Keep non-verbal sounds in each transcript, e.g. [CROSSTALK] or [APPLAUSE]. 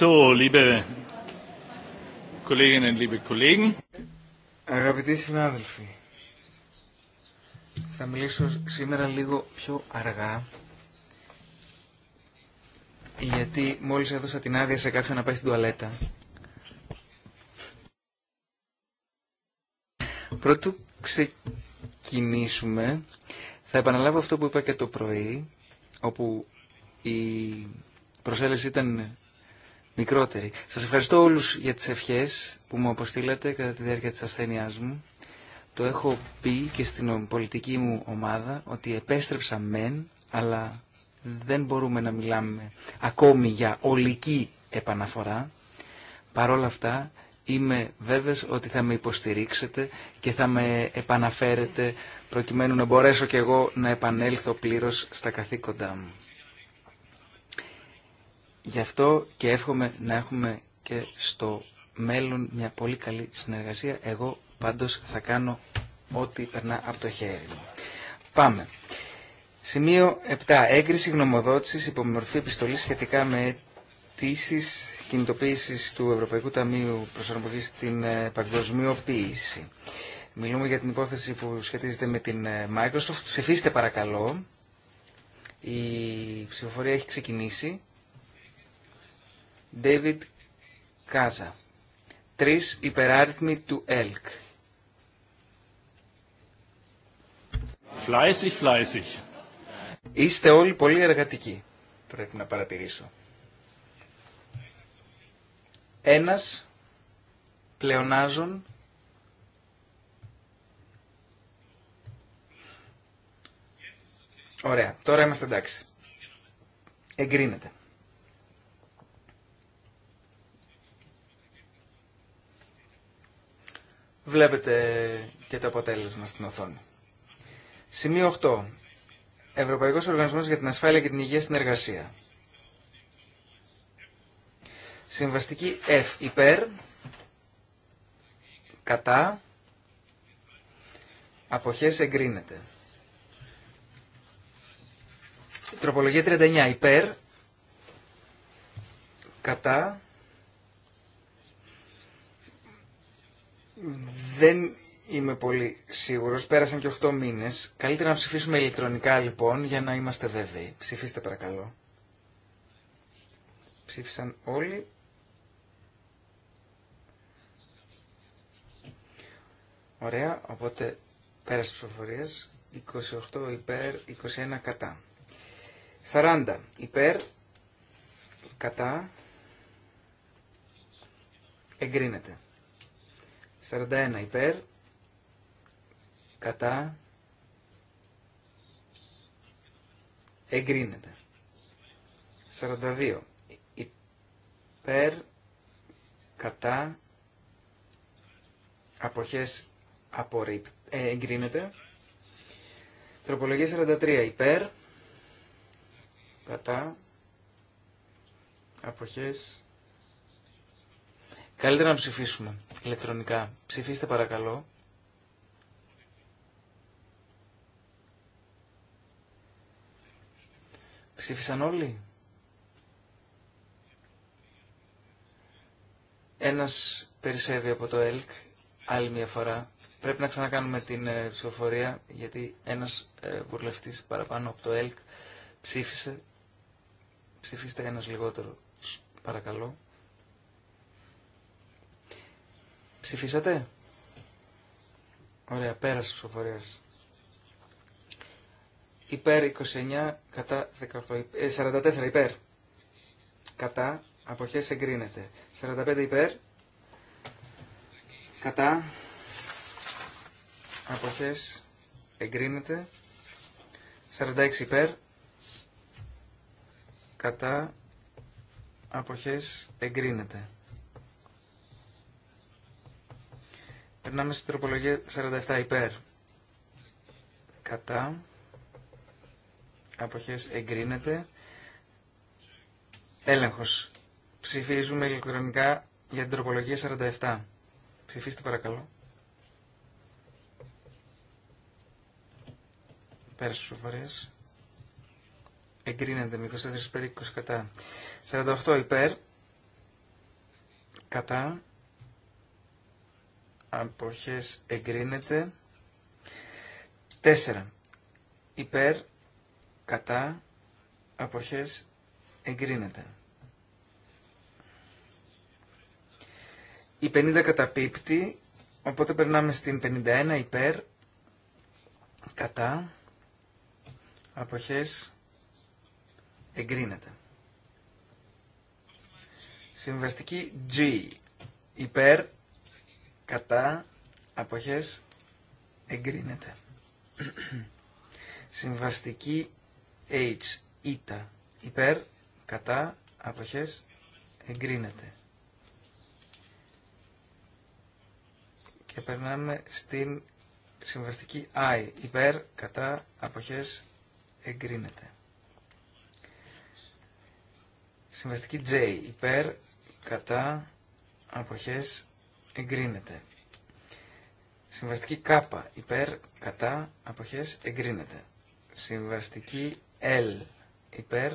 So, Αγαπητοί συνάδελφοι, θα μιλήσω σήμερα λίγο πιο αργά, γιατί μόλις έδωσα την άδεια σε κάποιον να πάει στην τουαλέτα. Πρώτου ξεκινήσουμε, θα επαναλάβω αυτό που είπα και το πρωί, όπου η προσέλευση ήταν μικρότερη. Σας ευχαριστώ όλους για τις ευχές που μου αποστήλατε κατά τη διάρκεια της ασθένειάς μου. Το έχω πει και στην πολιτική μου ομάδα ότι επέστρεψα μεν, αλλά δεν μπορούμε να μιλάμε ακόμη για ολική επαναφορά. Παρ' όλα αυτά είμαι βέβαιος ότι θα με υποστηρίξετε και θα με επαναφέρετε προκειμένου να μπορέσω και εγώ να επανέλθω πλήρως στα καθήκοντά μου. Γι' αυτό και εύχομαι να έχουμε και στο μέλλον μια πολύ καλή συνεργασία. Εγώ πάντως θα κάνω ό,τι περνά από το χέρι μου. Πάμε. Σημείο 7. Έγκριση γνωμοδότησης υπομορφή επιστολή σχετικά με αιτήσει κινητοποίηση του Ευρωπαϊκού Ταμείου Προσαρμογής στην ε, παγκοσμιοποίηση. Μιλούμε για την υπόθεση που σχετίζεται με την ε, Microsoft. Ψηφίστε παρακαλώ. Η ψηφοφορία έχει ξεκινήσει. David Κάζα. Τρεις υπεράριθμοι του ΕΛΚ. Φλάισιχ, Είστε όλοι πολύ εργατικοί, πρέπει να παρατηρήσω. Ένας πλεονάζων Ωραία, τώρα είμαστε εντάξει. Εγκρίνεται. Βλέπετε και το αποτέλεσμα στην οθόνη. Σημείο 8. Ευρωπαϊκός Οργανισμός για την Ασφάλεια και την Υγεία στην Εργασία. Συμβαστική F υπέρ, κατά, αποχές εγκρίνεται. Τροπολογία 39 υπέρ, κατά, Δεν είμαι πολύ σίγουρο. Πέρασαν και 8 μήνε. Καλύτερα να ψηφίσουμε ηλεκτρονικά λοιπόν για να είμαστε βέβαιοι. Ψηφίστε παρακαλώ. Ψήφισαν όλοι. Ωραία, οπότε πέρασε ψηφοφορίε. 28 υπέρ, 21 κατά. 40 υπέρ, κατά, εγκρίνεται. 41 υπέρ, κατά, εγκρίνεται. 42 υπέρ, κατά, αποχές ε, εγκρίνεται. Τροπολογία 43 υπέρ, κατά, αποχές Καλύτερα να ψηφίσουμε ηλεκτρονικά. Ψηφίστε παρακαλώ. Ψήφισαν όλοι. Ένας περισσεύει από το ΕΛΚ άλλη μια φορά. Πρέπει να ξανακάνουμε την ε, ψηφοφορία γιατί ένας ε, βουλευτής παραπάνω από το ΕΛΚ ψήφισε. Ψηφίστε ένας λιγότερο. Παρακαλώ. Ψηφίσατε. Ωραία, πέρασε τη ψηφοφορία. Υπέρ 29, κατά 18, 44 ε, υπέρ. Κατά, αποχές εγκρίνεται. 45 υπέρ, κατά, αποχές εγκρίνεται. 46 υπέρ, κατά, αποχές εγκρίνεται. Περνάμε στην τροπολογία 47 υπέρ. Κατά. Αποχές εγκρίνεται. Έλεγχος. Ψηφίζουμε ηλεκτρονικά για την τροπολογία 47. Ψηφίστε παρακαλώ. Πέρασε φορές. Εγκρίνεται με 24 περί 20 κατά. 48 υπέρ. Κατά αποχές εγκρίνεται. 4. Υπέρ, κατά, αποχές εγκρίνεται. Η 50 καταπίπτει, οπότε περνάμε στην 51 υπέρ, κατά, αποχές εγκρίνεται. Συμβαστική G υπέρ, κατά αποχές εγκρίνεται. [CLEARS THROAT] Συμβαστική H, ήτα, υπέρ, κατά, αποχές, εγκρίνεται. Και περνάμε στην συμβαστική I, υπέρ, κατά, αποχές, εγκρίνεται. Συμβαστική J, υπέρ, κατά, αποχές, εγκρίνεται. Συμβαστική κάπα υπέρ κατά αποχές εγκρίνεται. Συμβαστική L υπέρ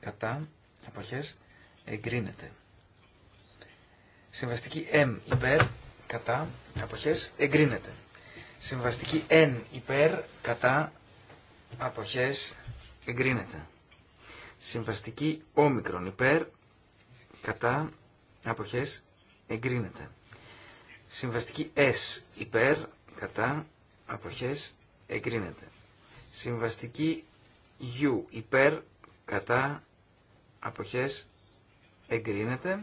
κατά αποχές εγκρίνεται. Συμβαστική M υπέρ κατά αποχές εγκρίνεται. Συμβαστική N υπέρ κατά αποχές εγκρίνεται. Συμβαστική όμικρον υπέρ κατά αποχές εγκρίνεται. Συμβαστική S υπέρ, κατά, αποχές, εγκρίνεται. Συμβαστική U υπέρ, κατά, αποχές, εγκρίνεται.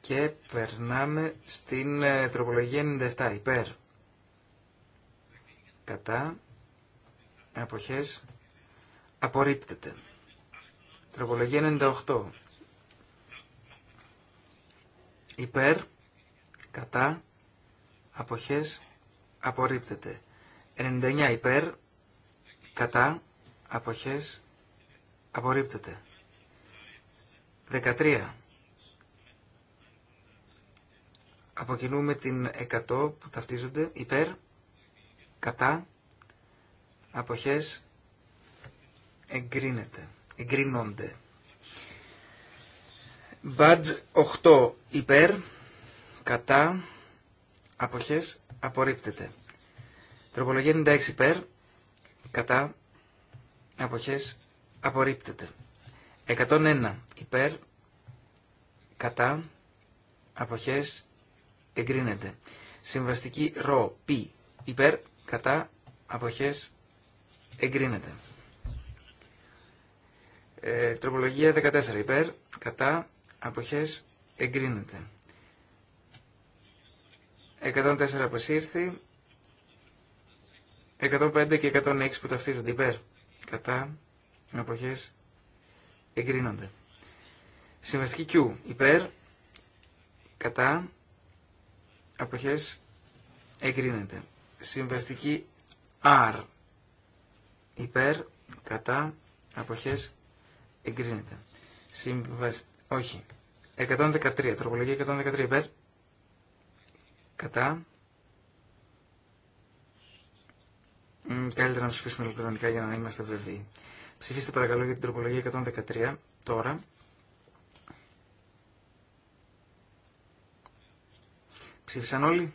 Και περνάμε στην ε, τροπολογία 97 υπέρ, κατά, αποχές, απορρίπτεται. Τροπολογία 98 υπέρ, κατά, αποχές, απορρίπτεται. 99 υπέρ, κατά, αποχές, απορρίπτεται. 13. Αποκινούμε την 100 που ταυτίζονται υπέρ, κατά, αποχές, εγκρίνεται, εγκρίνονται. Μπατζ 8 υπέρ, κατά, αποχές, απορρίπτεται. Τροπολογία 96 υπέρ, κατά, αποχές, απορρίπτεται. 101 υπέρ, κατά, αποχές, εγκρίνεται. Συμβαστική ρο, πι, υπέρ, κατά, αποχές, εγκρίνεται. Ε, τροπολογία 14 υπέρ, κατά, αποχές εγκρίνεται. 104 αποσύρθη, 105 και 106 που ταυτίζονται υπέρ, κατά, αποχές εγκρίνονται. Συμβαστική Q, υπέρ, κατά, αποχές εγκρίνεται. Συμβαστική R, υπέρ, κατά, αποχές εγκρίνεται. Συμβαστική. Όχι. 113. Τροπολογία 113 υπέρ. Κατά. Καλύτερα να ψηφίσουμε ηλεκτρονικά για να είμαστε βέβαιοι. Ψηφίστε παρακαλώ για την τροπολογία 113 τώρα. Ψήφισαν όλοι.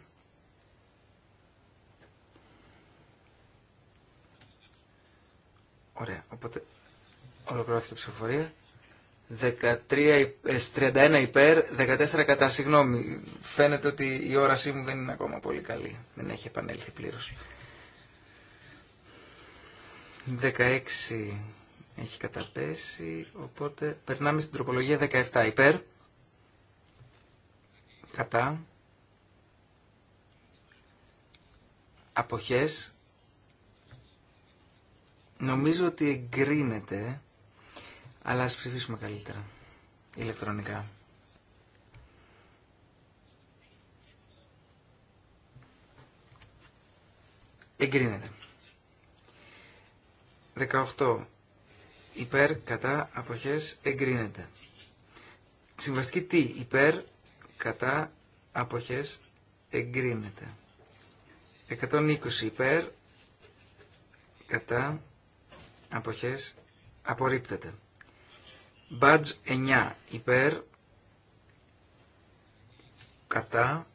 Ωραία. Οπότε ολοκληρώθηκε η ψηφοφορία. 31 ε, υπέρ, 14 κατά. Συγγνώμη, φαίνεται ότι η όρασή μου δεν είναι ακόμα πολύ καλή. Δεν έχει επανέλθει πλήρω. 16 έχει καταπέσει, οπότε περνάμε στην τροπολογία 17 υπέρ. Κατά. Αποχές. Νομίζω ότι εγκρίνεται αλλά ας ψηφίσουμε καλύτερα. Ηλεκτρονικά. Εγκρίνεται. 18. Υπέρ, κατά, αποχές, εγκρίνεται. Συμβαστική τι, υπέρ, κατά, αποχές, εγκρίνεται. 120 υπέρ, κατά, αποχές, απορρίπτεται. Μπάτζ 9 υπέρ, κατά,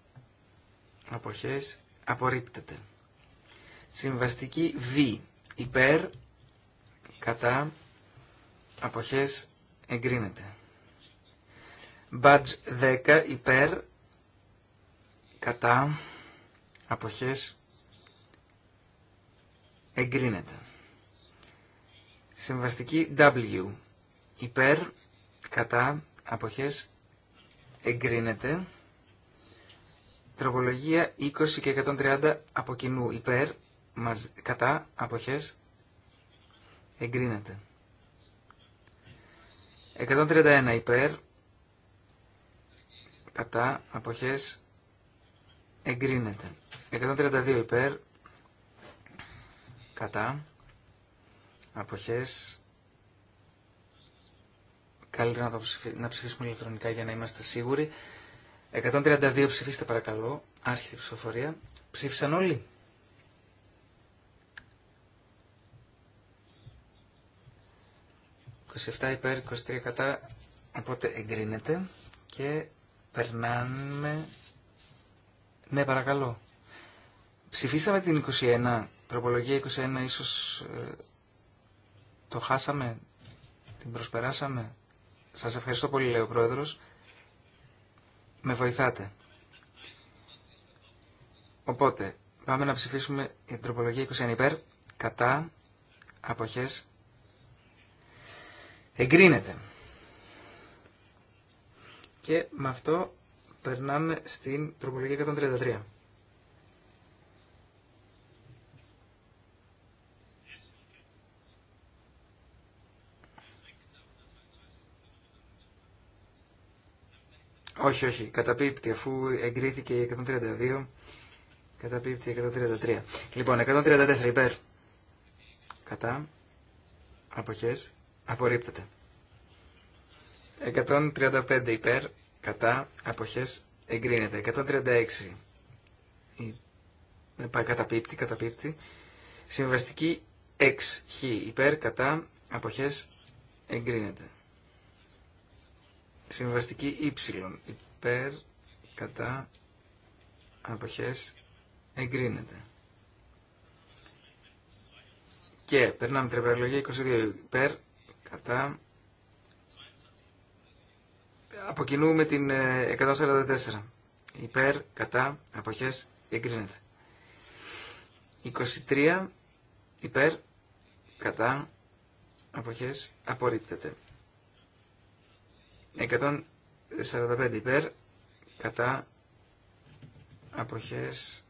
αποχές, απορρίπτεται. Συμβαστική Β υπέρ, κατά, αποχές, εγκρίνεται. Μπάτζ 10 υπέρ, κατά, αποχές, εγκρίνεται. Συμβαστική W υπέρ, κατά, αποχές, εγκρίνεται. Τροπολογία 20 και 130 από κοινού υπέρ, κατά, αποχές, εγκρίνεται. 131 υπέρ, κατά, αποχές, εγκρίνεται. 132 υπέρ, κατά, αποχές, Καλύτερα να, ψηφίσουμε ηλεκτρονικά για να είμαστε σίγουροι. 132 ψηφίστε παρακαλώ. άρχιτε ψηφοφορία. Ψήφισαν όλοι. ...27 υπέρ, 23 κατά, οπότε εγκρίνεται και περνάμε... Ναι, παρακαλώ. Ψηφίσαμε την 21, τροπολογία 21, ίσως ε, το χάσαμε, την προσπεράσαμε. Σας ευχαριστώ πολύ, λέει ο Πρόεδρος. Με βοηθάτε. Οπότε, πάμε να ψηφίσουμε την τροπολογία 21 υπέρ, κατά, αποχές, εγκρίνεται. Και με αυτό περνάμε στην τροπολογία 133. Όχι, όχι, καταπίπτει αφού εγκρίθηκε η 132. Καταπίπτει η 133. Λοιπόν, 134 υπέρ. Κατά. Αποχές. Απορρίπτεται. 135 υπέρ. Κατά. Αποχές. Εγκρίνεται. 136. Ε, καταπίπτει, καταπίπτει. Συμβαστική 6 χ υπέρ. Κατά. Αποχές. Εγκρίνεται. Συμβαστική Y υπέρ κατά αποχές εγκρίνεται. Και περνάμε τρεπεραλογία 22 υπέρ κατά με την 144 ε, υπέρ κατά αποχές εγκρίνεται. 23 υπέρ κατά αποχές απορρίπτεται. 145 υπέρ κατά αποχές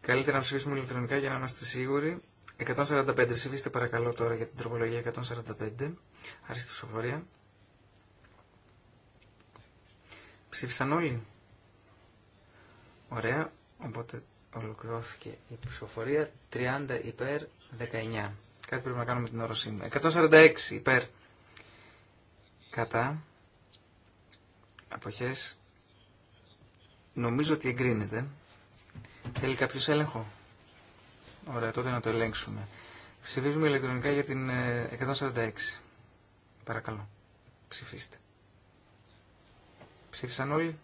καλύτερα να ψηφίσουμε ηλεκτρονικά για να είμαστε σίγουροι 145 ψηφίστε παρακαλώ τώρα για την τροπολογία 145 αριστη ψηφοφορία ψήφισαν όλοι ωραία οπότε ολοκληρώθηκε η ψηφοφορία 30 υπέρ 19 κάτι πρέπει να κάνουμε την ώρα σήμερα 146 υπέρ κατά αποχές νομίζω ότι εγκρίνεται θέλει κάποιο έλεγχο ωραία τότε να το ελέγξουμε ψηφίζουμε ηλεκτρονικά για την 146 ε, παρακαλώ ψηφίστε ψήφισαν όλοι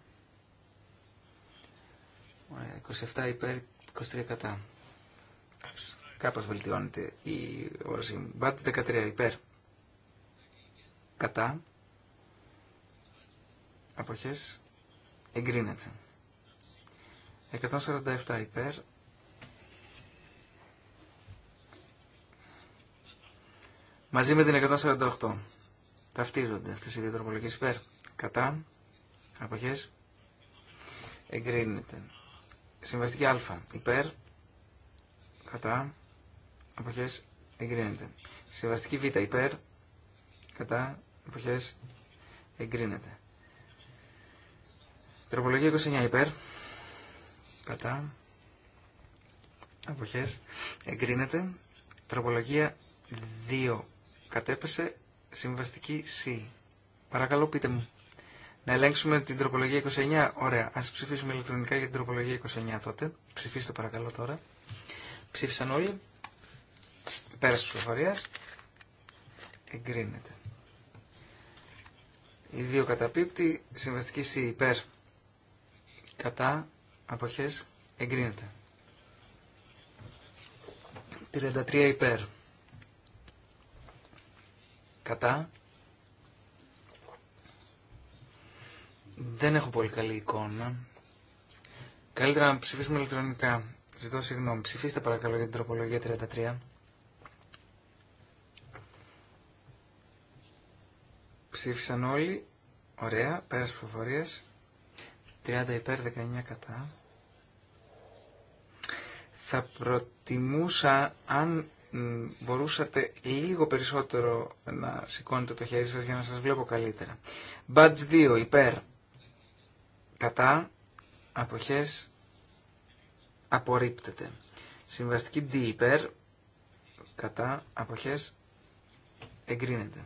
27 υπέρ 23 κατά κάπως βελτιώνεται η όραση μπατ 13 υπέρ κατά αποχές εγκρίνεται. 147 υπέρ. Μαζί με την 148 ταυτίζονται αυτές οι δύο τροπολογίες υπέρ. Κατά αποχές εγκρίνεται. Συμβαστική α υπέρ. Κατά αποχές εγκρίνεται. Συμβαστική β υπέρ. Κατά αποχές εγκρίνεται. Τροπολογία 29 υπέρ. Κατά. Αποχές. Εγκρίνεται. Τροπολογία 2. Κατέπεσε συμβαστική C. Παρακαλώ πείτε μου. Να ελέγξουμε την τροπολογία 29. Ωραία. Ας ψηφίσουμε ηλεκτρονικά για την τροπολογία 29 τότε. Ψηφίστε παρακαλώ τώρα. Ψήφισαν όλοι. Πέρας της Εγκρίνετε. Εγκρίνεται. Οι δύο καταπίπτει. Συμβαστική C υπέρ κατά αποχές εγκρίνεται. 33 υπέρ κατά δεν έχω πολύ καλή εικόνα. Καλύτερα να ψηφίσουμε ηλεκτρονικά. Ζητώ συγγνώμη. Ψηφίστε παρακαλώ για την τροπολογία 33. Ψήφισαν όλοι. Ωραία. Πέρας φοβορίες. 30 υπέρ 19 κατά. Θα προτιμούσα αν μπορούσατε λίγο περισσότερο να σηκώνετε το χέρι σας για να σας βλέπω καλύτερα. Badge 2 υπέρ κατά αποχές απορρίπτεται. Συμβαστική D υπέρ κατά αποχές εγκρίνεται.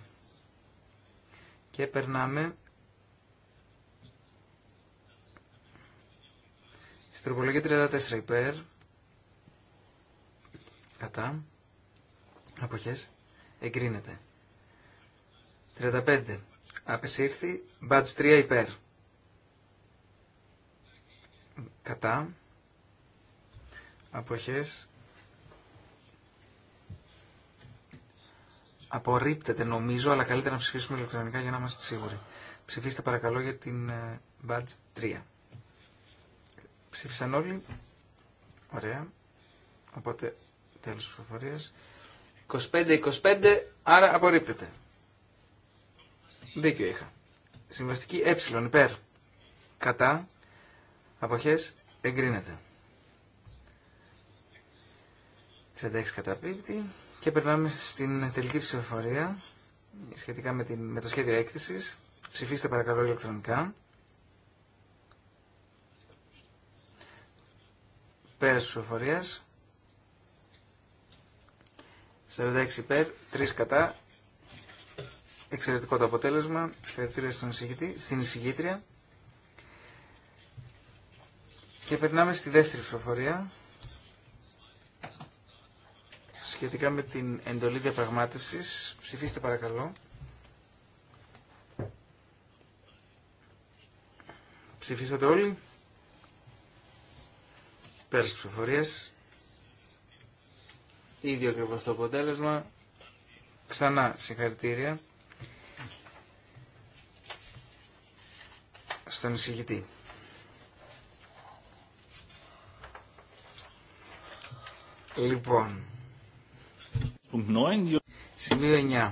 Και περνάμε Τροπολογία 34 υπέρ. Κατά. Αποχές. Εγκρίνεται. 35. Απεσύρθη. Μπάτς 3 υπέρ. Κατά. Αποχές. Απορρίπτεται νομίζω, αλλά καλύτερα να ψηφίσουμε ηλεκτρονικά για να είμαστε σίγουροι. Ψηφίστε παρακαλώ για την Badge ε, 3. Ψήφισαν όλοι. Ωραία. Οπότε Οπότε της ψηφοφορια 25 25-25, άρα απορρίπτεται. Δίκιο είχα. Συμβαστική ε, υπέρ. Κατά. Αποχές εγκρίνεται. 36 καταπίπτει. Και περνάμε στην τελική ψηφοφορία σχετικά με, την, με το σχέδιο έκθεσης. Ψηφίστε παρακαλώ ηλεκτρονικά. υπέρ της ψηφοφορίας. 46 υπέρ, 3 κατά. Εξαιρετικό το αποτέλεσμα. Συγχαρητήρια στην εισηγήτρια. Και περνάμε στη δεύτερη ψηφοφορία σχετικά με την εντολή διαπραγμάτευσης. Ψηφίστε παρακαλώ. Ψηφίσατε όλοι. Πέρας ψηφοφορίας. Ίδιο ακριβώ το αποτέλεσμα. Ξανά συγχαρητήρια. Στον εισηγητή. Λοιπόν. Σημείο 9.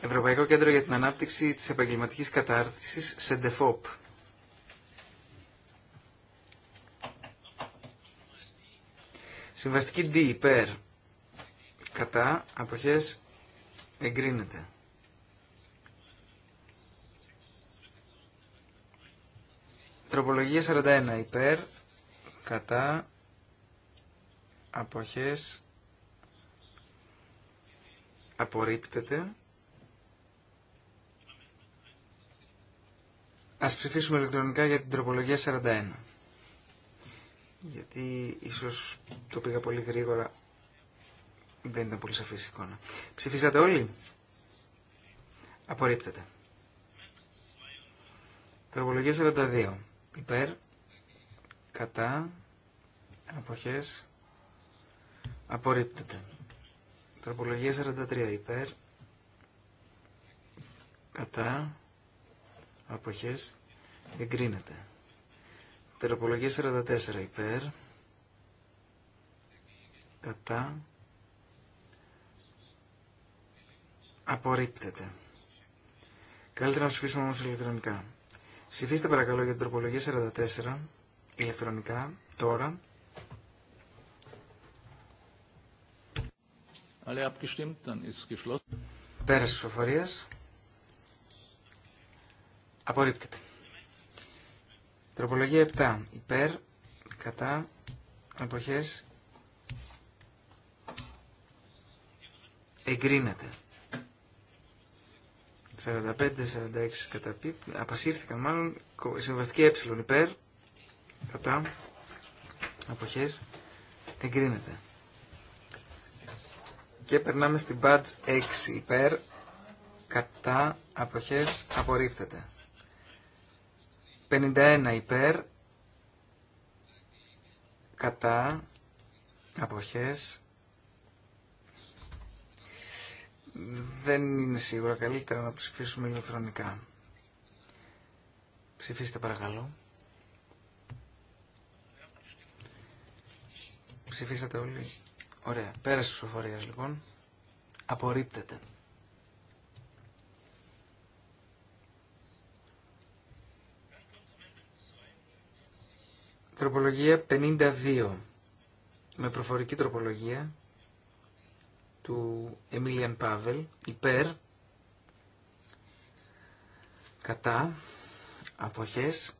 Ευρωπαϊκό Κέντρο για την Ανάπτυξη της Επαγγελματικής Κατάρτισης, ΣΕΝΤΕΦΟΠ. Συμβαστική D υπέρ. Κατά αποχές εγκρίνεται. Τροπολογία 41 υπέρ. Κατά αποχές απορρίπτεται. Ας ψηφίσουμε ηλεκτρονικά για την τροπολογία 41 γιατί ίσως το πήγα πολύ γρήγορα, δεν ήταν πολύ σαφής η εικόνα. Ψηφίσατε όλοι. Απορρίπτεται. Τροπολογία 42. Υπέρ, κατά, αποχές, απορρίπτεται. Τροπολογία 43. Υπέρ, κατά, αποχές, εγκρίνεται. Τεροπολογία 44 υπέρ. Κατά. Απορρίπτεται. Καλύτερα να ψηφίσουμε όμως ηλεκτρονικά. Ψηφίστε παρακαλώ για την τροπολογία 44 ηλεκτρονικά τώρα. Alle τη ψηφοφορία. Απορρίπτεται. Τροπολογία 7. Υπέρ, κατά, εποχές, εγκρίνεται. 45-46 κατά καταπίπτει, απασύρθηκαν μάλλον, συμβαστική ε υπέρ, κατά, αποχές, εγκρίνεται. Και περνάμε στην badge 6 υπέρ, κατά, αποχές, απορρίπτεται. 51 υπέρ, κατά, αποχές, δεν είναι σίγουρα καλύτερα να ψηφίσουμε ηλεκτρονικά. Ψηφίστε παρακαλώ. Ψηφίσατε όλοι. Ωραία. Πέρασε ψηφοφορία λοιπόν. Απορρίπτεται. Τροπολογία 52 με προφορική τροπολογία του Εμίλιαν Πάβελ υπέρ κατά αποχές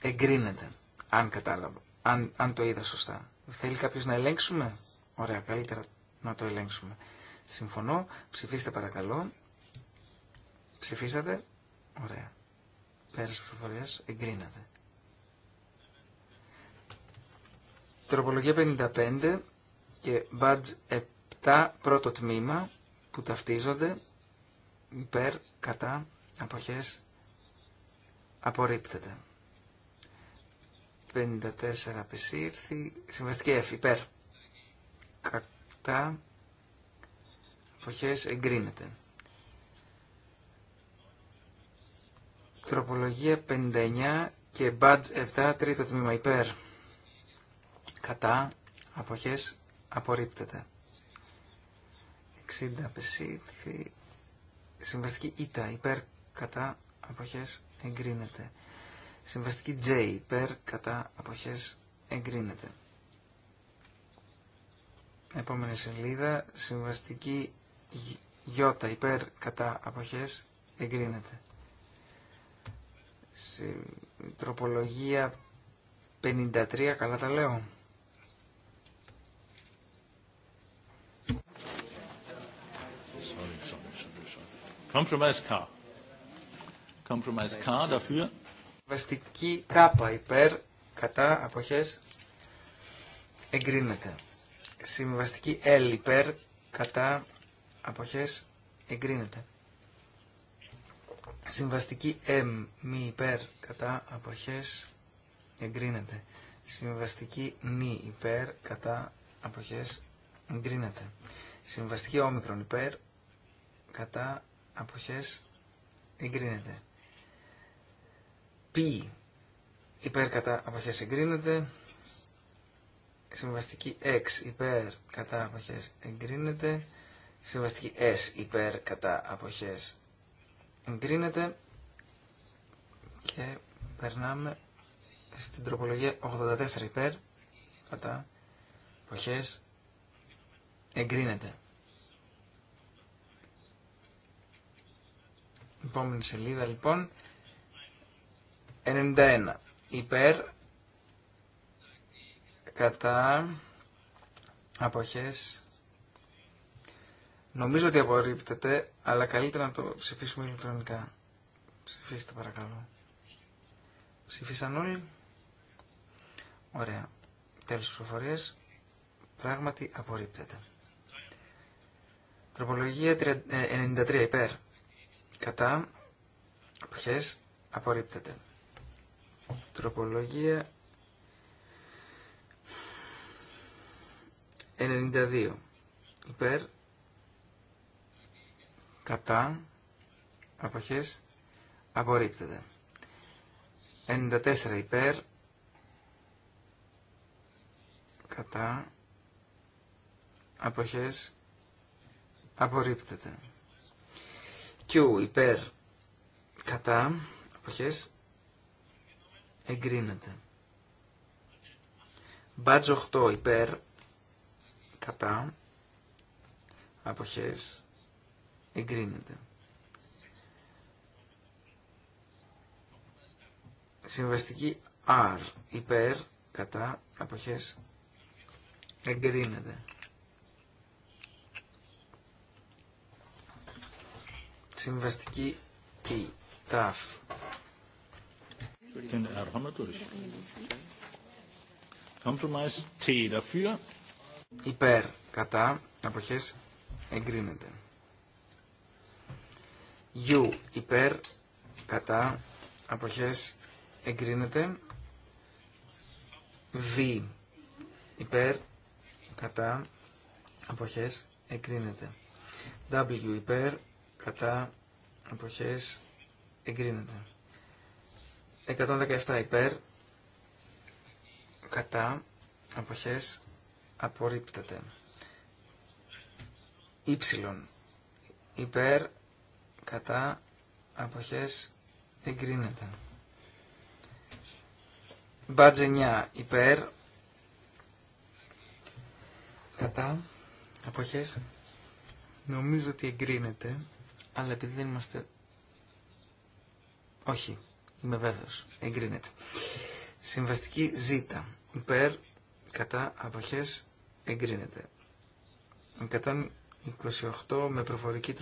εγκρίνεται αν κατάλαβα, αν, αν το είδα σωστά. Θέλει κάποιος να ελέγξουμε? Ωραία, καλύτερα να το ελέγξουμε. Συμφωνώ. Ψηφίστε παρακαλώ. Ψηφίσατε. Ωραία. Πέρας προφορία, εγκρίνεται. Τροπολογία 55 και μπάτζ 7 πρώτο τμήμα που ταυτίζονται υπέρ, κατά, αποχές, απορρίπτεται. 54 απεσύρθη, συμβαστική F υπέρ, κατά, αποχές εγκρίνεται. Τροπολογία 59 και μπάτζ 7 τρίτο τμήμα υπέρ κατά αποχές απορρίπτεται. 60 συμβαστική ήτα υπέρ κατά αποχές εγκρίνεται. Συμβαστική J υπέρ κατά αποχές εγκρίνεται. Επόμενη σελίδα συμβαστική Ι υπέρ κατά αποχές εγκρίνεται. τροπολογία 53, καλά τα λέω. sorry, sorry, K. Βαστική υπέρ, κατά, αποχές, εγκρίνεται. Συμβαστική L υπέρ, κατά, αποχές, εγκρίνεται. Συμβαστική εμ μη υπέρ, κατά, αποχές, εγκρίνεται. Συμβαστική νη υπέρ, κατά, αποχές, εγκρίνεται. Συμβαστική όμικρον υπέρ, κατά αποχές εγκρίνεται. Π υπέρ κατά αποχές εγκρίνεται. Συμβαστική x υπέρ κατά αποχές εγκρίνεται. Συμβαστική S υπέρ κατά αποχές εγκρίνεται. Και περνάμε στην τροπολογία 84 υπέρ κατά αποχές εγκρίνεται. Επόμενη σελίδα λοιπόν. 91. Υπέρ, κατά, αποχές. Νομίζω ότι απορρίπτεται, αλλά καλύτερα να το ψηφίσουμε ηλεκτρονικά. Ψηφίστε παρακαλώ. Ψηφίσαν όλοι. Ωραία. Τέλος της Πράγματι απορρίπτεται. Τροπολογία 93 ε, υπέρ. Κατά. Αποχές. Απορρίπτεται. Τροπολογία 92. Υπέρ. Κατά. Αποχές. Απορρίπτεται. 94 υπέρ. Κατά. Αποχές. Απορρίπτεται. Q υπέρ κατά αποχές εγκρίνεται. Μπάτζ 8 υπέρ κατά αποχές εγκρίνεται. Συμβαστική R υπέρ κατά αποχές εγκρίνεται. Συμβαστική T. ΤΑΦ. Υπέρ, κατά, αποχές, εγκρίνεται. U, υπέρ, κατά, αποχές, εγκρίνεται. V, υπέρ, κατά, αποχές, εγκρίνεται. W, υπέρ, κατά, αποχές εγκρίνεται. 117 υπέρ, κατά, αποχές απορρίπτεται. Υ. υπέρ, κατά, αποχές εγκρίνεται. Μπάτζε 9 υπέρ, κατά, αποχές νομίζω ότι εγκρίνεται αλλά επειδή δεν είμαστε... Όχι, είμαι βέβαιος, εγκρίνεται. Συμβαστική Ζ, υπέρ, κατά, αποχές, εγκρίνεται. 128 με προφορική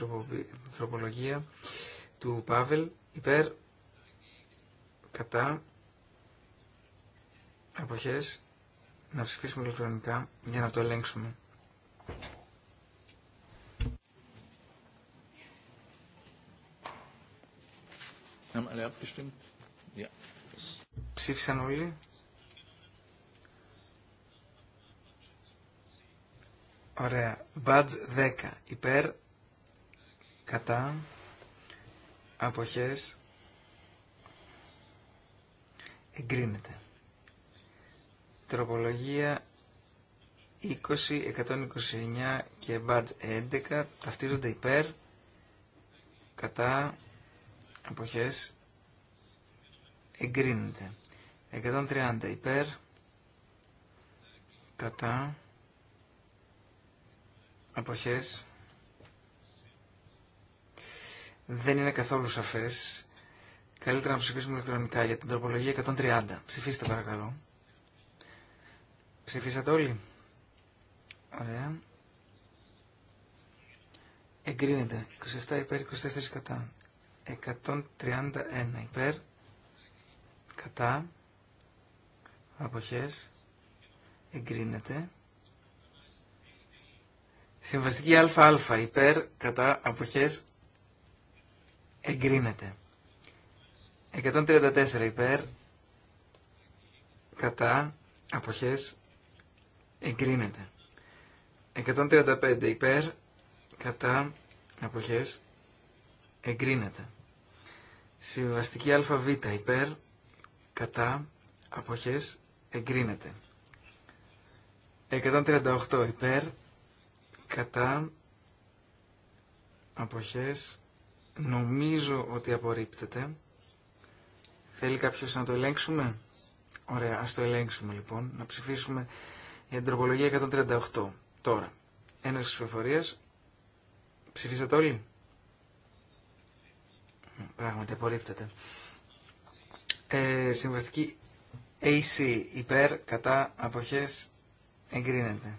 τροπολογία του Πάβελ, υπέρ, κατά, αποχές, να ψηφίσουμε ηλεκτρονικά για να το ελέγξουμε. Ψήφισαν όλοι. Ωραία. Μπατζ 10. Υπέρ. Κατά. Αποχές. Εγκρίνεται. Τροπολογία 20, 129 και μπάτζ 11 ταυτίζονται υπέρ, κατά, εποχές εγκρίνεται. 130 υπέρ, κατά, εποχές... δεν είναι καθόλου σαφές. Καλύτερα να ψηφίσουμε ηλεκτρονικά για την τροπολογία 130. Ψηφίστε παρακαλώ. Ψηφίσατε όλοι. Ωραία. Εγκρίνεται. 27 υπέρ, 24 κατά. 131 υπέρ, κατά, αποχές, εγκρίνεται. Συμβαστική ΑΑ υπέρ, κατά, αποχές, εγκρίνεται. 134 υπέρ, κατά, αποχές, εγκρίνεται. 135 υπέρ, κατά, αποχές, εγκρίνεται. Συμβαστική ΑΒ υπέρ, κατά, αποχές, εγκρίνεται. 138 υπέρ, κατά, αποχές, νομίζω ότι απορρίπτεται. Θέλει κάποιος να το ελέγξουμε. Ωραία, ας το ελέγξουμε λοιπόν. Να ψηφίσουμε για την τροπολογία 138. Τώρα, ένας ψηφοφορίας. Ψηφίσατε όλοι. Πράγματι απορρίπτεται. Ε, συμβαστική AC υπέρ κατά αποχές εγκρίνεται.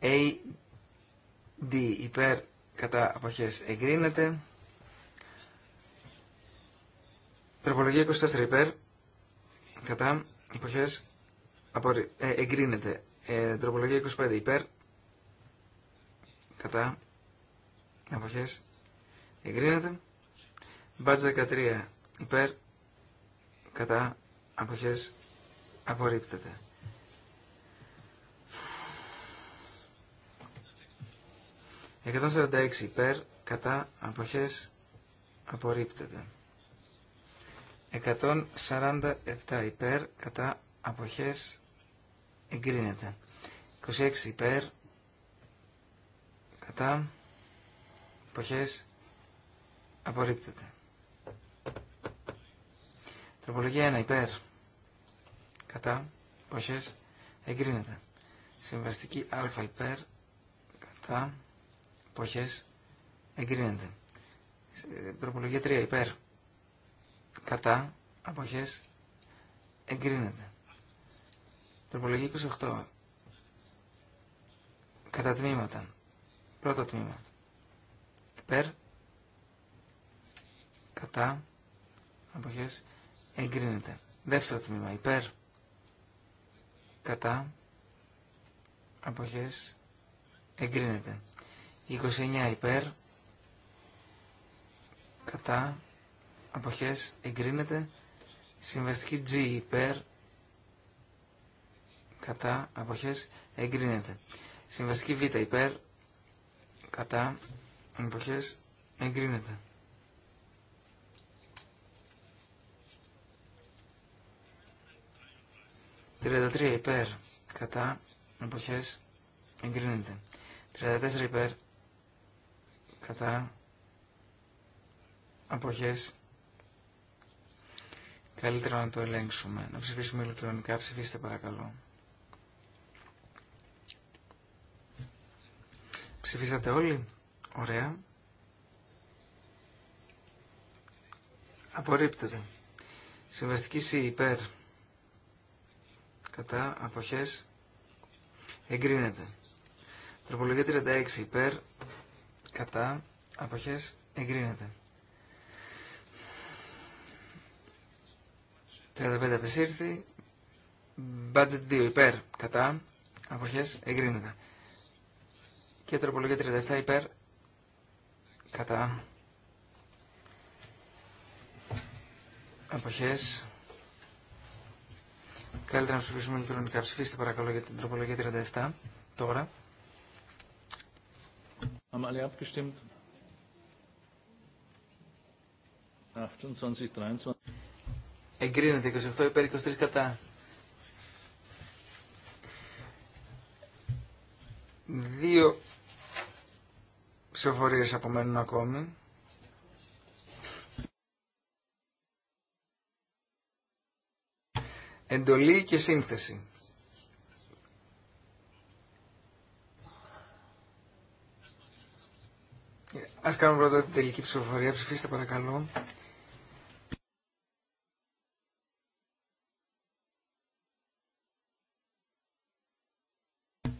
AD υπέρ κατά αποχές εγκρίνεται. Τροπολογία 24 ε, ε, υπέρ κατά αποχές εγκρίνεται. Ε, τροπολογία 25 υπέρ κατά αποχές εγκρίνεται. Μπάτζ 13. Υπέρ. Κατά. Αποχές. Απορρίπτεται. 146 υπέρ, κατά, αποχές, απορρίπτεται. 147 υπέρ, κατά, αποχές, εγκρίνεται. 26 υπέρ, κατά, αποχές, απορρίπτεται. Τροπολογία 1 υπέρ. Κατά. Αποχές. Εγκρίνεται. Συμβαστική α υπέρ. Κατά. ποχέ, Εγκρίνεται. Ε, τροπολογία 3 υπέρ. Κατά. Αποχές. Εγκρίνεται. Τροπολογία 28. Κατά τμήματα. Πρώτο τμήμα. Υπέρ. Κατά. Αποχές εγκρίνεται. Δεύτερο τμήμα υπέρ κατά αποχές εγκρίνεται. 29 υπέρ κατά αποχές εγκρίνεται. Συμβαστική G υπέρ κατά αποχές εγκρίνεται. Συμβαστική Β υπέρ κατά αποχές εγκρίνεται. 33 υπέρ κατά εποχές εγκρίνεται. 34 υπέρ κατά εποχές καλύτερα να το ελέγξουμε. Να ψηφίσουμε ηλεκτρονικά. Ψηφίστε παρακαλώ. Ψηφίσατε όλοι. Ωραία. Απορρίπτεται. Συμβαστική υπέρ κατά αποχές εγκρίνεται. Τροπολογία 36 υπέρ κατά αποχές εγκρίνεται. 35 απεσύρθη. Budget 2 υπέρ κατά αποχές εγκρίνεται. Και τροπολογία 37 υπέρ κατά αποχές Καλύτερα να ψηφίσουμε ηλεκτρονικά. Ψηφίστε παρακαλώ για την τροπολογία 37 τώρα. abgestimmt? Εγκρίνεται 28 υπέρ 23 κατά. Δύο ψηφοφορίες απομένουν ακόμη. εντολή και σύνθεση. Ας κάνουμε πρώτα την τελική ψηφοφορία. Ψηφίστε παρακαλώ.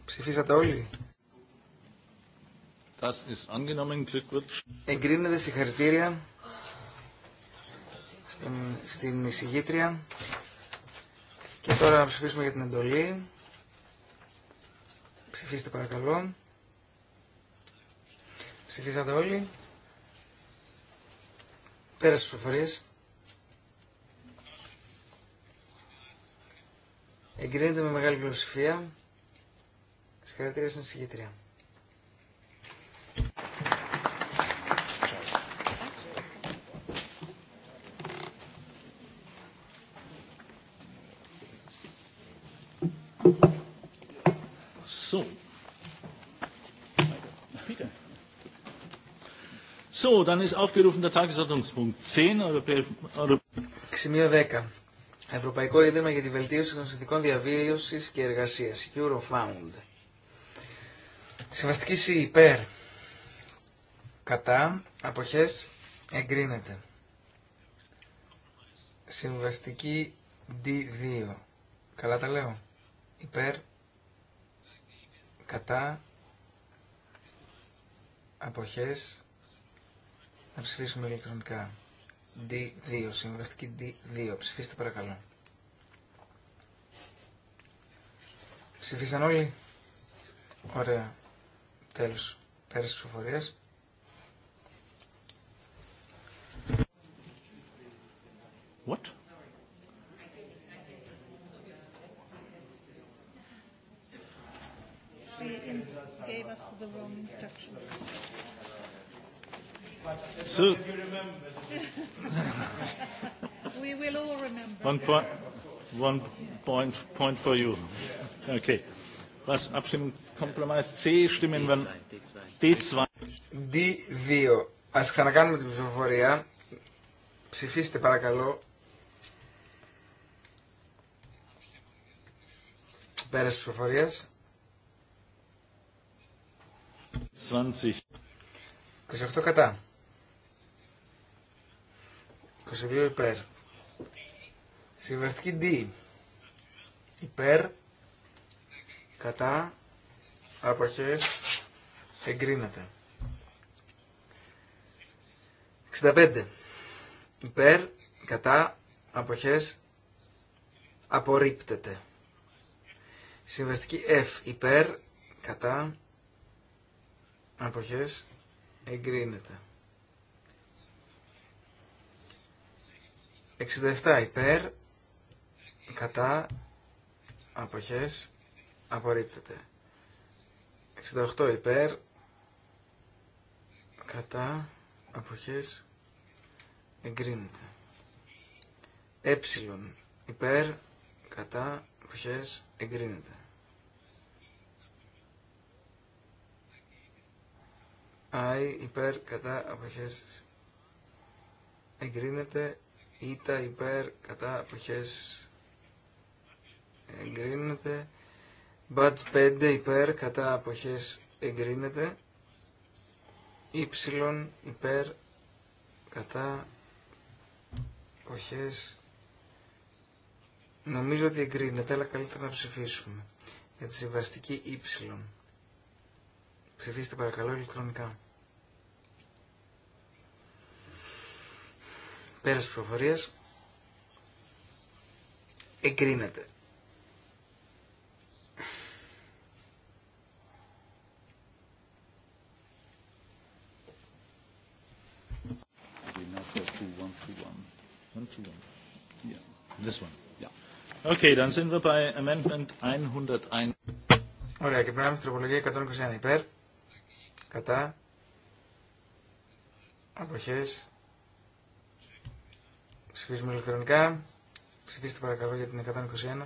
Ψηφίσατε όλοι. Εγκρίνεται συγχαρητήρια στην εισηγήτρια. Και τώρα να ψηφίσουμε για την εντολή. Ψηφίστε παρακαλώ. Ψηφίσατε όλοι. Πέρασε τις Εγκρίνεται με μεγάλη πλειοψηφία. Συγχαρητήρια στην συγκεκριά. 10. Ευρωπαϊκό Ίδρυμα για τη Βελτίωση των Συνθηκών Διαβίωση και Εργασία. Eurofound. Συμβαστική C υπέρ. Κατά, Αποχές. Εγκρίνεται. Συμβαστική D2. Καλά τα λέω. Υπέρ. Κατά. Αποχές. Να ψηφίσουμε ηλεκτρονικά. D2, συμβαστική D2. Ψηφίστε παρακαλώ. Ψηφίσαν όλοι. Ωραία. Τέλος. Πέρασε ψηφοφορίας. What? She gave us the wrong So, we will all remember. One point, one point, point for you. Okay. Was abstimmen? Kompromiss C stimmen wir D2. D2. D2. Ας ξανακάνουμε την ψηφοφορία. Ψηφίστε παρακαλώ. Πέρας ψηφοφορίας. 20. 28 κατά. 22 υπέρ. Συμβαστική D. Υπέρ. Κατά. Αποχές. Εγκρίνεται. 65. Υπέρ. Κατά. Αποχές. Απορρίπτεται. Συμβαστική F. Υπέρ. Κατά. Αποχές. Εγκρίνεται. 67 υπέρ, κατά, αποχές, απορρίπτεται. 68 υπέρ, κατά, αποχές, εγκρίνεται. Ε υπέρ, κατά, αποχές, εγκρίνεται. Άι, υπέρ κατά αποχές εγκρίνεται Ήτα υπέρ κατά αποχές εγκρίνεται. Μπατς 5 υπέρ κατά αποχές εγκρίνεται. ύψιλον υπέρ κατά αποχές Νομίζω ότι εγκρίνεται, αλλά καλύτερα να ψηφίσουμε. Για τη συμβαστική ύψιλον. Ψηφίστε παρακαλώ ηλεκτρονικά. Πέρας προφορίας, Εγκρίνεται. Ωραία, και πρέπει να στην τροπολογία 121 υπέρ, κατά, αποχές, Ψηφίζουμε ηλεκτρονικά. Ψηφίστε παρακαλώ για την 121.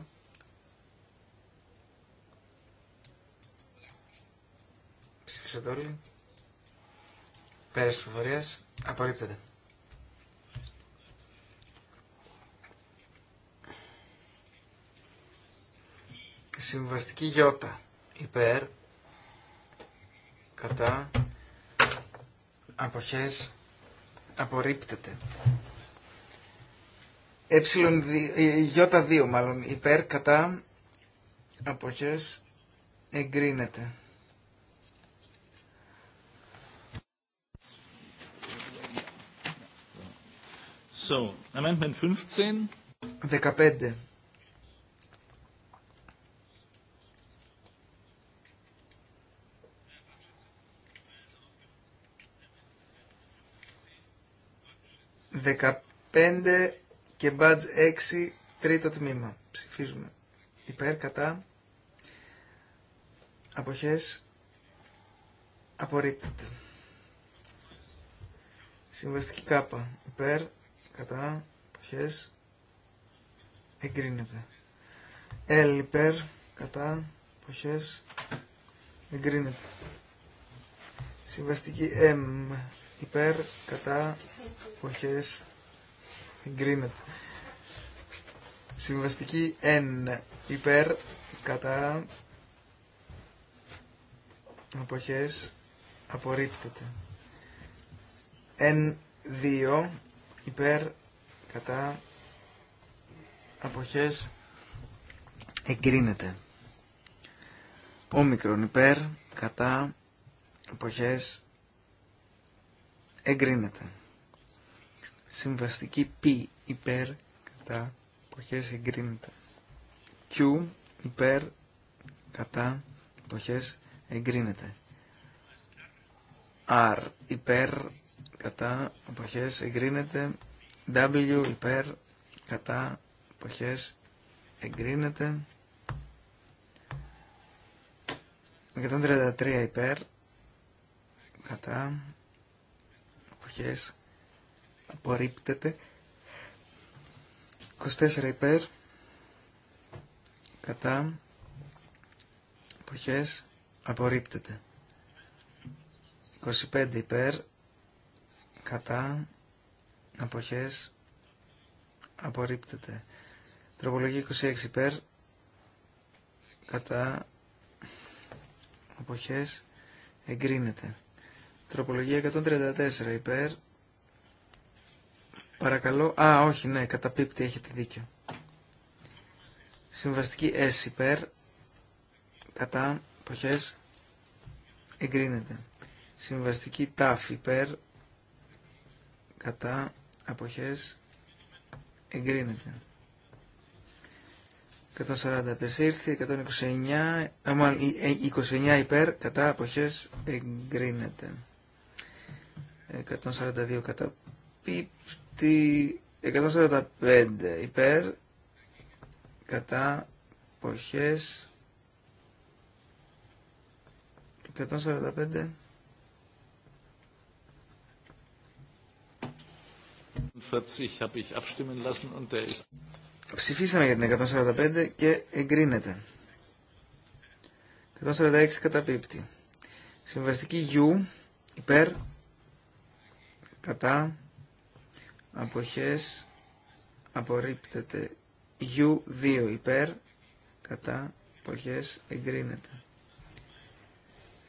Ψηφίσατε όλοι. Πέρασε της Απορρίπτεται. Συμβαστική γιώτα. Υπέρ. Κατά. Αποχές. Απορρίπτεται. Ι2 ε, ε, μάλλον υπέρ κατά αποχές εγκρίνεται. So, amendment 15. 15. Δεκαπέντε και μπάτζ 6 τρίτο τμήμα. Ψηφίζουμε. Υπέρ κατά αποχές απορρίπτεται. Συμβαστική κάπα. Υπέρ κατά αποχές εγκρίνεται. Ελ. υπέρ κατά αποχές εγκρίνεται. Συμβαστική M υπέρ κατά αποχές Εγκρίνεται. Συμβαστική N υπέρ κατά εποχές απορρίπτεται. N2 υπέρ κατά αποχές εγκρίνεται. Όμικρον υπέρ κατά εποχές εγκρίνεται. Συμβαστική Π υπέρ κατά εποχές εγκρίνεται. Q υπέρ κατά εποχές εγκρίνεται. R υπέρ κατά εποχές εγκρίνεται. W υπέρ κατά εποχές εγκρίνεται. 133 υπέρ κατά εποχές απορρίπτεται 24 υπέρ κατά εποχές απορρίπτεται 25 υπέρ κατά εποχές απορρίπτεται τροπολογία 26 υπέρ κατά εποχές εγκρίνεται τροπολογία 134 υπέρ Παρακαλώ. Α, όχι, ναι, καταπίπτει, έχετε δίκιο. Συμβαστική S υπέρ, κατά, εποχές, εγκρίνεται. Συμβαστική τάφ υπέρ, κατά, αποχές, εγκρίνεται. 140 ήρθε, 129, 29 ε, ε, ε, υπέρ, κατά, αποχές, εγκρίνεται. 142 κατά πίπτη. Τη 145 υπέρ κατά εποχές 145 Ψηφίσαμε για την 145 και εγκρίνεται. 146 καταπίπτει. Συμβαστική U υπέρ κατά αποχές απορρίπτεται. U2 υπέρ, κατά, αποχές εγκρίνεται.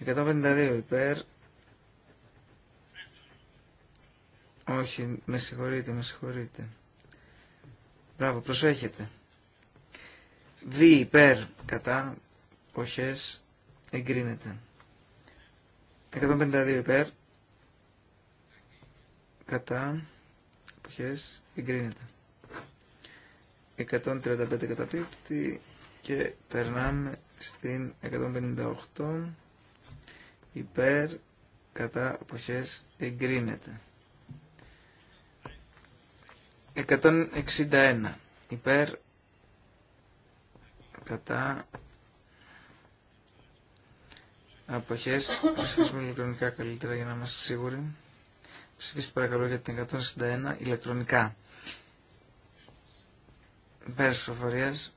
152 υπέρ, όχι, με συγχωρείτε, με συγχωρείτε. Μπράβο, προσέχετε. Β υπέρ, κατά, αποχές εγκρίνεται. 152 υπέρ, κατά, εγκρίνεται. 135 καταπίπτη και περνάμε στην 158 υπέρ κατά αποχές εγκρίνεται. 161 υπέρ κατά αποχές η ηλεκτρονικά καλύτερα για να είμαστε σίγουροι. Ψηφίστε παρακαλώ για την 161 ηλεκτρονικά. της προφορίας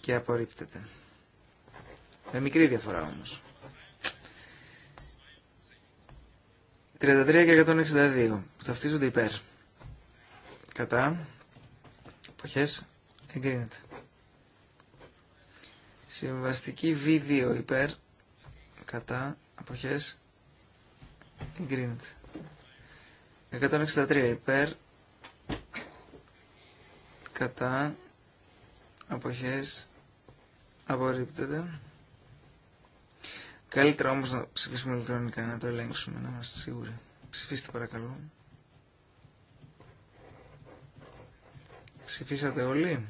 και απορρίπτεται. Με μικρή διαφορά όμως. 33 και 162 που ταυτίζονται υπέρ. Κατά. Εποχές. Εγκρίνεται. Συμβαστική V2 υπέρ. Κατά. Αποχές. Εγκρίνεται. 163 υπέρ κατά αποχές απορρίπτεται. Καλύτερα όμως να ψηφίσουμε ηλεκτρονικά, να το ελέγξουμε, να είμαστε σίγουροι. Ψηφίστε παρακαλώ. Ψηφίσατε όλοι.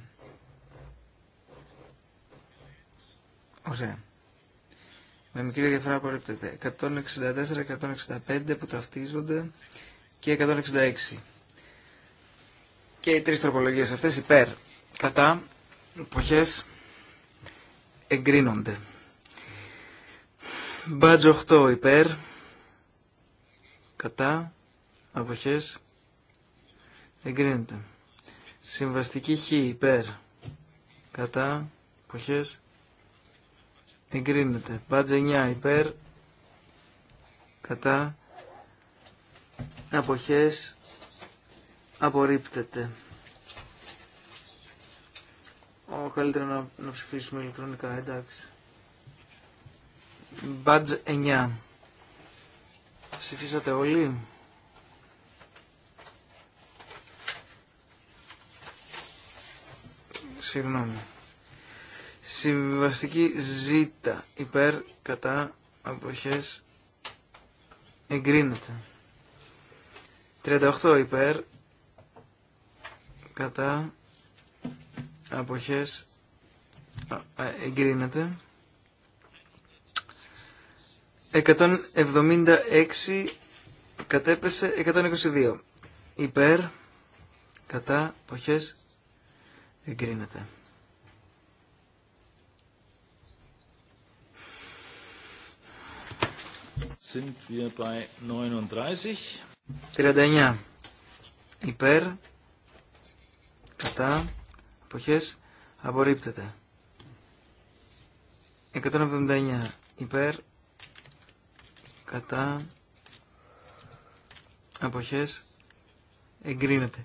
Ωραία. Με μικρή διαφορά απορρίπτεται. 164-165 που ταυτίζονται και 166. Και οι τρεις τροπολογίες αυτές υπέρ, κατά, εποχές εγκρίνονται. Μπάτζ 8 υπέρ, κατά, εποχές εγκρίνεται. Συμβαστική χ υπέρ, κατά, εποχές εγκρίνεται. Μπάτζ 9 υπέρ, κατά, αποχές απορρίπτεται. Ο, καλύτερα να, ψηφίσουμε ηλεκτρονικά, εντάξει. Μπατζ 9. Ψηφίσατε όλοι. Συγγνώμη. Συμβαστική ζήτα υπέρ κατά αποχές εγκρίνεται. 38 υπέρ κατά αποχές εγκρίνεται 176 κατέπεσε 122 υπέρ κατά αποχές εγκρίνεται Sind wir bei 39? 39 υπέρ κατά αποχές απορρίπτεται 179 υπέρ κατά αποχές εγκρίνεται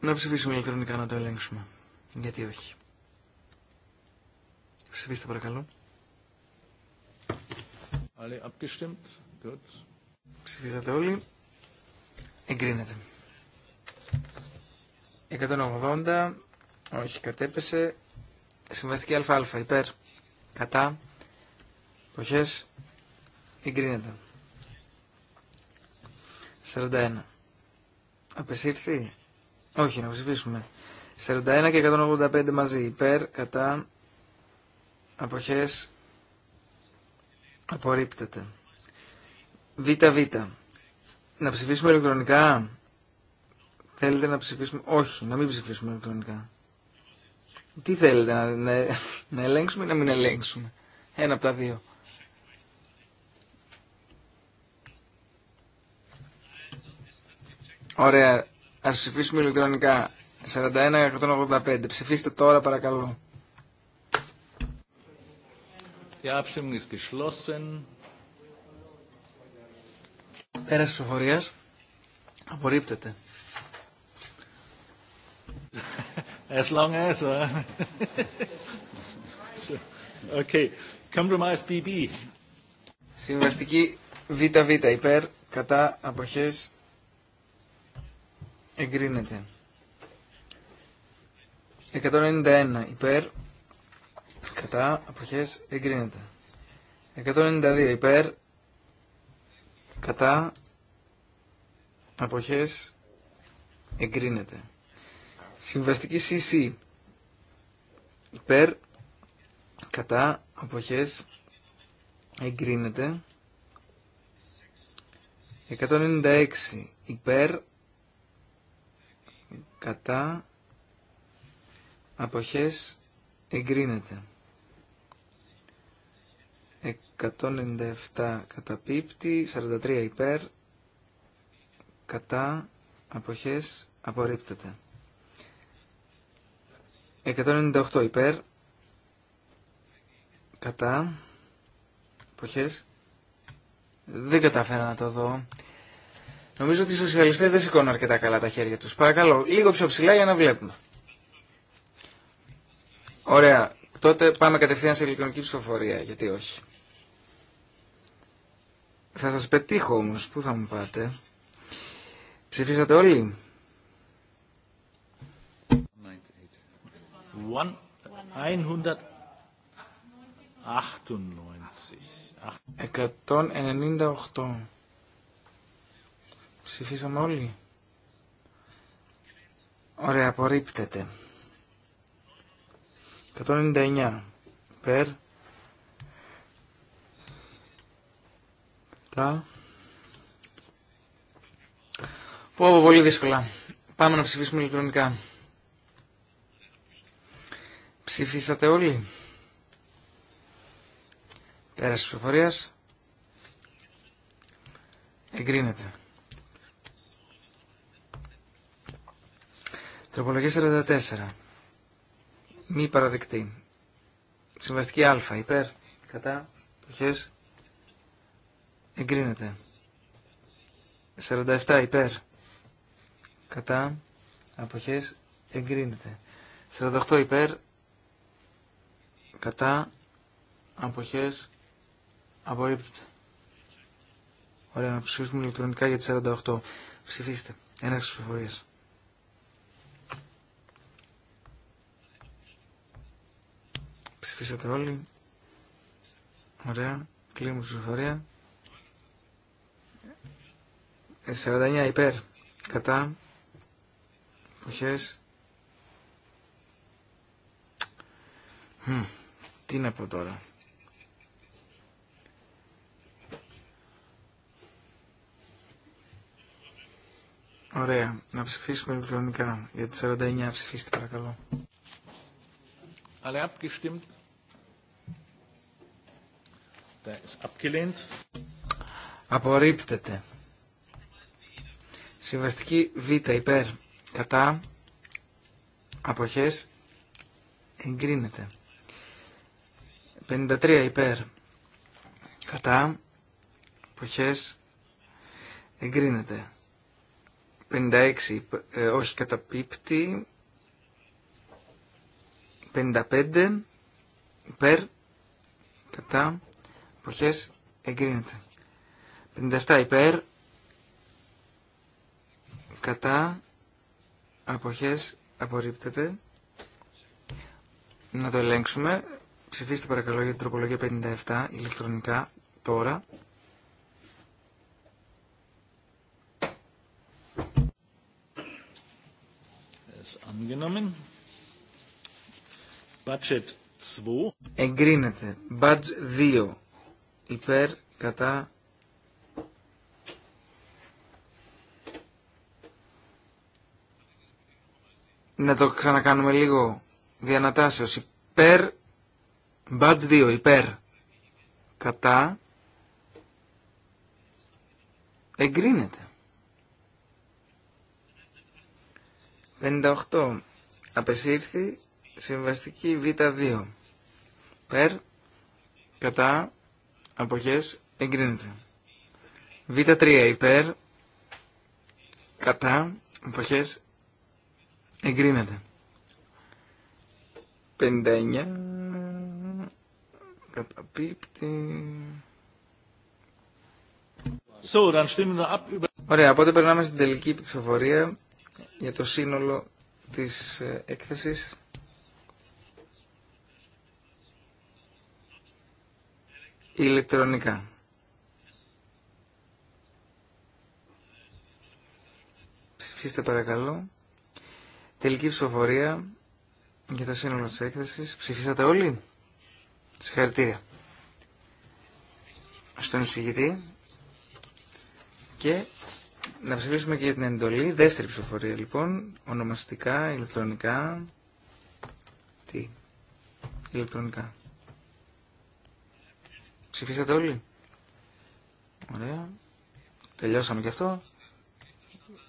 να ψηφίσουμε ηλεκτρονικά να το ελέγξουμε γιατί όχι ψηφίστε παρακαλώ Alle Ψηφίσατε όλοι. Εγκρίνεται. 180. Όχι, κατέπεσε. Συμβαστική ΑΑ. Υπέρ. Κατά. εποχέ, Εγκρίνεται. 41. Απεσύρθη. Όχι, να ψηφίσουμε. 41 και 185 μαζί. Υπέρ, κατά, αποχές, Απορρίπτεται. ΒΒ. Να ψηφίσουμε ηλεκτρονικά. Θέλετε να ψηφίσουμε. Όχι, να μην ψηφίσουμε ηλεκτρονικά. Τι θέλετε, να, να, να ελέγξουμε ή να μην ελέγξουμε. Ένα από τα δύο. Ωραία. Ας ψηφίσουμε ηλεκτρονικά. 41-185. Ψηφίστε τώρα παρακαλώ. Die Abstimmung ist geschlossen. Πέρας ψηφοφορία. Απορρίπτεται. [LAUGHS] As long as. Uh... okay. Compromise BB. Συμβαστική ΒΒ υπέρ κατά αποχέ. εγκρίνεται. 191 υπέρ κατά αποχές εγκρίνεται. 192 υπέρ κατά αποχές εγκρίνεται. Συμβαστική CC υπέρ κατά αποχές εγκρίνεται. 196 υπέρ κατά αποχές εγκρίνεται. 197 καταπίπτει, 43 υπέρ, κατά, αποχές, απορρίπτεται. 198 υπέρ, κατά, αποχές, δεν καταφέρα να το δω. Νομίζω ότι οι σοσιαλιστές δεν σηκώνουν αρκετά καλά τα χέρια τους. Παρακαλώ, λίγο πιο ψηλά για να βλέπουμε. Ωραία, τότε πάμε κατευθείαν σε ηλεκτρονική ψηφοφορία, γιατί όχι. Θα σας πετύχω όμως, πού θα μου πάτε. Ψηφίσατε όλοι. 198. Ψηφίσαμε όλοι. Ωραία, απορρίπτεται. 199. Περ. Κατά. Πω, πολύ δύσκολα. Πάμε να ψηφίσουμε ηλεκτρονικά. Ψηφίσατε όλοι. Πέραση ψηφοφορίας. Εγκρίνεται. Τροπολογία 44. Μη παραδεκτή. Συμβαστική α. Υπέρ. Κατά. Ποιες. Εγκρίνεται. 47 υπέρ. Κατά. Αποχές. Εγκρίνεται. 48 υπέρ. Κατά. Αποχές. Απορρίπτεται. Ωραία, να ψηφίσουμε ηλεκτρονικά για τις 48. Ψηφίστε. Ένας ψηφοφορίας. Ψηφίσατε όλοι. Ωραία. Κλείνουμε τη ψηφοφορία. 49 υπέρ κατά εποχές τι να πω τώρα Ωραία. Να ψηφίσουμε ηλεκτρονικά. Για τη 49 ψηφίστε παρακαλώ. Alle abgestimmt. ist abgelehnt. Απορρίπτεται. Συμβαστική Β υπέρ κατά αποχές εγκρίνεται. 53 υπέρ κατά αποχές εγκρίνεται. 56 ε, όχι καταπίπτει. 55 υπέρ κατά αποχές εγκρίνεται. 57 υπέρ κατά αποχές απορρίπτεται. Να το ελέγξουμε. Ψηφίστε παρακαλώ για την τροπολογία 57 ηλεκτρονικά τώρα. 2. Εγκρίνεται. Budget 2. Υπέρ κατά να το ξανακάνουμε λίγο διανατάσεως. Υπέρ, μπάτς 2, υπέρ, κατά, εγκρίνεται. 58. Απεσύρθη συμβαστική Β2. Περ, κατά, αποχές, εγκρίνεται. Β3 υπέρ, κατά, αποχές, Εγκρίνεται. 59 καταπίπτει. Ωραία, οπότε περνάμε στην τελική ψηφοφορία για το σύνολο της ε, έκθεσης. ηλεκτρονικά. Ψηφίστε παρακαλώ. Τελική ψηφοφορία για το σύνολο της έκθεσης. Ψηφίσατε όλοι. Συγχαρητήρια. Στον εισηγητή. Και να ψηφίσουμε και για την εντολή. Δεύτερη ψηφοφορία λοιπόν. Ονομαστικά, ηλεκτρονικά. Τι. Ηλεκτρονικά. Ψηφίσατε όλοι. Ωραία. Τελειώσαμε και αυτό.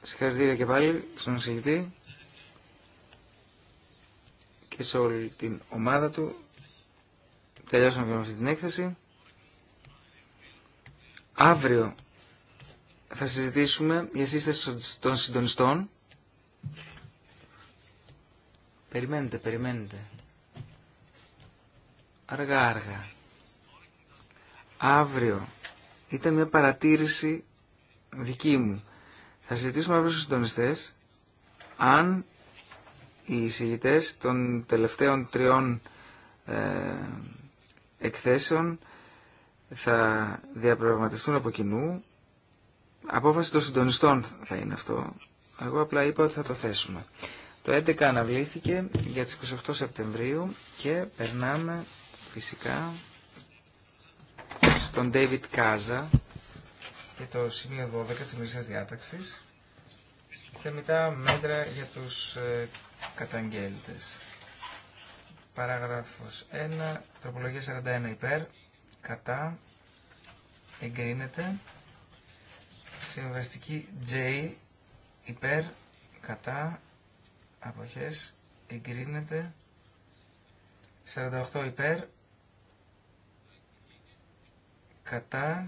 Συγχαρητήρια και πάλι στον εισηγητή και σε όλη την ομάδα του. Τελειώσαμε και με αυτή την έκθεση. Αύριο θα συζητήσουμε για σύσταση των συντονιστών. Περιμένετε, περιμένετε. Αργά, αργά. Αύριο. Ήταν μια παρατήρηση δική μου. Θα συζητήσουμε αύριο στους συντονιστές αν οι εισηγητές των τελευταίων τριών ε, εκθέσεων θα διαπραγματευτούν από κοινού. Απόφαση των συντονιστών θα είναι αυτό. Εγώ απλά είπα ότι θα το θέσουμε. Το 11 αναβλήθηκε για τις 28 Σεπτεμβρίου και περνάμε φυσικά στον David Κάζα και το σημείο 12 της Μερισσίας Διάταξης Θεμητά μέτρα για τους ε, καταγγέλτες. Παράγραφος 1, τροπολογία 41 υπέρ, κατά, εγκρίνεται. Συμβαστική J υπέρ, κατά, αποχές, εγκρίνεται. 48 υπέρ, κατά,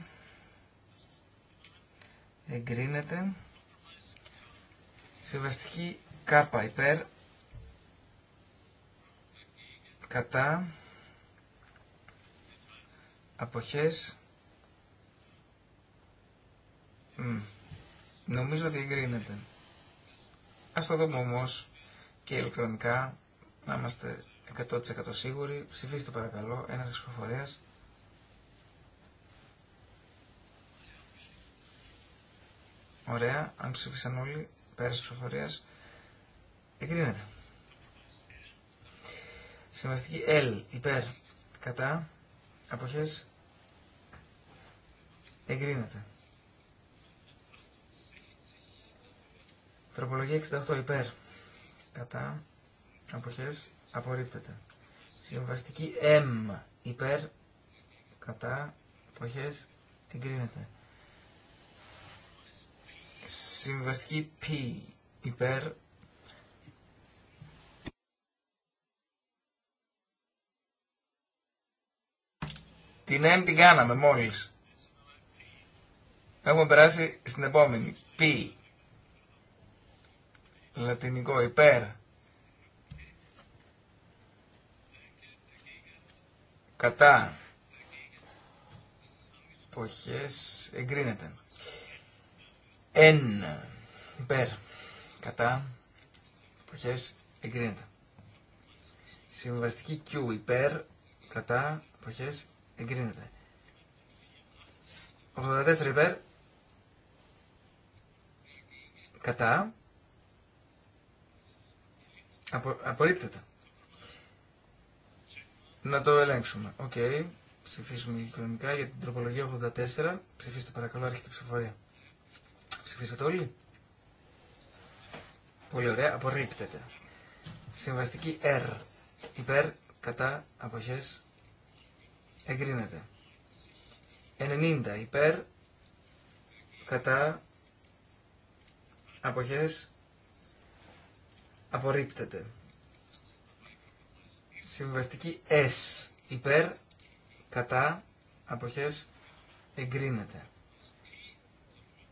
εγκρίνεται. Συμβαστική κάπα υπέρ κατά αποχές νομίζω ότι εγκρίνεται. Ας το δούμε όμως και ηλεκτρονικά να είμαστε 100% σίγουροι. Ψηφίστε παρακαλώ ένα χρησιμοφορέας. Ωραία, αν ψήφισαν όλοι τη Εγκρίνεται. Συμβαστική L υπέρ κατά αποχές εγκρίνεται. Τροπολογία 68 υπέρ κατά αποχές απορρίπτεται. Συμβαστική M υπέρ κατά αποχές εγκρίνεται. Συμβαστική P υπέρ Την M την κάναμε μόλις. Έχουμε περάσει στην επόμενη. P. Λατινικό υπέρ. Κατά. Εποχές εγκρίνεται. Εν. Υπέρ. Κατά. Εποχές. Εγκρίνεται. Συμβαστική Q. Υπέρ. Κατά. Εποχές. Εγκρίνεται. 84 υπέρ. Κατά. Απο, απορρίπτεται. Να το ελέγξουμε. Οκ. Okay. Ψηφίσουμε ηλεκτρονικά για την τροπολογία 84. Ψηφίστε παρακαλώ, έρχεται η ψηφοφορία. Ψηφίσατε όλοι. Πολύ ωραία. Απορρίπτεται. Συμβαστική R. Υπέρ, κατά, αποχές, εγκρίνεται. 90. Υπέρ, κατά, αποχές, απορρίπτεται. Συμβαστική S. Υπέρ, κατά, αποχές, εγκρίνεται.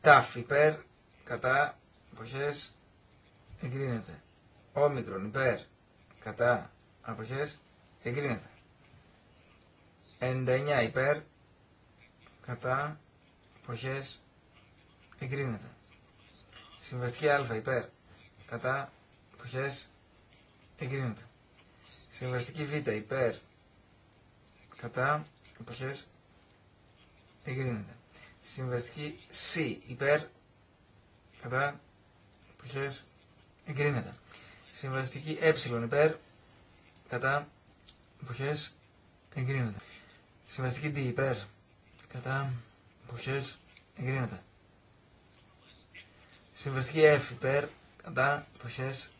Τάφ υπέρ, κατά, αποχές, εγκρίνεται. Όμικρον υπέρ, κατά, αποχές, εγκρίνεται. 99 υπέρ, κατά, αποχές, εγκρίνεται. Συμβαστική α υπέρ, κατά, αποχές, εγκρίνεται. Συμβαστική β υπέρ, κατά, αποχές, εγκρίνεται. Συμβαστική C υπέρ κατά εποχές εγκρίνεται. Συμβαστική ε υπέρ κατά εποχές εγκρίνεται. Συμβαστική D υπέρ κατά εποχές εγκρίνεται. Συμβαστική F υπέρ κατά εποχές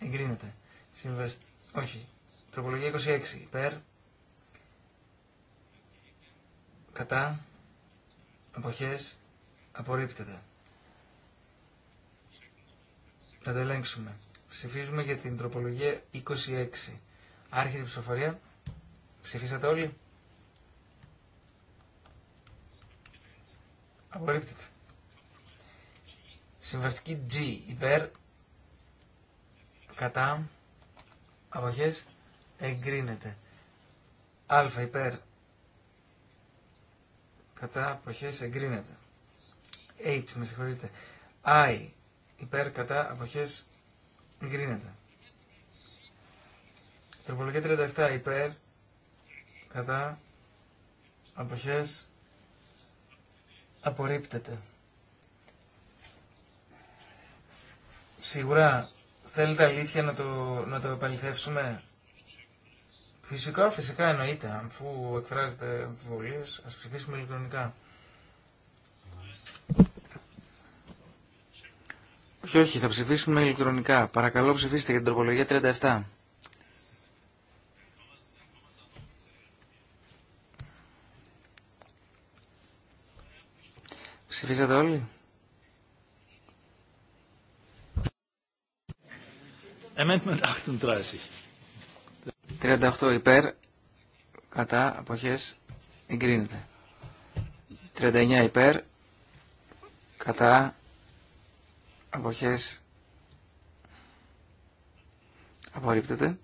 εγκρίνεται. Συμβαστ... Όχι. Τροπολογία 26 υπέρ κατά αποχές απορρίπτεται. Θα το ελέγξουμε. Ψηφίζουμε για την τροπολογία 26. Άρχεται η ψηφοφορία. Ψηφίσατε όλοι. Απορρίπτεται. Συμβαστική G υπέρ κατά αποχές εγκρίνεται. Α υπέρ κατά αποχές εγκρίνεται. H, με συγχωρείτε. I, υπέρ κατά αποχές εγκρίνεται. Τροπολογία 37, υπέρ κατά αποχές απορρίπτεται. Σίγουρα θέλετε αλήθεια να το, να το επαληθεύσουμε. Φυσικά, φυσικά εννοείται. Αφού εκφράζεται αμφιβολίε, α ψηφίσουμε ηλεκτρονικά. Όχι, όχι, θα ψηφίσουμε ηλεκτρονικά. Παρακαλώ ψηφίστε για την τροπολογία 37. Ψηφίσατε όλοι. Amendment 38. 38 υπέρ, κατά αποχές εγκρίνεται. 39 υπέρ, κατά αποχές απορρίπτεται.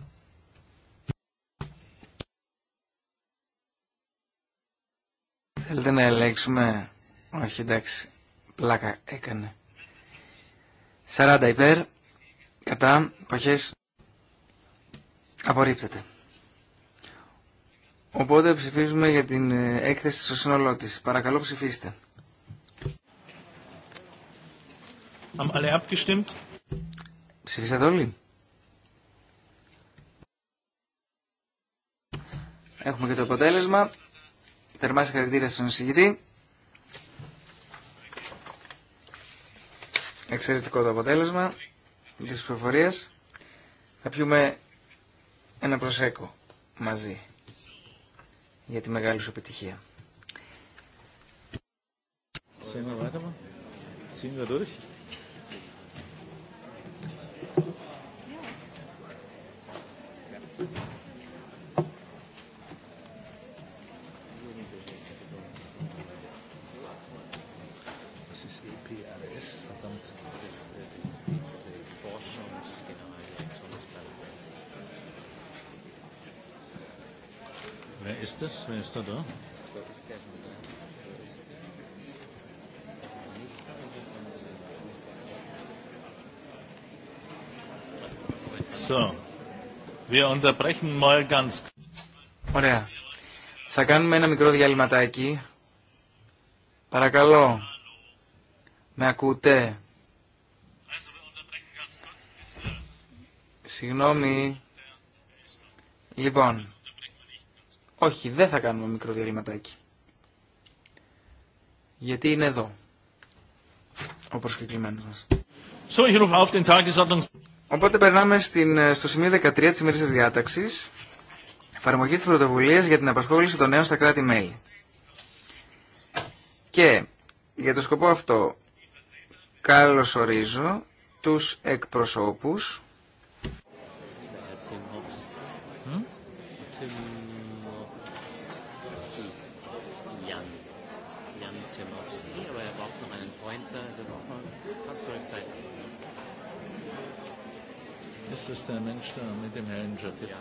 Θέλετε να ελέγξουμε, όχι εντάξει, πλάκα έκανε. 40 υπέρ, κατά αποχές απορρίπτεται. Οπότε ψηφίζουμε για την ε, έκθεση στο σύνολό τη. Παρακαλώ ψηφίστε. Ψηφίσατε όλοι. Έχουμε και το αποτέλεσμα. Θερμά συγχαρητήρια στον εισηγητή. Εξαιρετικό το αποτέλεσμα της προφορίας. Θα πιούμε ένα προσέκο μαζί για τη μεγάλη σου επιτυχία. Σε ένα βάθαμα, σύνδευα Wer ist das? Wer ist da da? So. Wir unterbrechen mal ganz... Ωραία. Θα κάνουμε ένα μικρό διαλυματάκι. Παρακαλώ. Με ακούτε. Συγγνώμη. Λοιπόν, όχι, δεν θα κάνουμε μικρό διαλυματάκι. Γιατί είναι εδώ ο προσκεκλημένος μας. Οπότε περνάμε στο σημείο 13 της ημερήσιας διάταξης. Εφαρμογή της πρωτοβουλίας για την απασχόληση των νέων στα κράτη-μέλη. Και για το σκοπό αυτό καλωσορίζω ορίζω τους εκπροσώπους. Hm? Ist das der Mensch da mit dem hellen Jackett?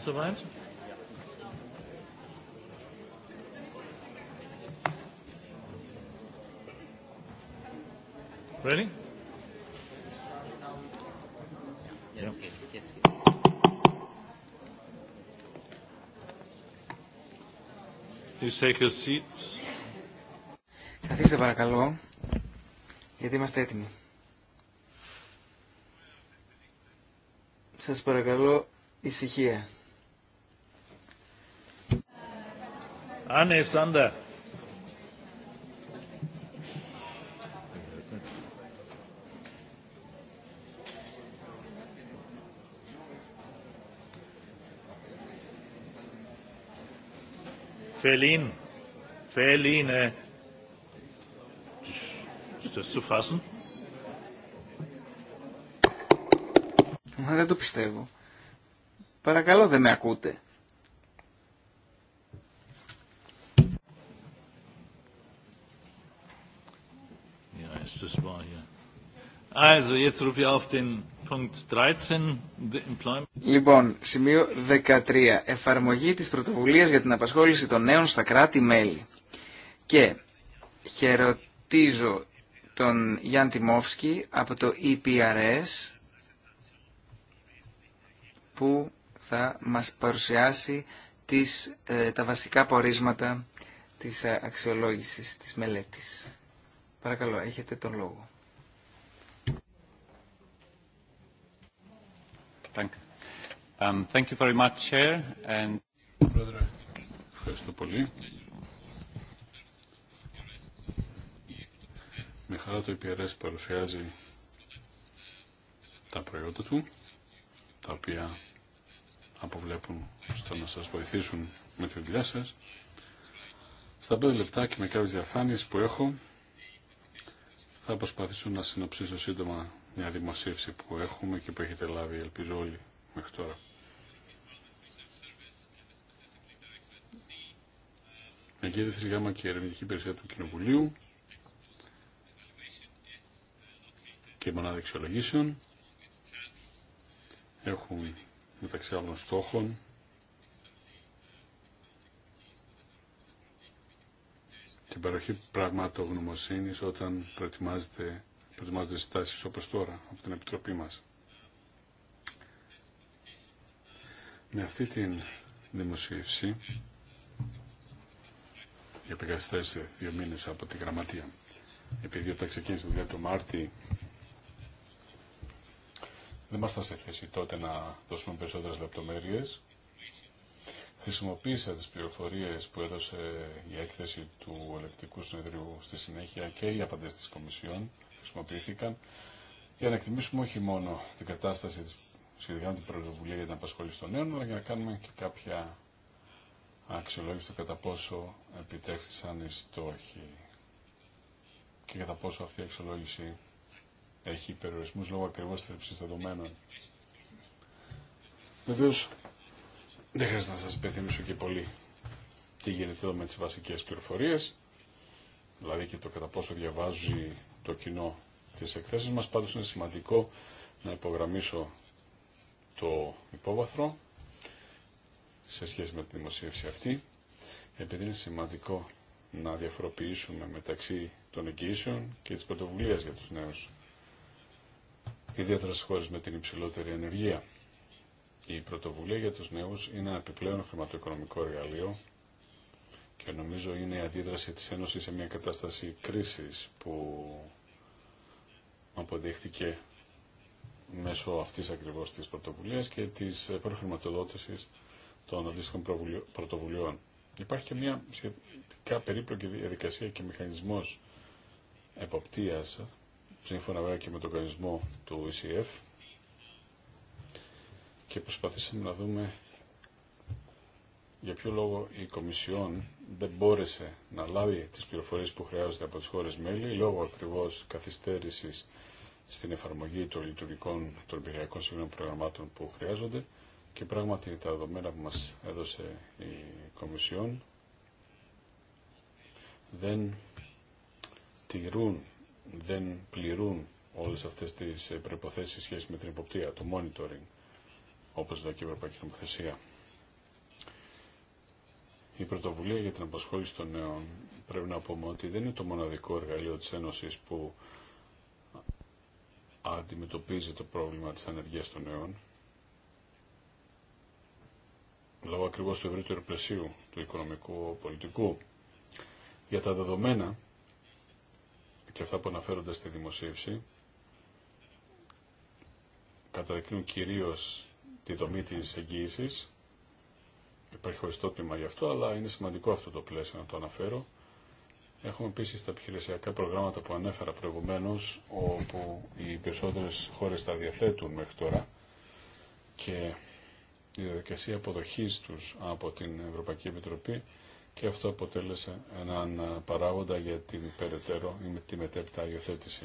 soweit? Ready? Please take your seats. Καθίστε παρακαλώ, γιατί είμαστε έτοιμοι. Σας παρακαλώ ησυχία. Anne Sander. Felin. Feline. Ist das zu fassen? δεν το πιστεύω. Παρακαλώ δεν με ακούτε. Λοιπόν, σημείο 13. Εφαρμογή της πρωτοβουλίας για την απασχόληση των νέων στα κράτη-μέλη. Και χαιρετίζω τον Γιάννη Τιμόφσκι από το EPRS που θα μας παρουσιάσει τις, ε, τα βασικά πορίσματα της ε, αξιολόγησης, της μελέτης. Παρακαλώ, έχετε τον λόγο. Thank Um, thank you very much, Chair. And... ευχαριστώ πολύ. Με χαρά το EPRS παρουσιάζει τα προϊόντα του, τα οποία αποβλέπουν στο να σας βοηθήσουν με τη δουλειά σας. Στα πέντε λεπτά και με κάποιες διαφάνειες που έχω, θα προσπαθήσω να συνοψίσω σύντομα μια δημοσίευση που έχουμε και που έχετε λάβει, ελπίζω όλοι, μέχρι τώρα. Εκεί ΓΑΜΑ και η Ερευνητική Υπηρεσία του Κοινοβουλίου και μονάδα αξιολογήσεων έχουν μεταξύ άλλων στόχων την παροχή πραγματογνωμοσύνης όταν προετοιμάζεται προετοιμάζονται στάσεις όπως τώρα από την Επιτροπή μας. Με αυτή την δημοσίευση για επικαστές δύο μήνες από τη Γραμματεία επειδή όταν ξεκίνησε δουλειά το Μάρτη δεν ήμασταν σε θέση τότε να δώσουμε περισσότερες λεπτομέρειες. Χρησιμοποίησα τις πληροφορίες που έδωσε η έκθεση του Ελεκτικού Συνεδρίου στη συνέχεια και οι απαντές της Κομισιόν χρησιμοποιήθηκαν για να εκτιμήσουμε όχι μόνο την κατάσταση σχετικά με την πρωτοβουλία για την απασχόληση των νέων, αλλά για να κάνουμε και κάποια αξιολόγηση του κατά πόσο επιτέχθησαν οι στόχοι και κατά πόσο αυτή η αξιολόγηση έχει περιορισμούς λόγω ακριβώς θερυψής δεδομένων. Βεβαίω, δεν χρειάζεται να σας υπενθυμίσω και πολύ τι γίνεται εδώ με τις βασικές πληροφορίες, δηλαδή και το κατά πόσο διαβάζει το κοινό της εκθέσεις μας. Πάντως είναι σημαντικό να υπογραμμίσω το υπόβαθρο σε σχέση με τη δημοσίευση αυτή, επειδή είναι σημαντικό να διαφοροποιήσουμε μεταξύ των εγγυήσεων και της πρωτοβουλία για τους νέους, ιδιαίτερα στις χώρες με την υψηλότερη ενεργεία. Η πρωτοβουλία για τους νέους είναι ένα επιπλέον χρηματοοικονομικό εργαλείο και νομίζω είναι η αντίδραση της Ένωσης σε μια κατάσταση κρίσης που αποδείχθηκε μέσω αυτής ακριβώς της πρωτοβουλίας και της προχρηματοδότησης των αντίστοιχων πρωτοβουλειών. Υπάρχει και μια σχετικά περίπλοκη διαδικασία και μηχανισμός εποπτείας, σύμφωνα βέβαια και με τον κανονισμό του ECF, και προσπαθήσαμε να δούμε για ποιο λόγο η Κομισιόν δεν μπόρεσε να λάβει τις πληροφορίες που χρειάζεται από τις χώρες μέλη λόγω ακριβώς καθυστέρησης στην εφαρμογή των λειτουργικών των πυριακών συγγνώμη προγραμμάτων που χρειάζονται και πράγματι τα δεδομένα που μας έδωσε η Κομισιόν δεν τηρούν, δεν πληρούν όλες αυτές τις προϋποθέσεις σχέση με την υποπτία, το monitoring, όπως λέει και η Ευρωπαϊκή Νομοθεσία. Η πρωτοβουλία για την απασχόληση των νέων πρέπει να πούμε ότι δεν είναι το μοναδικό εργαλείο της Ένωσης που αντιμετωπίζει το πρόβλημα της ανεργίας των νέων. Λόγω ακριβώς του ευρύτερου πλαισίου του οικονομικού πολιτικού. Για τα δεδομένα και αυτά που αναφέρονται στη δημοσίευση καταδεικνύουν κυρίως τη δομή της εγγύησης Υπάρχει χωριστό τμήμα γι' αυτό, αλλά είναι σημαντικό αυτό το πλαίσιο να το αναφέρω. Έχουμε επίση τα επιχειρησιακά προγράμματα που ανέφερα προηγουμένω, όπου οι περισσότερε χώρε τα διαθέτουν μέχρι τώρα και η διαδικασία αποδοχή του από την Ευρωπαϊκή Επιτροπή και αυτό αποτέλεσε έναν παράγοντα για την περαιτέρω ή τη μετέπειτα υιοθέτηση.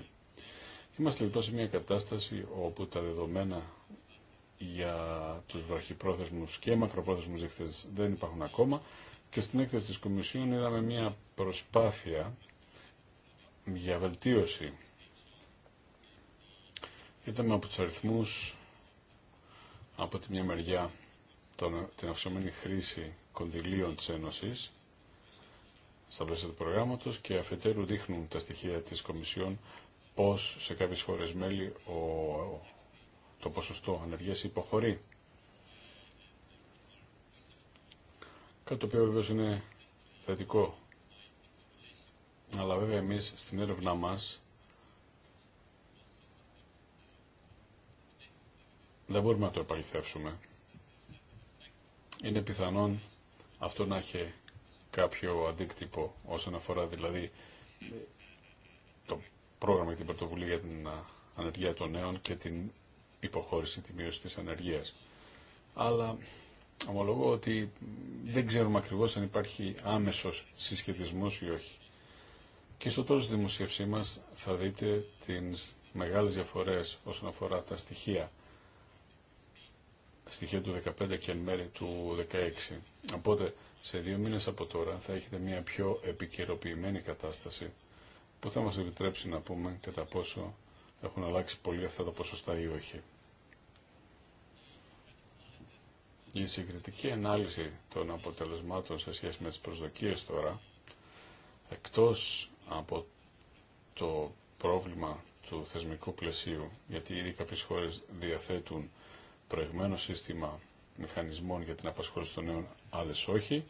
Είμαστε λοιπόν σε μια κατάσταση όπου τα δεδομένα για τους βραχυπρόθεσμους και μακροπρόθεσμους δείχτες δεν υπάρχουν ακόμα και στην έκθεση της Κομισιόν είδαμε μια προσπάθεια για βελτίωση. Είδαμε από τους αριθμούς από τη μια μεριά την αυξημένη χρήση κονδυλίων της Ένωσης στα πλαίσια του προγράμματος και αφετέρου δείχνουν τα στοιχεία της Κομισιόν πως σε κάποιες χώρες μέλη ο το ποσοστό ανεργίας υποχωρεί. Κάτι το οποίο βέβαια είναι θετικό. Αλλά βέβαια εμείς στην έρευνά μας δεν μπορούμε να το επαληθεύσουμε. Είναι πιθανόν αυτό να έχει κάποιο αντίκτυπο όσον αφορά δηλαδή το πρόγραμμα και την πρωτοβουλία για την ανεργία των νέων και την υποχώρηση τη μείωση της ανεργίας. Αλλά ομολογώ ότι δεν ξέρουμε ακριβώς αν υπάρχει άμεσος συσχετισμός ή όχι. Και στο τέλος της δημοσίευσή μας θα δείτε τις μεγάλες διαφορές όσον αφορά τα στοιχεία στοιχεία του 15 και εν μέρη του 16. Οπότε σε δύο μήνες από τώρα θα έχετε μια πιο επικαιροποιημένη κατάσταση που θα μας επιτρέψει να πούμε κατά πόσο έχουν αλλάξει πολύ αυτά τα ποσοστά ή όχι. η συγκριτική ανάλυση των αποτελεσμάτων σε σχέση με τις προσδοκίες τώρα, εκτός από το πρόβλημα του θεσμικού πλαισίου, γιατί ήδη κάποιες χώρες διαθέτουν προηγμένο σύστημα μηχανισμών για την απασχόληση των νέων, άλλες όχι,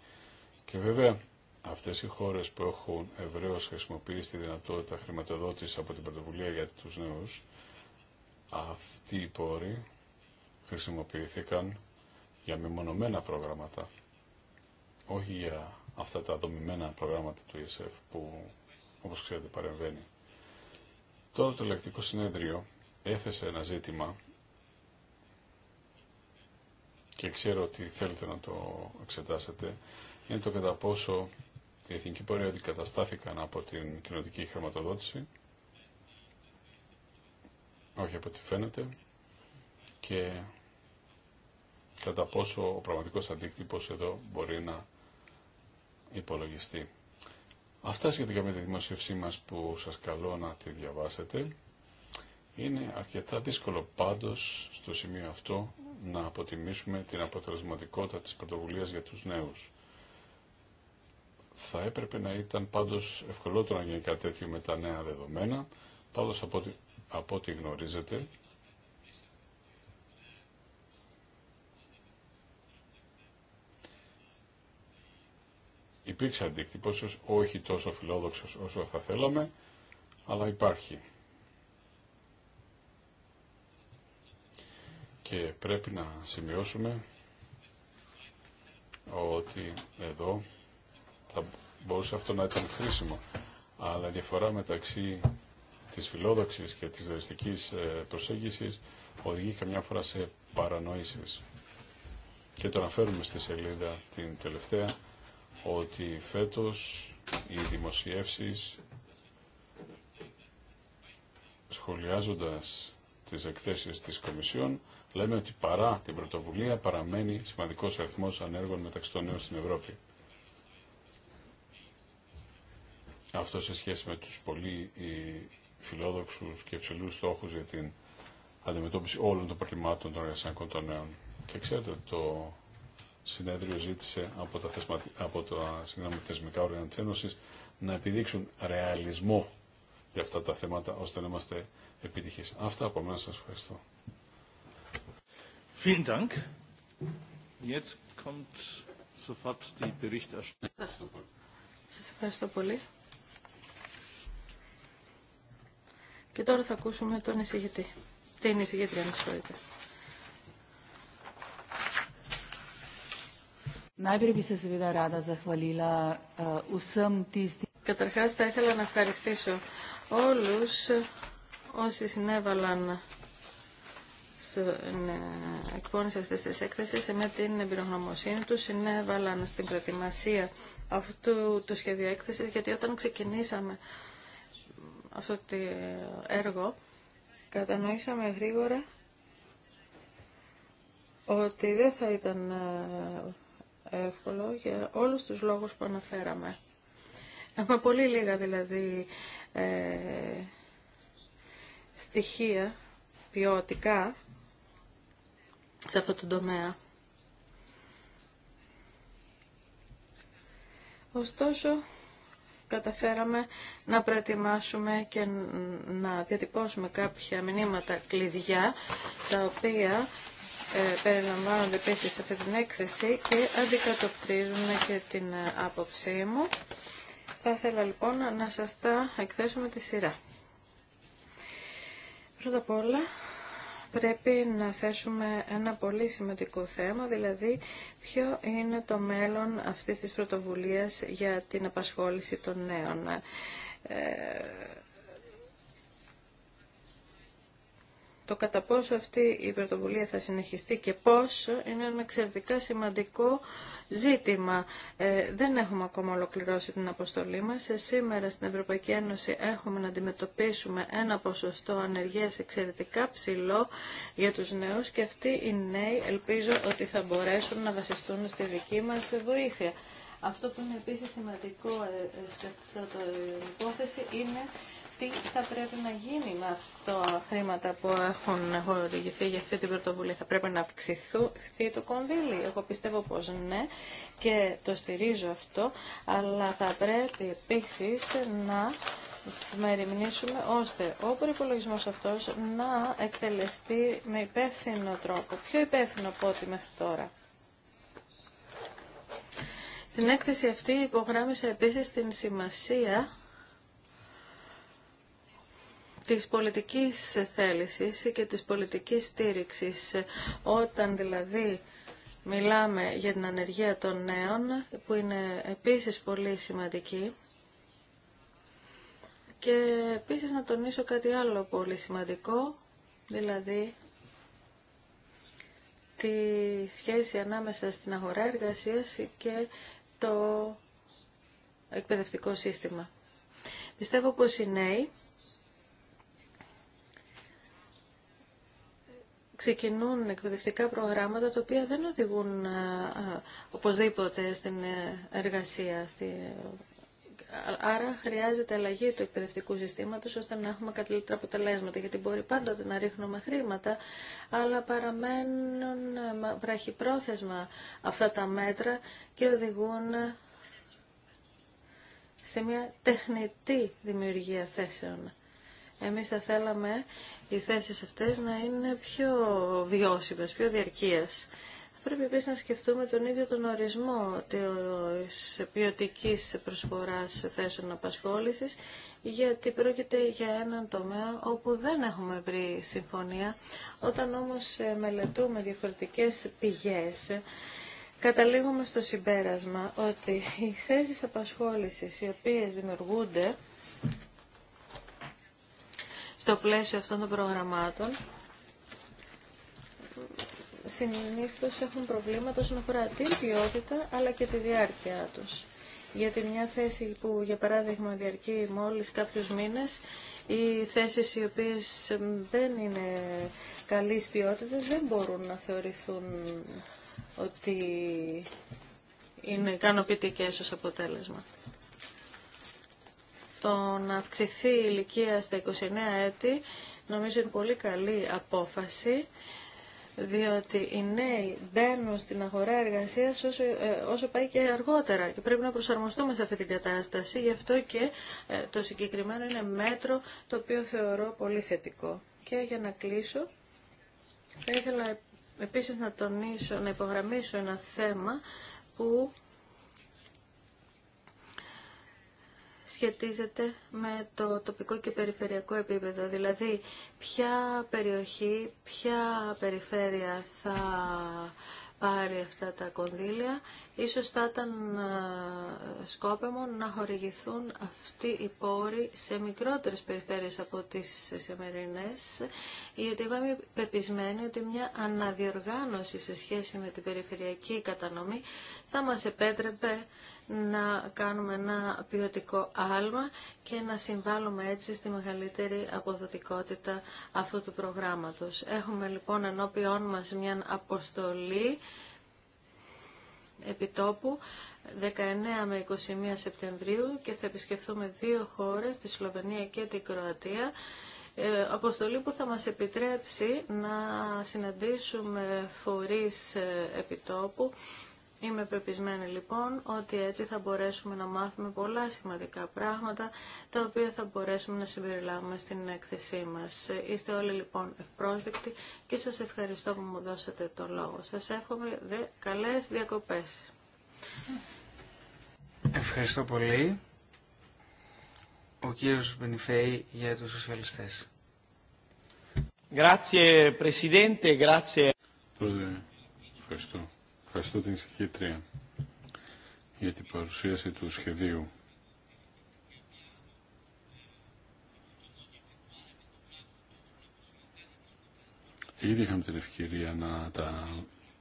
και βέβαια αυτές οι χώρες που έχουν ευρέως χρησιμοποιήσει τη δυνατότητα χρηματοδότηση από την πρωτοβουλία για τους νέους, αυτοί οι πόροι χρησιμοποιήθηκαν για μεμονωμένα προγράμματα, όχι για αυτά τα δομημένα προγράμματα του ESF που, όπως ξέρετε, παρεμβαίνει. Τώρα το ελεκτικό συνέδριο έθεσε ένα ζήτημα και ξέρω ότι θέλετε να το εξετάσετε, είναι το κατά πόσο η εθνική πορεία αντικαταστάθηκαν από την κοινωτική χρηματοδότηση, όχι από ό,τι φαίνεται, και κατά πόσο ο πραγματικός αντίκτυπος εδώ μπορεί να υπολογιστεί. Αυτά σχετικά με τη δημοσίευσή μας που σας καλώ να τη διαβάσετε. Είναι αρκετά δύσκολο πάντως στο σημείο αυτό να αποτιμήσουμε την αποτελεσματικότητα της πρωτοβουλίας για τους νέους. Θα έπρεπε να ήταν πάντως ευκολότερο να γίνει κάτι τέτοιο με τα νέα δεδομένα, πάντως από ό,τι, από ό,τι γνωρίζετε υπήρξε αντίκτυπος, όχι τόσο φιλόδοξος όσο θα θέλαμε, αλλά υπάρχει. Και πρέπει να σημειώσουμε ότι εδώ θα μπορούσε αυτό να ήταν χρήσιμο. Αλλά η διαφορά μεταξύ της φιλόδοξης και της δραστικής ε, προσέγγισης οδηγεί καμιά φορά σε παρανοήσεις. Και το αναφέρουμε στη σελίδα την τελευταία ότι φέτος οι δημοσιεύσεις σχολιάζοντας τις εκθέσεις της Κομισιόν λέμε ότι παρά την πρωτοβουλία παραμένει σημαντικός αριθμός ανέργων μεταξύ των νέων στην Ευρώπη. Αυτό σε σχέση με τους πολύ φιλόδοξους και υψηλούς στόχους για την αντιμετώπιση όλων των προβλημάτων των εργασιακών των νέων. Και ξέρετε, το συνέδριο ζήτησε από τα, θεσμα... από τα συγγνώμη, θεσμικά όργανα της Ένωσης να επιδείξουν ρεαλισμό για αυτά τα θέματα ώστε να είμαστε επιτυχείς. Αυτά από μένα σας ευχαριστώ. Σας ευχαριστώ πολύ. Και τώρα θα ακούσουμε τον εισηγητή. Την εισηγητρία, αν Καταρχάς θα ήθελα να ευχαριστήσω όλους όσοι συνέβαλαν στην εκπόνηση αυτής της έκθεσης με την εμπειρογνωμοσύνη τους συνέβαλαν στην προετοιμασία αυτού του σχέδιου έκθεσης γιατί όταν ξεκινήσαμε αυτό το έργο κατανοήσαμε γρήγορα ότι δεν θα ήταν εύκολο για όλους τους λόγους που αναφέραμε. Έχουμε πολύ λίγα δηλαδή ε, στοιχεία ποιοτικά σε αυτό το τομέα. Ωστόσο, καταφέραμε να προετοιμάσουμε και να διατυπώσουμε κάποια μηνύματα κλειδιά, τα οποία ε, περιλαμβάνονται επίση σε αυτή την έκθεση και αντικατοπτρίζουν και την ε, άποψή μου. Θα ήθελα λοιπόν να σας τα εκθέσω με τη σειρά. Πρώτα απ' όλα πρέπει να θέσουμε ένα πολύ σημαντικό θέμα, δηλαδή ποιο είναι το μέλλον αυτής της πρωτοβουλίας για την απασχόληση των νέων. Ε, Το κατά πόσο αυτή η πρωτοβουλία θα συνεχιστεί και πώς είναι ένα εξαιρετικά σημαντικό ζήτημα. Ε, δεν έχουμε ακόμα ολοκληρώσει την αποστολή μας. Ε, σήμερα στην Ευρωπαϊκή Ένωση έχουμε να αντιμετωπίσουμε ένα ποσοστό ανεργίας εξαιρετικά ψηλό για τους νέους και αυτοί οι νέοι ελπίζω ότι θα μπορέσουν να βασιστούν στη δική μας βοήθεια. Αυτό που είναι επίσης σημαντικό ε, σε αυτή την υπόθεση είναι τι θα πρέπει να γίνει με αυτά τα χρήματα που έχουν χορηγηθεί για αυτή την πρωτοβουλία. Θα πρέπει να αυξηθεί το κονδύλι. Εγώ πιστεύω πως ναι και το στηρίζω αυτό, αλλά θα πρέπει επίσης να μεριμνήσουμε ώστε ο προπολογισμό αυτός να εκτελεστεί με υπεύθυνο τρόπο, πιο υπεύθυνο από ό,τι μέχρι τώρα. Στην έκθεση αυτή υπογράμμισα επίσης την σημασία της πολιτικής θέλησης και της πολιτικής στήριξης. Όταν δηλαδή μιλάμε για την ανεργία των νέων, που είναι επίσης πολύ σημαντική, και επίσης να τονίσω κάτι άλλο πολύ σημαντικό, δηλαδή τη σχέση ανάμεσα στην αγορά εργασίας και το εκπαιδευτικό σύστημα. Πιστεύω πως οι νέοι ξεκινούν εκπαιδευτικά προγράμματα τα οποία δεν οδηγούν οπωσδήποτε στην ε, εργασία. Άρα χρειάζεται αλλαγή του εκπαιδευτικού συστήματος ώστε να έχουμε καλύτερα αποτελέσματα γιατί μπορεί πάντοτε να ρίχνουμε χρήματα αλλά παραμένουν ε, βραχυπρόθεσμα αυτά τα μέτρα και οδηγούν σε μια τεχνητή δημιουργία θέσεων. Εμείς θα θέλαμε οι θέσεις αυτές να είναι πιο βιώσιμες, πιο διαρκείας. Πρέπει επίσης να σκεφτούμε τον ίδιο τον ορισμό της ποιοτική προσφοράς θέσεων απασχόλησης, γιατί πρόκειται για έναν τομέα όπου δεν έχουμε βρει συμφωνία. Όταν όμως ε, μελετούμε διαφορετικές πηγές, ε, καταλήγουμε στο συμπέρασμα ότι οι θέσεις απασχόλησης οι οποίες δημιουργούνται στο πλαίσιο αυτών των προγραμμάτων συνήθως έχουν προβλήματα όσον αφορά την ποιότητα αλλά και τη διάρκεια τους. Γιατί μια θέση που για παράδειγμα διαρκεί μόλις κάποιους μήνες ή θέσεις οι οποίες δεν είναι καλής ποιότητας δεν μπορούν να θεωρηθούν ότι είναι ικανοποιητικέ ως αποτέλεσμα το να αυξηθεί η ηλικία στα 29 έτη νομίζω είναι πολύ καλή απόφαση διότι οι νέοι μπαίνουν στην αγορά εργασίας όσο, ε, όσο πάει και αργότερα και πρέπει να προσαρμοστούμε σε αυτή την κατάσταση γι' αυτό και ε, το συγκεκριμένο είναι μέτρο το οποίο θεωρώ πολύ θετικό. Και για να κλείσω θα ήθελα επίσης να τονίσω, να υπογραμμίσω ένα θέμα που σχετίζεται με το τοπικό και περιφερειακό επίπεδο. Δηλαδή, ποια περιοχή, ποια περιφέρεια θα πάρει αυτά τα κονδύλια, ίσως θα ήταν ε, σκόπεμο να χορηγηθούν αυτοί οι πόροι σε μικρότερες περιφέρειες από τις σημερινές, γιατί εγώ είμαι πεπισμένη ότι μια αναδιοργάνωση σε σχέση με την περιφερειακή κατανομή θα μας επέτρεπε να κάνουμε ένα ποιοτικό άλμα και να συμβάλλουμε έτσι στη μεγαλύτερη αποδοτικότητα αυτού του προγράμματος. Έχουμε λοιπόν ενώπιόν μας μια αποστολή επιτόπου 19 με 21 Σεπτεμβρίου και θα επισκεφθούμε δύο χώρες, τη Σλοβενία και την Κροατία, ε, αποστολή που θα μας επιτρέψει να συναντήσουμε φορείς ε, επιτόπου Είμαι πεπισμένη λοιπόν ότι έτσι θα μπορέσουμε να μάθουμε πολλά σημαντικά πράγματα τα οποία θα μπορέσουμε να συμπεριλάβουμε στην έκθεσή μας. Είστε όλοι λοιπόν ευπρόσδεκτοι και σας ευχαριστώ που μου δώσατε το λόγο. Σας εύχομαι δε καλές διακοπές. Ευχαριστώ πολύ. Ο κύριος Μπενιφέη για τους σοσιαλιστές. Grazie ευχαριστώ ευχαριστώ την Συγχύτρια για την παρουσίαση του σχεδίου. Ήδη είχαμε την ευκαιρία να τα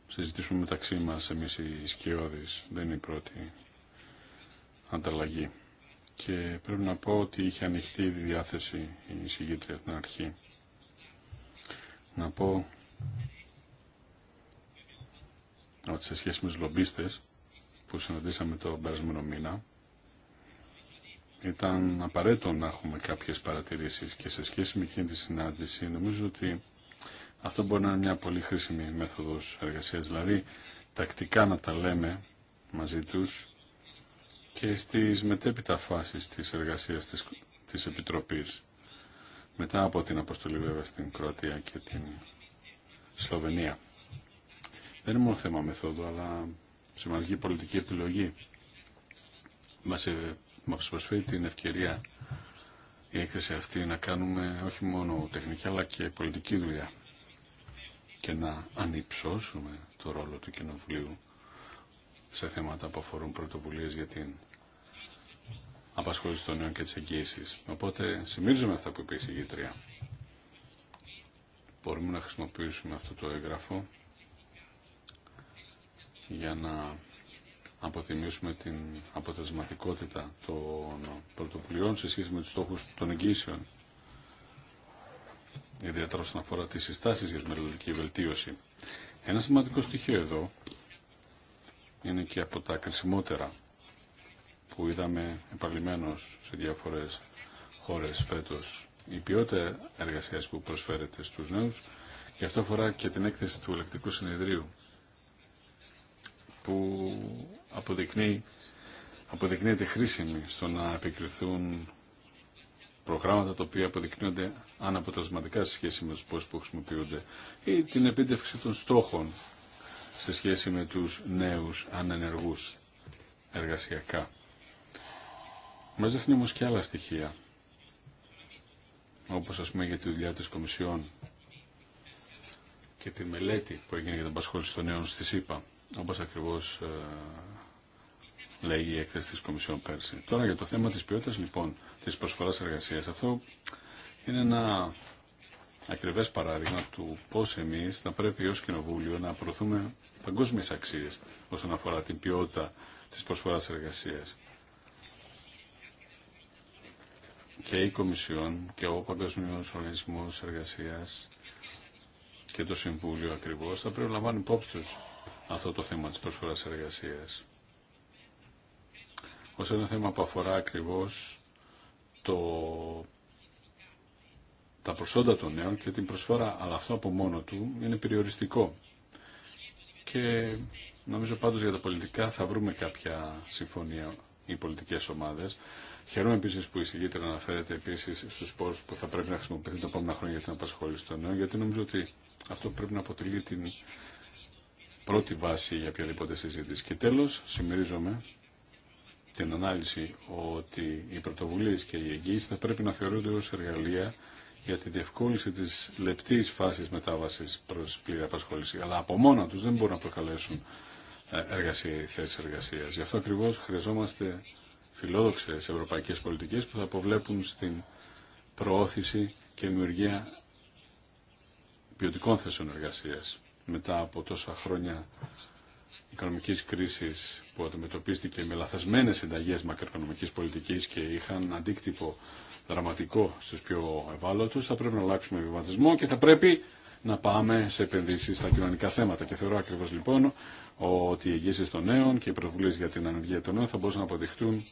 συζητήσουμε μεταξύ μας εμείς οι σκιώδεις. Δεν είναι η πρώτη ανταλλαγή. Και πρέπει να πω ότι είχε ανοιχτή η διάθεση η από την αρχή. Να πω ότι σε σχέση με τους λομπίστες που συναντήσαμε το περασμένο μήνα, ήταν απαραίτητο να έχουμε κάποιες παρατηρήσεις και σε σχέση με εκείνη τη συνάντηση νομίζω ότι αυτό μπορεί να είναι μια πολύ χρήσιμη μέθοδος εργασίας, δηλαδή τακτικά να τα λέμε μαζί τους και στις μετέπειτα φάσεις της εργασίας της, της Επιτροπής μετά από την αποστολή βέβαια στην Κροατία και την Σλοβενία. Δεν είναι μόνο θέμα μεθόδου, αλλά σημαντική πολιτική επιλογή. Μα ε, προσφέρει την ευκαιρία η έκθεση αυτή να κάνουμε όχι μόνο τεχνική αλλά και πολιτική δουλειά και να ανυψώσουμε το ρόλο του Κοινοβουλίου σε θέματα που αφορούν πρωτοβουλίε για την απασχόληση των νέων και τι εγγύησει. Οπότε συμμερίζουμε αυτά που είπε η συγγήτρια. Μπορούμε να χρησιμοποιήσουμε αυτό το έγγραφο για να αποτιμήσουμε την αποτελεσματικότητα των πρωτοβουλειών σε σχέση με τους στόχους των εγγύσεων. Ιδιαίτερα όσον αφορά τις συστάσεις για τη μελλοντική βελτίωση. Ένα σημαντικό στοιχείο εδώ είναι και από τα κρισιμότερα που είδαμε επαλημένως σε διάφορες χώρες φέτος η ποιότητα εργασίας που προσφέρεται στους νέους και αυτό αφορά και την έκθεση του ελεκτικού συνεδρίου που αποδεικνύει, αποδεικνύεται χρήσιμη στο να επικριθούν προγράμματα τα οποία αποδεικνύονται αναποτελεσματικά σε σχέση με τους πόρους που χρησιμοποιούνται ή την επίτευξη των στόχων σε σχέση με τους νέους ανενεργούς εργασιακά. Μας δείχνει όμως και άλλα στοιχεία, όπως ας πούμε για τη δουλειά της Κομισιόν και τη μελέτη που έγινε για την απασχόληση των νέων στη ΣΥΠΑ όπως ακριβώς ε, λέγει η έκθεση της Κομισιόν πέρσι. Τώρα για το θέμα της ποιότητας λοιπόν της προσφοράς εργασίας. Αυτό είναι ένα ακριβές παράδειγμα του πώς εμείς θα πρέπει ως Κοινοβούλιο να προωθούμε παγκόσμιες αξίες όσον αφορά την ποιότητα της προσφοράς εργασίας. Και η Κομισιόν και ο παγκόσμιο Οργανισμός Εργασίας και το Συμβούλιο ακριβώς θα πρέπει να λαμβάνουν υπόψη τους αυτό το θέμα της προσφοράς εργασίας. Ως ένα θέμα που αφορά ακριβώς το, τα προσόντα των νέων και την προσφορά, αλλά αυτό από μόνο του είναι περιοριστικό. Και νομίζω πάντως για τα πολιτικά θα βρούμε κάποια συμφωνία οι πολιτικές ομάδες. Χαίρομαι επίση που η συγκίτρια αναφέρεται επίση στου πόρου που θα πρέπει να χρησιμοποιηθούν τα επόμενα χρόνια για την απασχόληση των νέων, γιατί νομίζω ότι αυτό πρέπει να αποτελεί την πρώτη βάση για οποιαδήποτε συζήτηση. Και τέλος, συμμερίζομαι την ανάλυση ότι οι πρωτοβουλίε και οι εγγύησεις θα πρέπει να θεωρούνται ως εργαλεία για τη διευκόλυνση τη λεπτή φάση μετάβαση προ πλήρη απασχόληση. Αλλά από μόνα του δεν μπορούν να προκαλέσουν ε, εργασία, θέσεις εργασίας. Γι' αυτό ακριβώ χρειαζόμαστε φιλόδοξε ευρωπαϊκέ πολιτικέ που θα αποβλέπουν στην προώθηση και δημιουργία ποιοτικών θέσεων εργασία μετά από τόσα χρόνια οικονομικής κρίσης που αντιμετωπίστηκε με λαθασμένες συνταγές μακροοικονομικής πολιτικής και είχαν αντίκτυπο δραματικό στους πιο ευάλωτους, θα πρέπει να αλλάξουμε βιβατισμό και θα πρέπει να πάμε σε επενδύσεις στα κοινωνικά θέματα. Και θεωρώ ακριβώς λοιπόν ότι οι εγγύσεις των νέων και οι πρωτοβουλίες για την ανεργία των νέων θα μπορούσαν να αποδειχτούν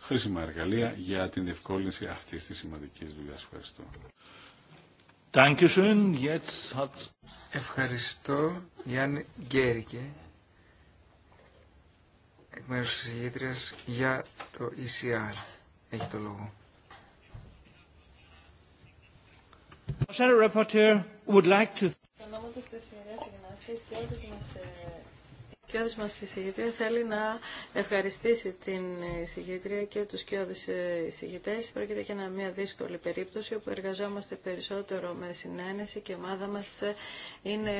χρήσιμα εργαλεία για την διευκόλυνση αυτής της σημαντικής δουλειάς. Ευχαριστώ. Ευχαριστώ, Γιάννη Γκέρικε, εκ μέρους της ηγήτριας για το ECR. Έχει το λόγο. Would κοιόδης μας εισηγητρία θέλει να ευχαριστήσει την εισηγητρία και τους κοιόδης εισηγητές. Πρόκειται για μια δύσκολη περίπτωση όπου εργαζόμαστε περισσότερο με συνένεση και η ομάδα μας είναι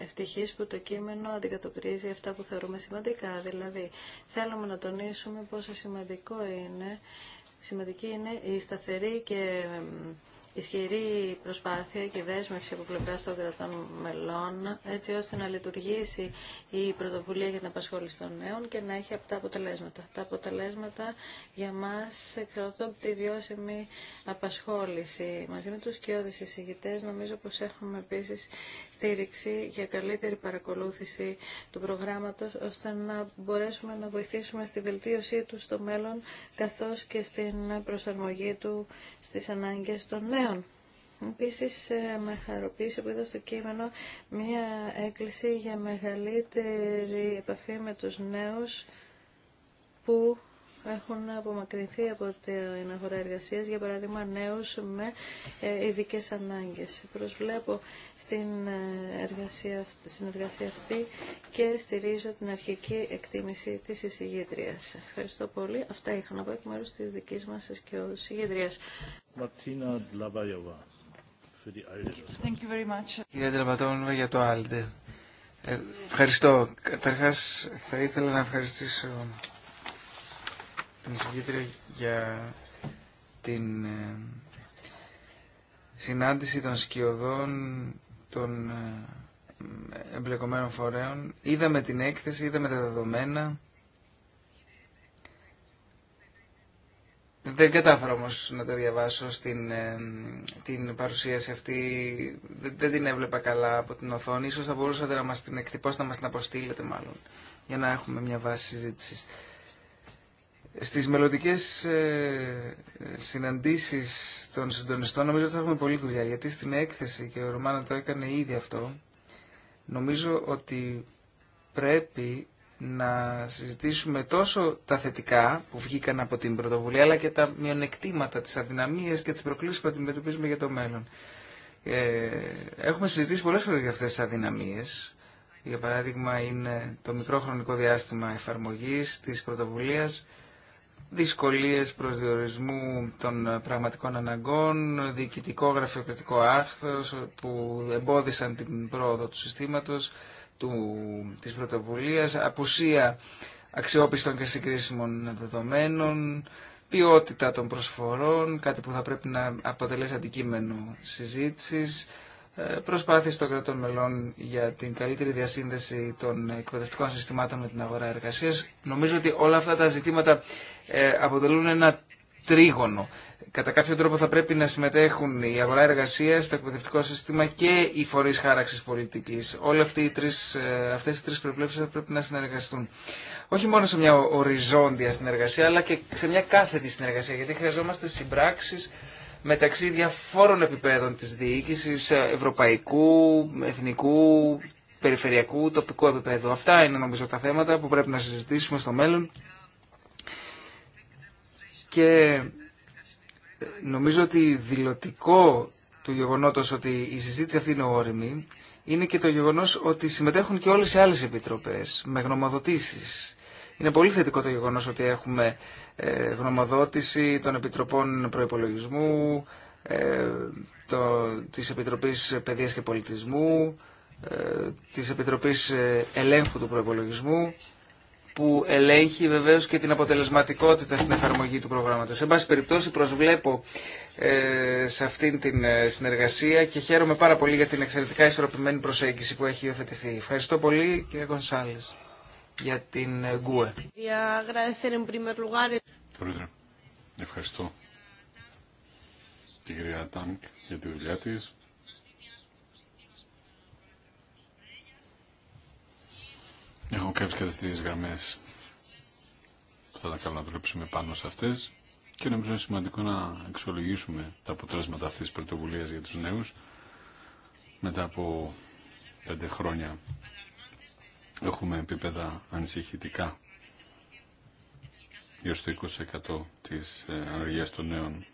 ευτυχής που το κείμενο αντικατοπτρίζει αυτά που θεωρούμε σημαντικά. Δηλαδή θέλουμε να τονίσουμε πόσο σημαντικό είναι, σημαντική είναι η σταθερή και ισχυρή προσπάθεια και δέσμευση από πλευρά των κρατών μελών, έτσι ώστε να λειτουργήσει η πρωτοβουλία για την απασχόληση των νέων και να έχει αυτά αποτελέσματα. Τα αποτελέσματα για μα εξαρτώνται από τη βιώσιμη απασχόληση. Μαζί με τους κοιόδη εισηγητέ, νομίζω πω έχουμε επίση στήριξη για καλύτερη παρακολούθηση του προγράμματο ώστε να μπορέσουμε να βοηθήσουμε στη βελτίωσή του στο μέλλον, καθώ και στην προσαρμογή του στι ανάγκε των νέων νέων. Επίσης, ε, με χαροποίησε που είδα στο κείμενο μία έκκληση για μεγαλύτερη επαφή με τους νέους που έχουν απομακρυνθεί από την αγορά εργασία, για παράδειγμα νέου με ε, ειδικέ ανάγκε. Προσβλέπω στην ε, εργασία, εργασία αυτή και στηρίζω την αρχική εκτίμηση τη εισηγήτρια. Ευχαριστώ πολύ. Αυτά είχα να πω εκ μέρου τη δική μα εισηγήτρια. Ματίνα Κύριε για το Άλτε. Ευχαριστώ. Καταρχάς θα ήθελα να ευχαριστήσω την για την ε, συνάντηση των σκιωδών των ε, εμπλεκομένων φορέων. Είδαμε την έκθεση, είδαμε τα δεδομένα. Δεν κατάφερα όμω να τα διαβάσω στην ε, την παρουσίαση αυτή. Δεν, την έβλεπα καλά από την οθόνη. Ίσως θα μπορούσατε να μας την εκτυπώσετε, να μας την αποστείλετε μάλλον, για να έχουμε μια βάση συζήτησης. Στις μελλοντικές ε, συναντήσεις των συντονιστών νομίζω ότι θα έχουμε πολλή δουλειά, γιατί στην έκθεση, και ο Ρωμάνα το έκανε ήδη αυτό, νομίζω ότι πρέπει να συζητήσουμε τόσο τα θετικά που βγήκαν από την πρωτοβουλία, αλλά και τα μειονεκτήματα, τις αδυναμίες και τις προκλήσεις που αντιμετωπίζουμε για το μέλλον. Ε, έχουμε συζητήσει πολλές φορές για αυτές τις αδυναμίες. Για παράδειγμα είναι το μικρό χρονικό διάστημα εφαρμογής της πρωτοβουλίας, δυσκολίες προσδιορισμού των πραγματικών αναγκών, διοικητικό γραφειοκρατικό άχθος που εμπόδισαν την πρόοδο του συστήματος, του, της πρωτοβουλίας, απουσία αξιόπιστων και συγκρίσιμων δεδομένων, ποιότητα των προσφορών, κάτι που θα πρέπει να αποτελέσει αντικείμενο συζήτησης, προσπάθειες των κρατών μελών για την καλύτερη διασύνδεση των εκπαιδευτικών συστημάτων με την αγορά εργασίας. Νομίζω ότι όλα αυτά τα ζητήματα ε, αποτελούν ένα τρίγωνο. Κατά κάποιο τρόπο θα πρέπει να συμμετέχουν η αγορά εργασία, το εκπαιδευτικό σύστημα και οι φορεί χάραξη πολιτική. Όλε αυτέ οι τρει ε, περιπλέψει θα πρέπει να συνεργαστούν. Όχι μόνο σε μια οριζόντια συνεργασία, αλλά και σε μια κάθετη συνεργασία. Γιατί χρειαζόμαστε συμπράξει μεταξύ διαφόρων επιπέδων της διοίκησης, ε, ευρωπαϊκού, εθνικού, περιφερειακού, τοπικού επίπεδου. Αυτά είναι νομίζω τα θέματα που πρέπει να συζητήσουμε στο μέλλον. Και ε, νομίζω ότι δηλωτικό του γεγονότος ότι η συζήτηση αυτή είναι όρημη είναι και το γεγονός ότι συμμετέχουν και όλες οι άλλες επιτροπές με γνωμοδοτήσεις είναι πολύ θετικό το γεγονός ότι έχουμε ε, γνωμοδότηση των Επιτροπών Προϋπολογισμού, ε, το, της Επιτροπής Παιδείας και Πολιτισμού, ε, της Επιτροπής Ελέγχου του Προϋπολογισμού, που ελέγχει βεβαίω και την αποτελεσματικότητα στην εφαρμογή του προγράμματος. Εν πάση περιπτώσει προσβλέπω σε αυτήν την συνεργασία και χαίρομαι πάρα πολύ για την εξαιρετικά ισορροπημένη προσέγγιση που έχει υιοθετηθεί. Ευχαριστώ πολύ κύριε Κονσάλε για την ε, ΓΚΟΕ. Ε- Πρόεδρε, ευχαριστώ την κυρία Τάνκ για τη δουλειά της. Έχω κάποιες κατευθυντικές γραμμές που θα τα κάνω να δουλέψουμε πάνω σε αυτές και νομίζω είναι σημαντικό να εξολογήσουμε τα αποτρέσματα αυτής της πρωτοβουλίας για τους νέους μετά από πέντε χρόνια έχουμε επίπεδα ανησυχητικά για το 20% της ε, ανεργίας των νέων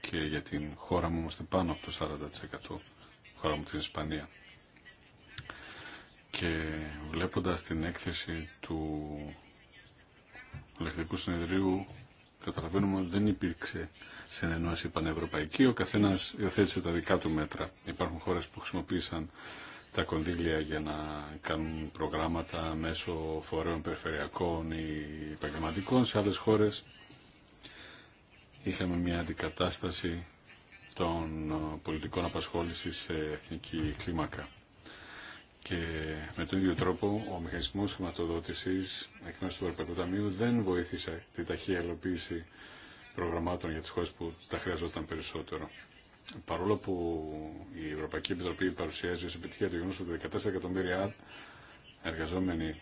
και για την χώρα μου είμαστε πάνω από το 40% χώρα μου την Ισπανία. Και βλέποντας την έκθεση του Ολεκτικού Συνεδρίου καταλαβαίνουμε ότι δεν υπήρξε συνεννόηση πανευρωπαϊκή, ο καθένας υιοθέτησε τα δικά του μέτρα. Υπάρχουν χώρες που χρησιμοποίησαν τα κονδύλια για να κάνουν προγράμματα μέσω φορέων περιφερειακών ή επαγγελματικών σε άλλες χώρες. Είχαμε μια αντικατάσταση των ε, πολιτικών απασχόλησης σε εθνική κλίμακα. Και με τον ίδιο τρόπο ο μηχανισμός χρηματοδότησης εκ μέρους του Ευρωπαϊκού Ταμείου δεν βοήθησε τη ταχεία υλοποίηση προγραμμάτων για τις χώρες που τα χρειαζόταν περισσότερο παρόλο που η Ευρωπαϊκή Επιτροπή παρουσιάζει ως επιτυχία το γεγονός ότι 14 εκατομμύρια εργαζόμενοι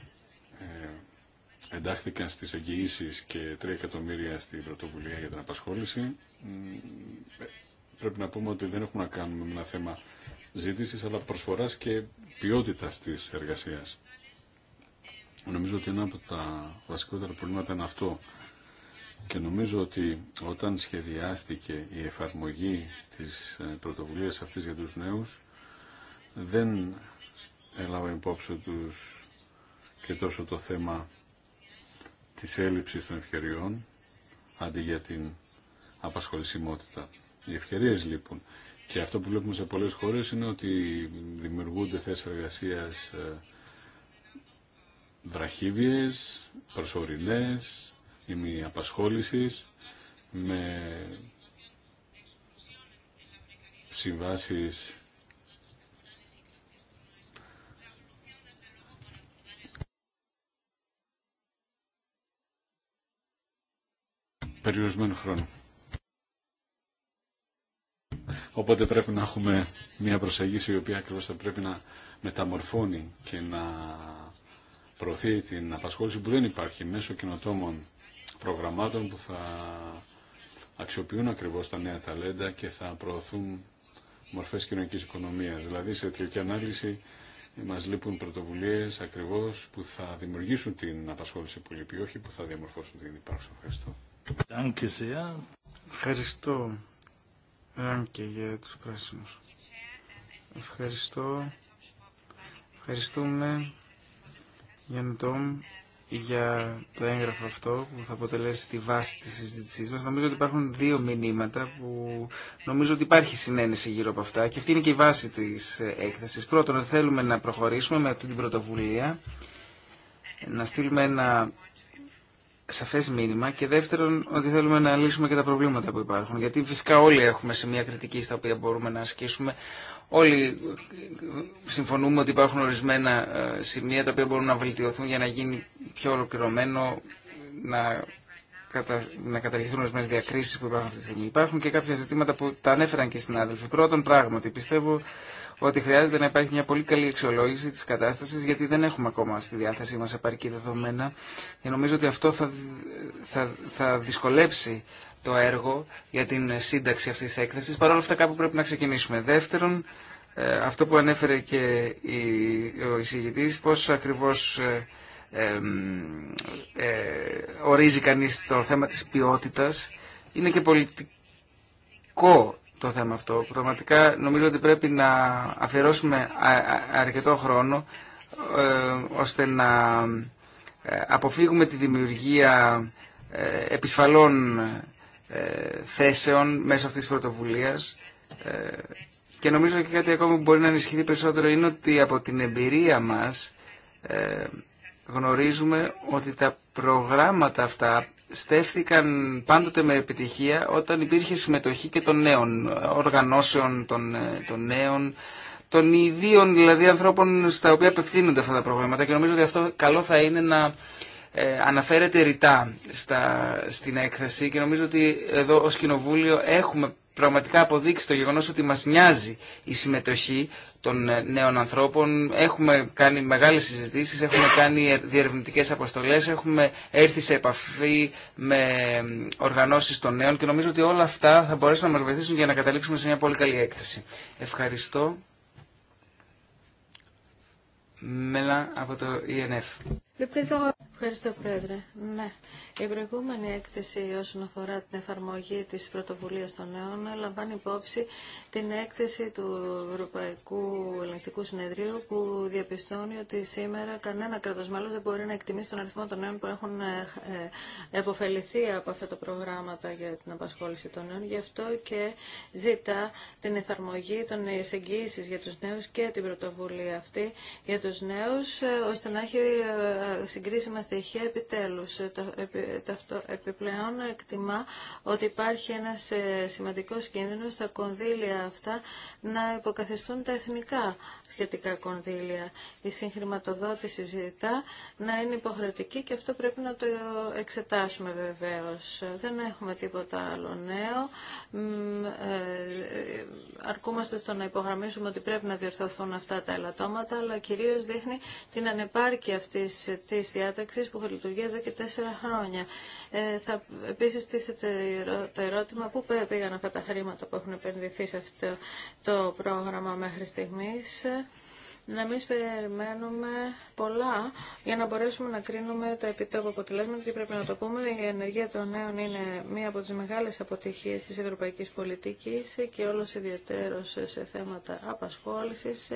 ε, εντάχθηκαν στις εγγυήσει και 3 εκατομμύρια στην πρωτοβουλία για την απασχόληση, ε, πρέπει να πούμε ότι δεν έχουμε να κάνουμε με ένα θέμα ζήτησης, αλλά προσφοράς και ποιότητας της εργασίας. Νομίζω ότι ένα από τα βασικότερα προβλήματα είναι αυτό. Και νομίζω ότι όταν σχεδιάστηκε η εφαρμογή της ε, πρωτοβουλίας αυτής για τους νέους, δεν έλαβα υπόψη τους και τόσο το θέμα της έλλειψης των ευκαιριών, αντί για την απασχολησιμότητα. Οι ευκαιρίες λοιπόν. Και αυτό που βλέπουμε σε πολλές χώρες είναι ότι δημιουργούνται θέσεις εργασίας ε, βραχύβιες, προσωρινές, απασχόλησης, με συμβάσεις περιορισμένου χρόνου. Οπότε πρέπει να έχουμε μια προσέγγιση η οποία ακριβώς θα πρέπει να μεταμορφώνει και να προωθεί την απασχόληση που δεν υπάρχει μέσω κοινοτόμων προγραμμάτων που θα αξιοποιούν ακριβώς τα νέα ταλέντα και θα προωθούν μορφές κοινωνικής οικονομίας. Δηλαδή σε τελική ανάλυση μας λείπουν πρωτοβουλίες ακριβώς που θα δημιουργήσουν την απασχόληση που λείπει, όχι που θα διαμορφώσουν την υπάρξη. Ευχαριστώ. Ευχαριστώ. και για τους πράσινους. Ευχαριστώ. Ευχαριστούμε για τον για το έγγραφο αυτό που θα αποτελέσει τη βάση της συζήτησής μας. Νομίζω ότι υπάρχουν δύο μηνύματα που νομίζω ότι υπάρχει συνένεση γύρω από αυτά και αυτή είναι και η βάση της έκθεσης. Πρώτον, θέλουμε να προχωρήσουμε με αυτή την πρωτοβουλία, να στείλουμε ένα σαφές μήνυμα και δεύτερον ότι θέλουμε να λύσουμε και τα προβλήματα που υπάρχουν γιατί φυσικά όλοι έχουμε σε μια κριτική στα οποία μπορούμε να ασκήσουμε Όλοι συμφωνούμε ότι υπάρχουν ορισμένα ε, σημεία τα οποία μπορούν να βελτιωθούν για να γίνει πιο ολοκληρωμένο, να, να καταργηθούν ορισμένε διακρίσει που υπάρχουν αυτή τη στιγμή. Υπάρχουν και κάποια ζητήματα που τα ανέφεραν και οι συνάδελφοι. Πρώτον, πράγματι, πιστεύω ότι χρειάζεται να υπάρχει μια πολύ καλή αξιολόγηση τη κατάσταση, γιατί δεν έχουμε ακόμα στη διάθεσή μα επαρκή δεδομένα. Και νομίζω ότι αυτό θα, θα, θα δυσκολέψει το έργο για την σύνταξη αυτής της έκθεσης. Παρ' όλα αυτά κάπου πρέπει να ξεκινήσουμε. Δεύτερον, ε, αυτό που ανέφερε και ο εισηγητής, πώς ακριβώς ε, ε, ορίζει κανείς το θέμα της ποιότητας. Είναι και πολιτικό το θέμα αυτό. Πραγματικά νομίζω ότι πρέπει να αφιερώσουμε αρκετό χρόνο ώστε να αποφύγουμε τη δημιουργία επισφαλών ε, θέσεων μέσω αυτής της πρωτοβουλίας ε, και νομίζω και κάτι ακόμη που μπορεί να ενισχυθεί περισσότερο είναι ότι από την εμπειρία μας ε, γνωρίζουμε ότι τα προγράμματα αυτά στέφθηκαν πάντοτε με επιτυχία όταν υπήρχε συμμετοχή και των νέων οργανώσεων των, των νέων των ιδίων δηλαδή ανθρώπων στα οποία απευθύνονται αυτά τα προγράμματα και νομίζω ότι αυτό καλό θα είναι να ε, αναφέρεται ρητά στα, στην έκθεση και νομίζω ότι εδώ ως Κοινοβούλιο έχουμε πραγματικά αποδείξει το γεγονός ότι μας νοιάζει η συμμετοχή των ε, νέων ανθρώπων. Έχουμε κάνει μεγάλες συζητήσεις, έχουμε κάνει διερευνητικές αποστολές, έχουμε έρθει σε επαφή με οργανώσεις των νέων και νομίζω ότι όλα αυτά θα μπορέσουν να μας βοηθήσουν για να καταλήξουμε σε μια πολύ καλή έκθεση. Ευχαριστώ. Μέλα από το ΕΝΕΦ. E Ευχαριστώ, Πρόεδρε. Ναι. Η προηγούμενη έκθεση όσον αφορά την εφαρμογή της πρωτοβουλίας των νέων λαμβάνει υπόψη την έκθεση του Ευρωπαϊκού Ελεγκτικού Συνεδρίου που διαπιστώνει ότι σήμερα κανένα κράτος μέλος δεν μπορεί να εκτιμήσει τον αριθμό των νέων που έχουν ε, ε, εποφεληθεί από αυτά τα προγράμματα για την απασχόληση των νέων. Γι' αυτό και ζητά την εφαρμογή των εισεγγύησης για τους νέους και την πρωτοβουλία αυτή για τους νέους ε, ώστε να έχει συγκρίσιμα στοιχεία επιτέλους Επιπλέον εκτιμά ότι υπάρχει ένας ε, σημαντικός κίνδυνος στα κονδύλια αυτά να υποκαθιστούν τα εθνικά σχετικά κονδύλια. Η συγχρηματοδότηση ζητά να είναι υποχρεωτική και αυτό πρέπει να το εξετάσουμε βεβαίως. Δεν έχουμε τίποτα άλλο νέο. Ε, αρκούμαστε στο να υπογραμμίσουμε ότι πρέπει να διορθωθούν αυτά τα ελαττώματα, αλλά κυρίως δείχνει την ανεπάρκεια αυτής της διάταξης που λειτουργεί εδώ και τέσσερα χρόνια. Ε, θα, επίσης τίθεται το ερώτημα πού πήγαν αυτά τα χρήματα που έχουν επενδυθεί σε αυτό το πρόγραμμα μέχρι στιγμής να μην περιμένουμε πολλά για να μπορέσουμε να κρίνουμε τα επιτόπου αποτελέσματα και πρέπει να το πούμε η ενεργεία των νέων είναι μία από τις μεγάλες αποτυχίες της ευρωπαϊκής πολιτικής και όλος ιδιαιτέρως σε θέματα απασχόλησης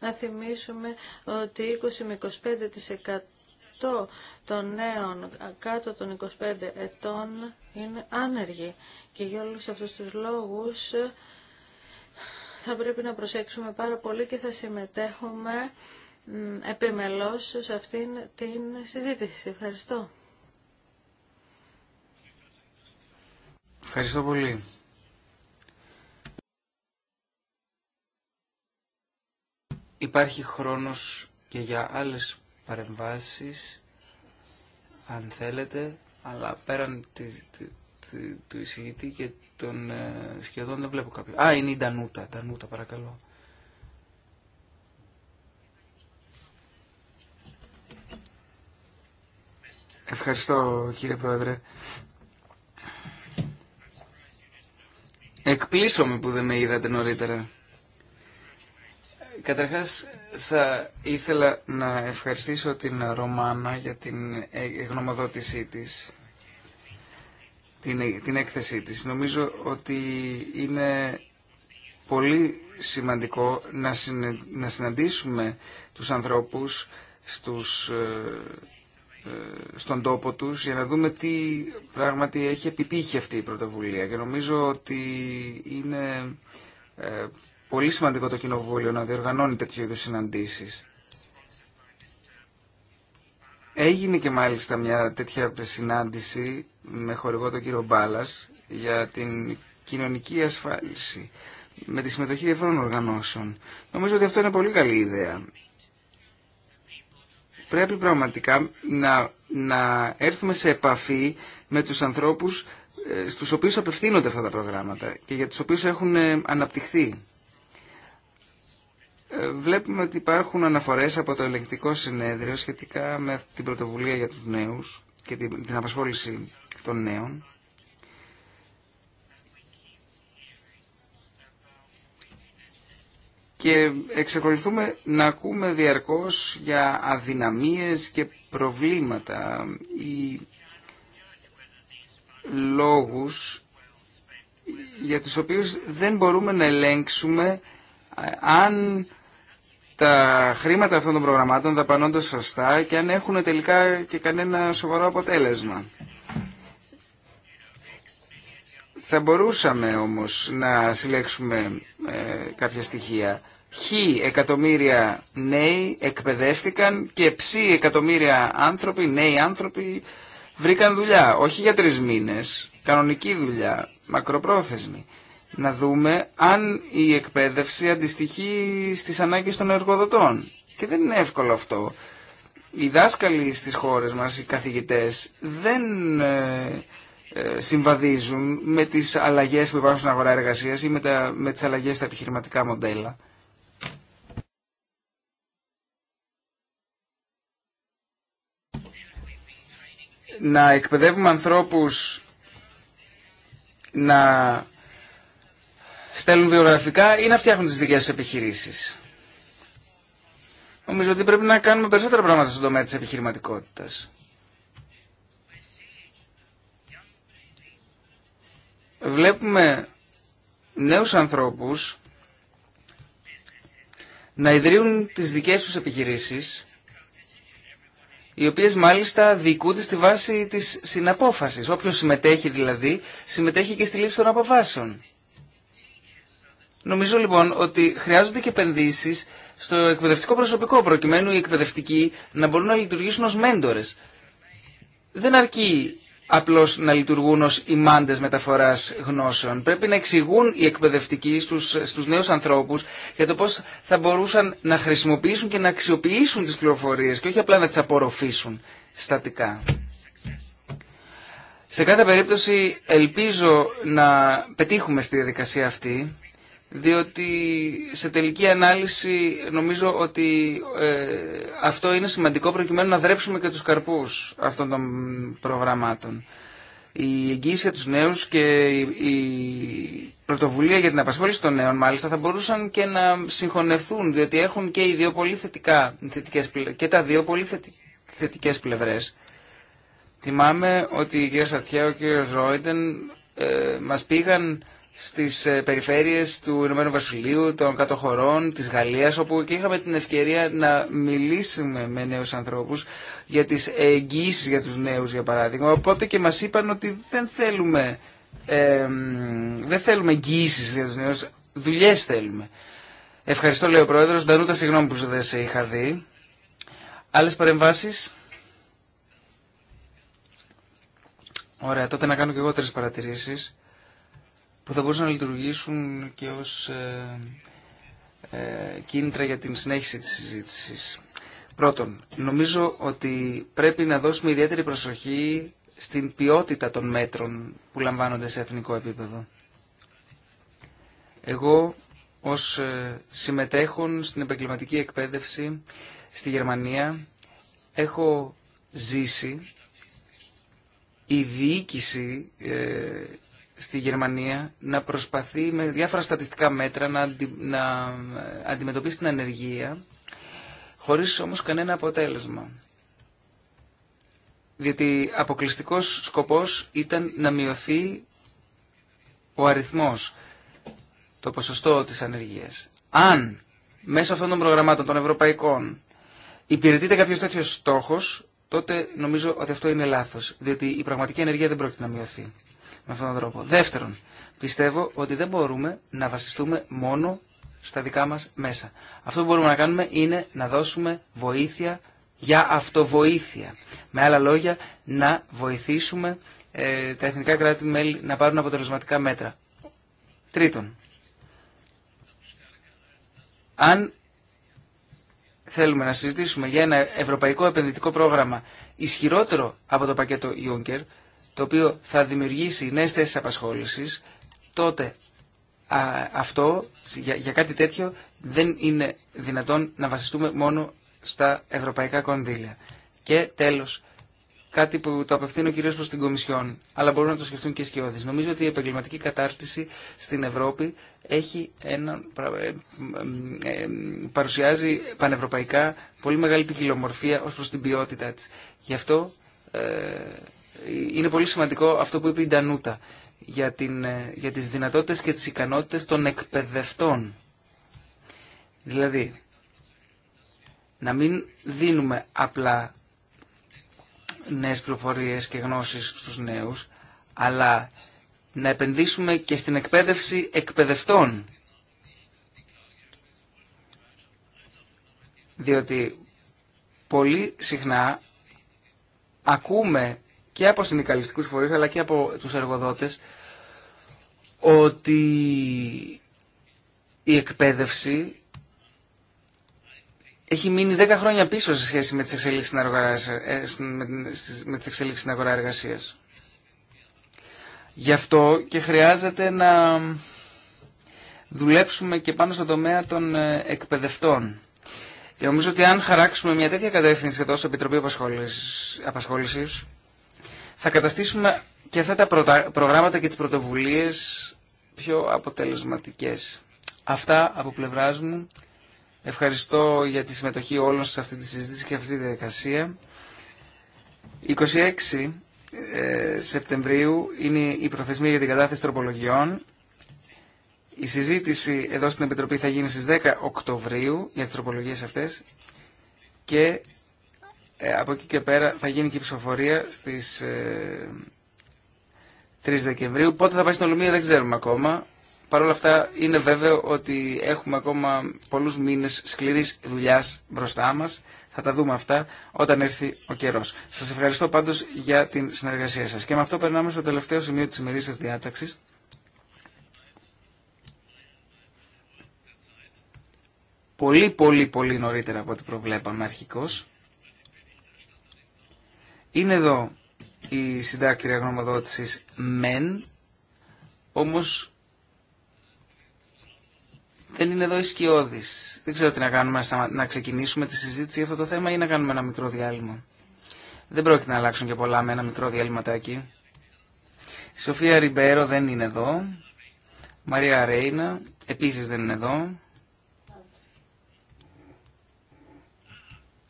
να θυμίσουμε ότι 20 με 25% των νέων κάτω των 25 ετών είναι άνεργοι και για όλους αυτούς τους λόγους θα πρέπει να προσέξουμε πάρα πολύ και θα συμμετέχουμε επιμελώς σε αυτήν την συζήτηση. Ευχαριστώ. Ευχαριστώ πολύ. Υπάρχει χρόνος και για άλλες παρεμβάσεις αν θέλετε, αλλά πέραν του εισηγητή και των ε, σχεδόν δεν βλέπω κάποιον. Α, είναι η Ντανούτα. Ντανούτα, παρακαλώ. Ευχαριστώ, κύριε Πρόεδρε. με που δεν με είδατε νωρίτερα. Καταρχάς θα ήθελα να ευχαριστήσω την Ρωμάνα για την γνωμοδότησή της, την, την έκθεσή της. Νομίζω ότι είναι πολύ σημαντικό να, συναντήσουμε τους ανθρώπους στους, ε, ε, στον τόπο τους για να δούμε τι πράγματι έχει επιτύχει αυτή η πρωτοβουλία. Και νομίζω ότι είναι ε, πολύ σημαντικό το Κοινοβούλιο να διοργανώνει τέτοιου είδου συναντήσει. Έγινε και μάλιστα μια τέτοια συνάντηση με χορηγό τον κύριο Μπάλας για την κοινωνική ασφάλιση με τη συμμετοχή διαφόρων οργανώσεων. Νομίζω ότι αυτό είναι πολύ καλή ιδέα. Πρέπει πραγματικά να, να έρθουμε σε επαφή με τους ανθρώπους ε, στους οποίους απευθύνονται αυτά τα προγράμματα και για τους οποίους έχουν ε, αναπτυχθεί. Ε, βλέπουμε ότι υπάρχουν αναφορές από το ελεγκτικό συνέδριο σχετικά με την πρωτοβουλία για τους νέους και την απασχόληση των νέων. Και εξακολουθούμε να ακούμε διαρκώς για αδυναμίες και προβλήματα ή λόγους για τους οποίους δεν μπορούμε να ελέγξουμε ε, αν τα χρήματα αυτών των προγραμμάτων δαπανώνται σωστά και αν έχουν τελικά και κανένα σοβαρό αποτέλεσμα. Θα μπορούσαμε όμως να συλλέξουμε ε, κάποια στοιχεία. Χι εκατομμύρια νέοι εκπαιδεύτηκαν και ψι εκατομμύρια άνθρωποι, νέοι άνθρωποι βρήκαν δουλειά. Όχι για τρεις μήνες, κανονική δουλειά, μακροπρόθεσμη να δούμε αν η εκπαίδευση αντιστοιχεί στις ανάγκες των εργοδοτών. Και δεν είναι εύκολο αυτό. Οι δάσκαλοι στις χώρες μας, οι καθηγητές, δεν ε, ε, συμβαδίζουν με τις αλλαγές που υπάρχουν στην αγορά εργασίας ή με, τα, με τις αλλαγές στα επιχειρηματικά μοντέλα. Να εκπαιδεύουμε ανθρώπους να στέλνουν βιογραφικά ή να φτιάχνουν τις δικές τους επιχειρήσεις. Νομίζω ότι πρέπει να κάνουμε περισσότερα πράγματα στον τομέα της επιχειρηματικότητας. Βλέπουμε νέους ανθρώπους να ιδρύουν τις δικές τους επιχειρήσεις οι οποίες μάλιστα διοικούνται στη βάση της συναπόφασης. Όποιος συμμετέχει δηλαδή, συμμετέχει και στη λήψη των αποφάσεων. Νομίζω λοιπόν ότι χρειάζονται και επενδύσει στο εκπαιδευτικό προσωπικό προκειμένου οι εκπαιδευτικοί να μπορούν να λειτουργήσουν ω μέντορε. Δεν αρκεί απλώ να λειτουργούν ως ημάντες μεταφορά γνώσεων. Πρέπει να εξηγούν οι εκπαιδευτικοί στου νέου ανθρώπου για το πώ θα μπορούσαν να χρησιμοποιήσουν και να αξιοποιήσουν τι πληροφορίε και όχι απλά να τι απορροφήσουν στατικά. Σε κάθε περίπτωση ελπίζω να πετύχουμε στη διαδικασία αυτή διότι σε τελική ανάλυση νομίζω ότι ε, αυτό είναι σημαντικό προκειμένου να δρέψουμε και τους καρπούς αυτών των προγραμμάτων. Η εγγύηση για τους νέους και η πρωτοβουλία για την απασχόληση των νέων μάλιστα θα μπορούσαν και να συγχωνευτούν διότι έχουν και, οι δύο πολύ θετικές, και τα δύο πολύ θετικές πλευρές. Θυμάμαι ότι η κυρία Σαρτιά και ο κύριος Ρόιντεν ε, μας πήγαν στις ε, περιφέρειες του Ηνωμένου Βασιλείου, των κατοχωρών, της Γαλλία, όπου και είχαμε την ευκαιρία να μιλήσουμε με νέους ανθρώπους για τις εγγύησει για τους νέους, για παράδειγμα. Οπότε και μας είπαν ότι δεν θέλουμε, ε, δεν θέλουμε εγγύησεις για του νέους, δουλειέ θέλουμε. Ευχαριστώ, λέει ο Πρόεδρος. Ντανούτα, συγγνώμη που δεν σε είχα δει. Άλλε παρεμβάσει. Ωραία, τότε να κάνω και εγώ τρεις παρατηρήσεις που θα μπορούσαν να λειτουργήσουν και ως ε, ε, κίνητρα για την συνέχιση της συζήτησης. Πρώτον, νομίζω ότι πρέπει να δώσουμε ιδιαίτερη προσοχή στην ποιότητα των μέτρων που λαμβάνονται σε εθνικό επίπεδο. Εγώ ως ε, συμμετέχων στην επαγγελματική εκπαίδευση στη Γερμανία έχω ζήσει η διοίκηση ε, στη Γερμανία να προσπαθεί με διάφορα στατιστικά μέτρα να, να αντιμετωπίσει την ανεργία χωρίς όμως κανένα αποτέλεσμα. Διότι αποκλειστικός σκοπός ήταν να μειωθεί ο αριθμός, το ποσοστό της ανεργίας. Αν μέσω αυτών των προγραμμάτων των ευρωπαϊκών υπηρετείται κάποιος τέτοιος στόχος, τότε νομίζω ότι αυτό είναι λάθος, διότι η πραγματική ανεργία δεν πρόκειται να μειωθεί με αυτόν τον τρόπο. Δεύτερον, πιστεύω ότι δεν μπορούμε να βασιστούμε μόνο στα δικά μας μέσα. Αυτό που μπορούμε να κάνουμε είναι να δώσουμε βοήθεια για αυτοβοήθεια. Με άλλα λόγια, να βοηθήσουμε ε, τα εθνικά κράτη-μέλη να πάρουν αποτελεσματικά μέτρα. Τρίτον, αν θέλουμε να συζητήσουμε για ένα ευρωπαϊκό επενδυτικό πρόγραμμα ισχυρότερο από το πακέτο Juncker, το οποίο θα δημιουργήσει νέες θέσεις απασχόλησης, τότε αυτό, για, για κάτι τέτοιο, δεν είναι δυνατόν να βασιστούμε μόνο στα ευρωπαϊκά κονδύλια. Και τέλος, κάτι που το απευθύνω κυρίως προς την Κομισιόν, αλλά μπορούν να το σκεφτούν και οι σκιώδεις. Νομίζω ότι η επαγγελματική κατάρτιση στην Ευρώπη έχει ένα, ε, ε, παρουσιάζει πανευρωπαϊκά πολύ μεγάλη ποικιλομορφία ως προς την ποιότητά της. Γι' αυτό... Ε, είναι πολύ σημαντικό αυτό που είπε η Ντανούτα για, την, ε, για τις δυνατότητες και τις ικανότητες των εκπαιδευτών. Δηλαδή, να μην δίνουμε απλά νέες πληροφορίες και γνώσεις στους νέους, αλλά να επενδύσουμε και στην εκπαίδευση εκπαιδευτών. Διότι πολύ συχνά ακούμε και από συνδικαλιστικούς φορείς αλλά και από τους εργοδότες ότι η εκπαίδευση έχει μείνει 10 χρόνια πίσω σε σχέση με τις εξελίξεις στην αγορά, ε, με τις εξελίξεις στην αγορά εργασίας. Γι' αυτό και χρειάζεται να δουλέψουμε και πάνω στον τομέα των ε, εκπαιδευτών. Και νομίζω ότι αν χαράξουμε μια τέτοια κατεύθυνση εδώ στο Επιτροπή Απασχόλησης, θα καταστήσουμε και αυτά τα προγράμματα και τις πρωτοβουλίες πιο αποτελεσματικές. Αυτά από πλευρά μου. Ευχαριστώ για τη συμμετοχή όλων σε αυτή τη συζήτηση και αυτή τη διαδικασία. 26 ε, Σεπτεμβρίου είναι η προθεσμία για την κατάθεση τροπολογιών. Η συζήτηση εδώ στην Επιτροπή θα γίνει στις 10 Οκτωβρίου για τις τροπολογίες αυτές και ε, από εκεί και πέρα θα γίνει και η ψηφοφορία στις 3 ε, Δεκεμβρίου. Πότε θα πάει στην Ολομία δεν ξέρουμε ακόμα. Παρ' όλα αυτά είναι βέβαιο ότι έχουμε ακόμα πολλούς μήνες σκληρής δουλειάς μπροστά μας. Θα τα δούμε αυτά όταν έρθει ο καιρός. Σας ευχαριστώ πάντως για την συνεργασία σας. Και με αυτό περνάμε στο τελευταίο σημείο της σα διάταξης. Πολύ πολύ πολύ νωρίτερα από ό,τι προβλέπαμε αρχικώς. Είναι εδώ η συντάκτρια γνωμοδότησης μεν, όμως δεν είναι εδώ η σκιώδης. Δεν ξέρω τι να κάνουμε, να ξεκινήσουμε τη συζήτηση για αυτό το θέμα ή να κάνουμε ένα μικρό διάλειμμα. Δεν πρόκειται να αλλάξουν και πολλά με ένα μικρό διαλυματάκι. Η Σοφία Ριμπέρο δεν είναι εδώ. Μαρία Ρέινα επίσης δεν είναι εδώ.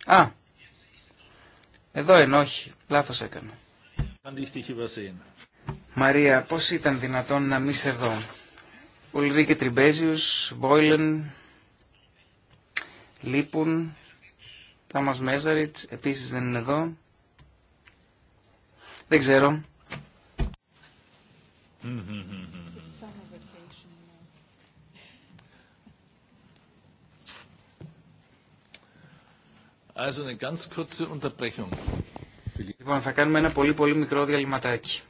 Α, εδώ είναι, όχι, λάθος έκανα. Μαρία, πώ ήταν δυνατόν να μη εδώ. δω. και Τριμπέζιου, Μπόιλεν, Λίπουν, Τάμας Μέζαριτ, επίση δεν είναι εδώ. Δεν ξέρω. Mm-hmm. Λοιπόν, θα κάνουμε ένα πολύ πολύ μικρό διαλυματάκι.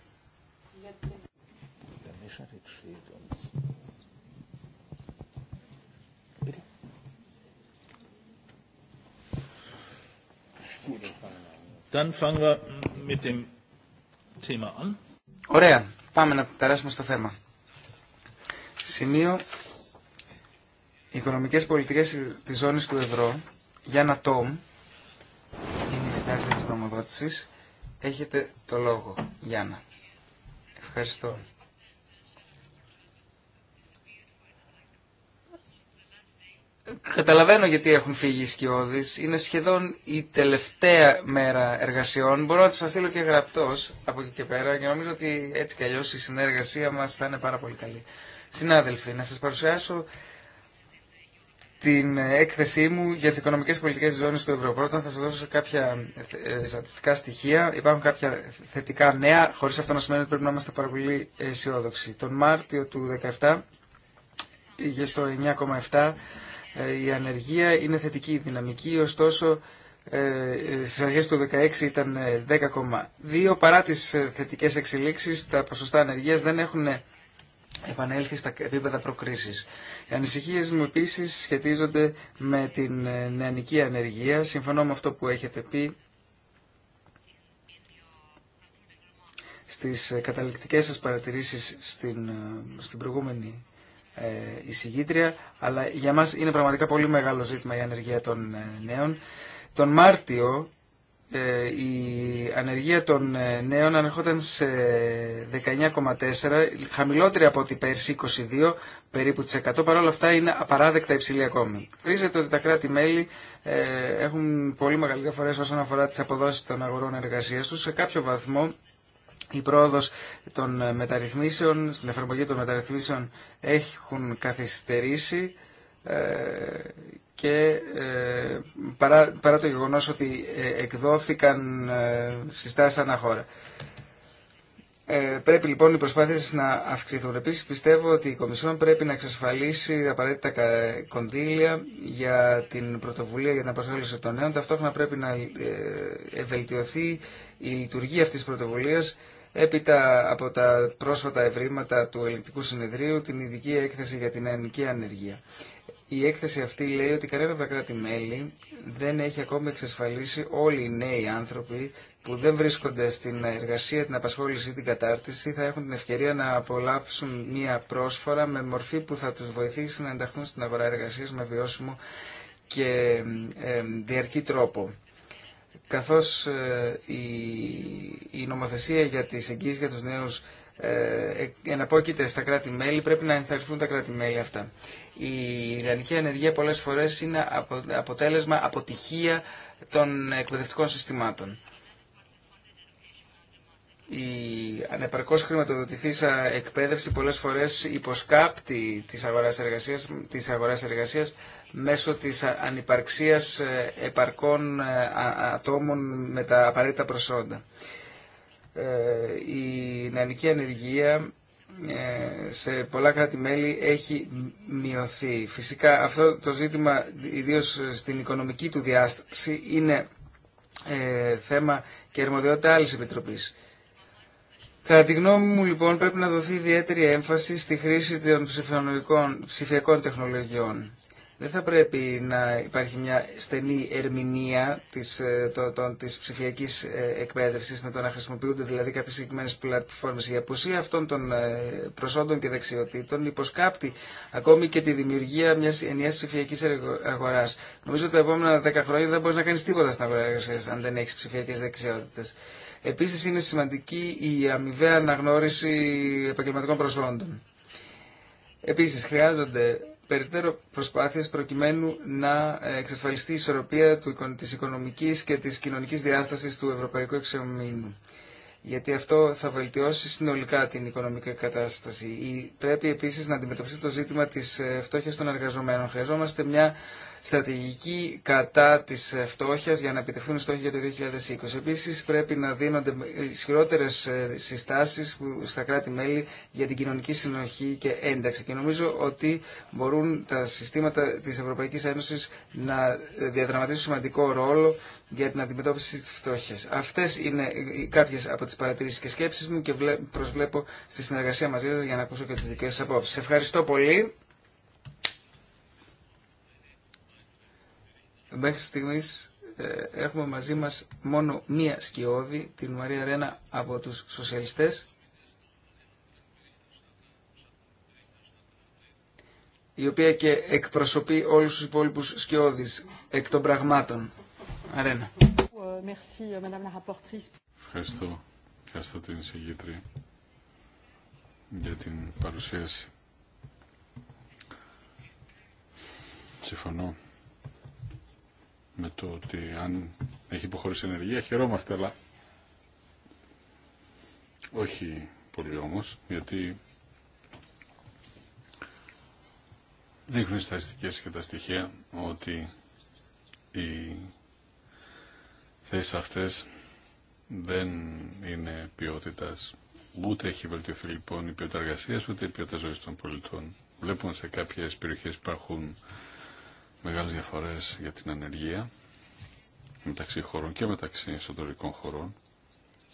Ωραία, πάμε να περάσουμε στο θέμα. Σημείο Οικονομικές πολιτικές της ζώνης του ευρώ, Γιάννα Τόμ, σχέδιο της Έχετε το λόγο, Γιάννα. Ευχαριστώ. Καταλαβαίνω γιατί έχουν φύγει οι Είναι σχεδόν η τελευταία μέρα εργασιών. Μπορώ να τους σας στείλω και γραπτός από εκεί και πέρα και νομίζω ότι έτσι κι η συνεργασία μας θα είναι πάρα πολύ καλή. Συνάδελφοι, να σας παρουσιάσω την έκθεσή μου για τις οικονομικές πολιτικές ζώνες του ευρώ. Πρώτα θα σας δώσω κάποια ε, ε, στατιστικά στοιχεία. Υπάρχουν κάποια θετικά νέα, χωρίς αυτό να σημαίνει ότι πρέπει να είμαστε πάρα πολύ αισιόδοξοι. Τον Μάρτιο του 2017 πήγε στο 9,7 ε, η ανεργία. Είναι θετική δυναμική, ωστόσο στις αρχές του 2016 ήταν 10,2. Παρά τις θετικές εξελίξεις, τα ποσοστά ανεργίας δεν έχουν επανέλθει στα επίπεδα προκρίση. Οι ανησυχίε μου επίση σχετίζονται με την ε, νεανική ανεργία. Συμφωνώ με αυτό που έχετε πει στις ε, καταληκτικές σας παρατηρήσεις στην, ε, στην προηγούμενη εισηγήτρια, αλλά για μας είναι πραγματικά πολύ μεγάλο ζήτημα η ανεργία των νέων. Τον Μάρτιο ε, η ανεργία των ε, νέων ανερχόταν σε 19,4, χαμηλότερη από ότι πέρσι 22 περίπου τις 100, παρόλα αυτά είναι απαράδεκτα υψηλή ακόμη. Βρίζεται ότι τα κράτη-μέλη ε, έχουν πολύ μεγάλη διαφορέ όσον αφορά τις αποδόσεις των αγορών εργασίας τους. Σε κάποιο βαθμό η πρόοδος των μεταρρυθμίσεων, στην εφαρμογή των μεταρρυθμίσεων έχουν καθυστερήσει και ε, παρά, το γεγονός ότι ε, εκδόθηκαν ε, συστάσεις αναχώρα. Ε, πρέπει λοιπόν οι προσπάθειες να αυξηθούν. Επίσης πιστεύω ότι η Κομισιόν πρέπει να εξασφαλίσει απαραίτητα κονδύλια για την πρωτοβουλία για την απασχόληση των νέων. Ταυτόχρονα πρέπει να βελτιωθεί η λειτουργία αυτής της πρωτοβουλίας έπειτα από τα πρόσφατα ευρήματα του Ελληνικού Συνεδρίου την ειδική έκθεση για την ελληνική ανεργία. Η έκθεση αυτή λέει ότι κανένα από τα κράτη-μέλη δεν έχει ακόμη εξασφαλίσει όλοι οι νέοι άνθρωποι που δεν βρίσκονται στην εργασία, την απασχόληση ή την κατάρτιση θα έχουν την ευκαιρία να απολαύσουν μία πρόσφορα με μορφή που θα τους βοηθήσει να ενταχθούν στην αγορά εργασίας με βιώσιμο και ε, διαρκή τρόπο. Καθώς ε, η νομοθεσία για τις εγγύσεις για τους νέους ε, εναπόκειται στα κράτη-μέλη, πρέπει να ενθαρρυνθούν τα κράτη-μέλη αυτά. Η γαλλική ανεργία πολλές φορές είναι αποτέλεσμα αποτυχία των εκπαιδευτικών συστημάτων. Η ανεπαρκώς χρηματοδοτηθήσα εκπαίδευση πολλές φορές υποσκάπτει τις αγοράς εργασίας, τις αγοράς εργασίας μέσω της ανυπαρξίας ε, επαρκών ε, ατόμων με τα απαραίτητα προσόντα. Ε, η νεανική ανεργία ε, σε πολλά κράτη-μέλη έχει μειωθεί. Φυσικά αυτό το ζήτημα, ιδίως στην οικονομική του διάσταση, είναι ε, θέμα και αρμοδιότητα άλλης επιτροπής. Κατά τη γνώμη μου λοιπόν πρέπει να δοθεί ιδιαίτερη έμφαση στη χρήση των ψηφιακών τεχνολογιών δεν θα πρέπει να υπάρχει μια στενή ερμηνεία της, ε, το, το, της ψηφιακής ε, εκπαίδευσης με το να χρησιμοποιούνται δηλαδή κάποιες συγκεκριμένες πλατφόρμες. Η απουσία αυτών των ε, προσόντων και δεξιοτήτων υποσκάπτει ακόμη και τη δημιουργία μιας ενιαίας ψηφιακής αγοράς. Νομίζω ότι τα επόμενα δέκα χρόνια δεν μπορείς να κάνεις τίποτα στην αγορά εργασίας αν δεν έχεις ψηφιακές δεξιότητες. Επίσης είναι σημαντική η αμοιβαία αναγνώριση επαγγελματικών προσόντων. Επίσης χρειάζονται περαιτέρω προσπάθειες προκειμένου να ε, εξασφαλιστεί η ισορροπία τη οικονομικής και της κοινωνικής διάσταση του Ευρωπαϊκού Εξαμήνου. Γιατί αυτό θα βελτιώσει συνολικά την οικονομική κατάσταση. Πρέπει επίσης να αντιμετωπιστεί το ζήτημα της ε, φτώχειας των εργαζομένων. Χρειαζόμαστε μια στρατηγική κατά τη φτώχεια για να επιτευχθούν στόχοι για το 2020. Επίση, πρέπει να δίνονται ισχυρότερε ε, συστάσει στα κράτη-μέλη για την κοινωνική συνοχή και ένταξη. Και νομίζω ότι μπορούν τα συστήματα τη Ευρωπαϊκή Ένωση να ε, διαδραματίσουν σημαντικό ρόλο για την αντιμετώπιση τη φτώχεια. Αυτέ είναι κάποιε από τι παρατηρήσει και σκέψει μου και προσβλέπω στη συνεργασία μαζί σα για να ακούσω και τι δικέ σας απόψει. Ευχαριστώ πολύ. Μέχρι στιγμής ε, έχουμε μαζί μα μόνο μία σκιώδη, την Μαρία Ρένα από τους Σοσιαλιστέ, η οποία και εκπροσωπεί όλους τους υπόλοιπους σκιώδεις εκ των πραγμάτων. Αρένα. Ευχαριστώ. Ευχαριστώ την συγγύτρια για την παρουσίαση. Συμφωνώ με το ότι αν έχει υποχωρήσει ενεργεία χαιρόμαστε, αλλά όχι πολύ όμως, γιατί δείχνουν στατιστικές και τα στοιχεία ότι οι θέσεις αυτές δεν είναι ποιότητας. Ούτε έχει βελτιωθεί λοιπόν η ποιότητα εργασίας, ούτε η ποιότητα ζωής των πολιτών. Βλέπουν σε κάποιες περιοχές υπάρχουν μεγάλες διαφορές για την ανεργία μεταξύ χωρών και μεταξύ εσωτερικών χωρών.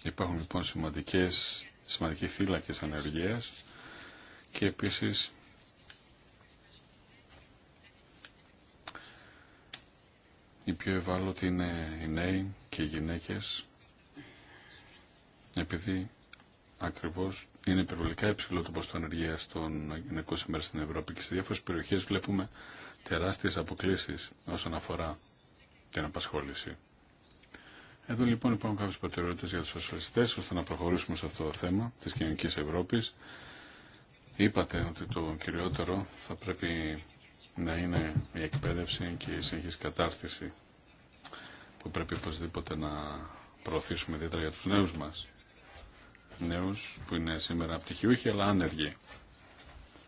Υπάρχουν λοιπόν σημαντικές, σημαντικοί θύλακες ανεργίας και επίσης οι πιο ευάλωτοι είναι οι νέοι και οι γυναίκες επειδή ακριβώς είναι υπερβολικά υψηλό το ποσοστό ανεργία των γυναικών σήμερα στην Ευρώπη και σε διάφορες περιοχές βλέπουμε τεράστιες αποκλήσεις όσον αφορά την απασχόληση. Εδώ λοιπόν υπάρχουν κάποιες προτεραιότητες για τους σοσιαλιστές ώστε να προχωρήσουμε σε αυτό το θέμα της κοινωνική Ευρώπης. Είπατε ότι το κυριότερο θα πρέπει να είναι η εκπαίδευση και η συνεχής κατάρτιση που πρέπει οπωσδήποτε να προωθήσουμε ιδιαίτερα για τους νέους μας. Νέους που είναι σήμερα πτυχιούχοι αλλά άνεργοι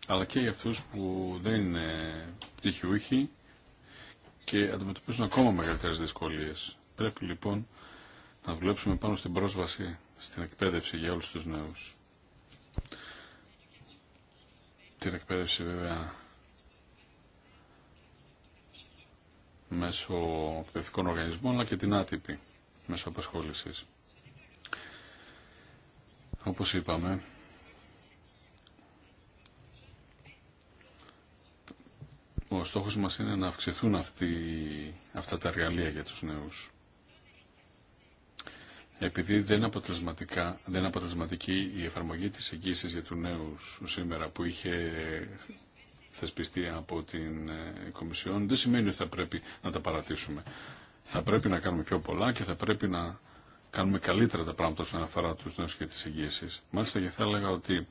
αλλά και για αυτούς που δεν είναι πτυχιούχοι και αντιμετωπίζουν ακόμα μεγαλύτερες δυσκολίες. Πρέπει λοιπόν να δουλέψουμε πάνω στην πρόσβαση στην εκπαίδευση για όλους τους νέους. Την εκπαίδευση βέβαια μέσω εκπαιδευτικών οργανισμών αλλά και την άτυπη μέσω απασχόλησης. Όπως είπαμε, στόχος μας είναι να αυξηθούν αυτοί, αυτά τα εργαλεία για τους νέους. Επειδή δεν, δεν είναι αποτελεσματική η εφαρμογή της εγγύησης για τους νέους σήμερα που είχε θεσπιστεί από την ε, Κομισιόν, δεν σημαίνει ότι θα πρέπει να τα παρατήσουμε. Θα πρέπει να κάνουμε πιο πολλά και θα πρέπει να κάνουμε καλύτερα τα πράγματα όσον αφορά τους νέους και τις εγγύησεις. Μάλιστα και θα έλεγα ότι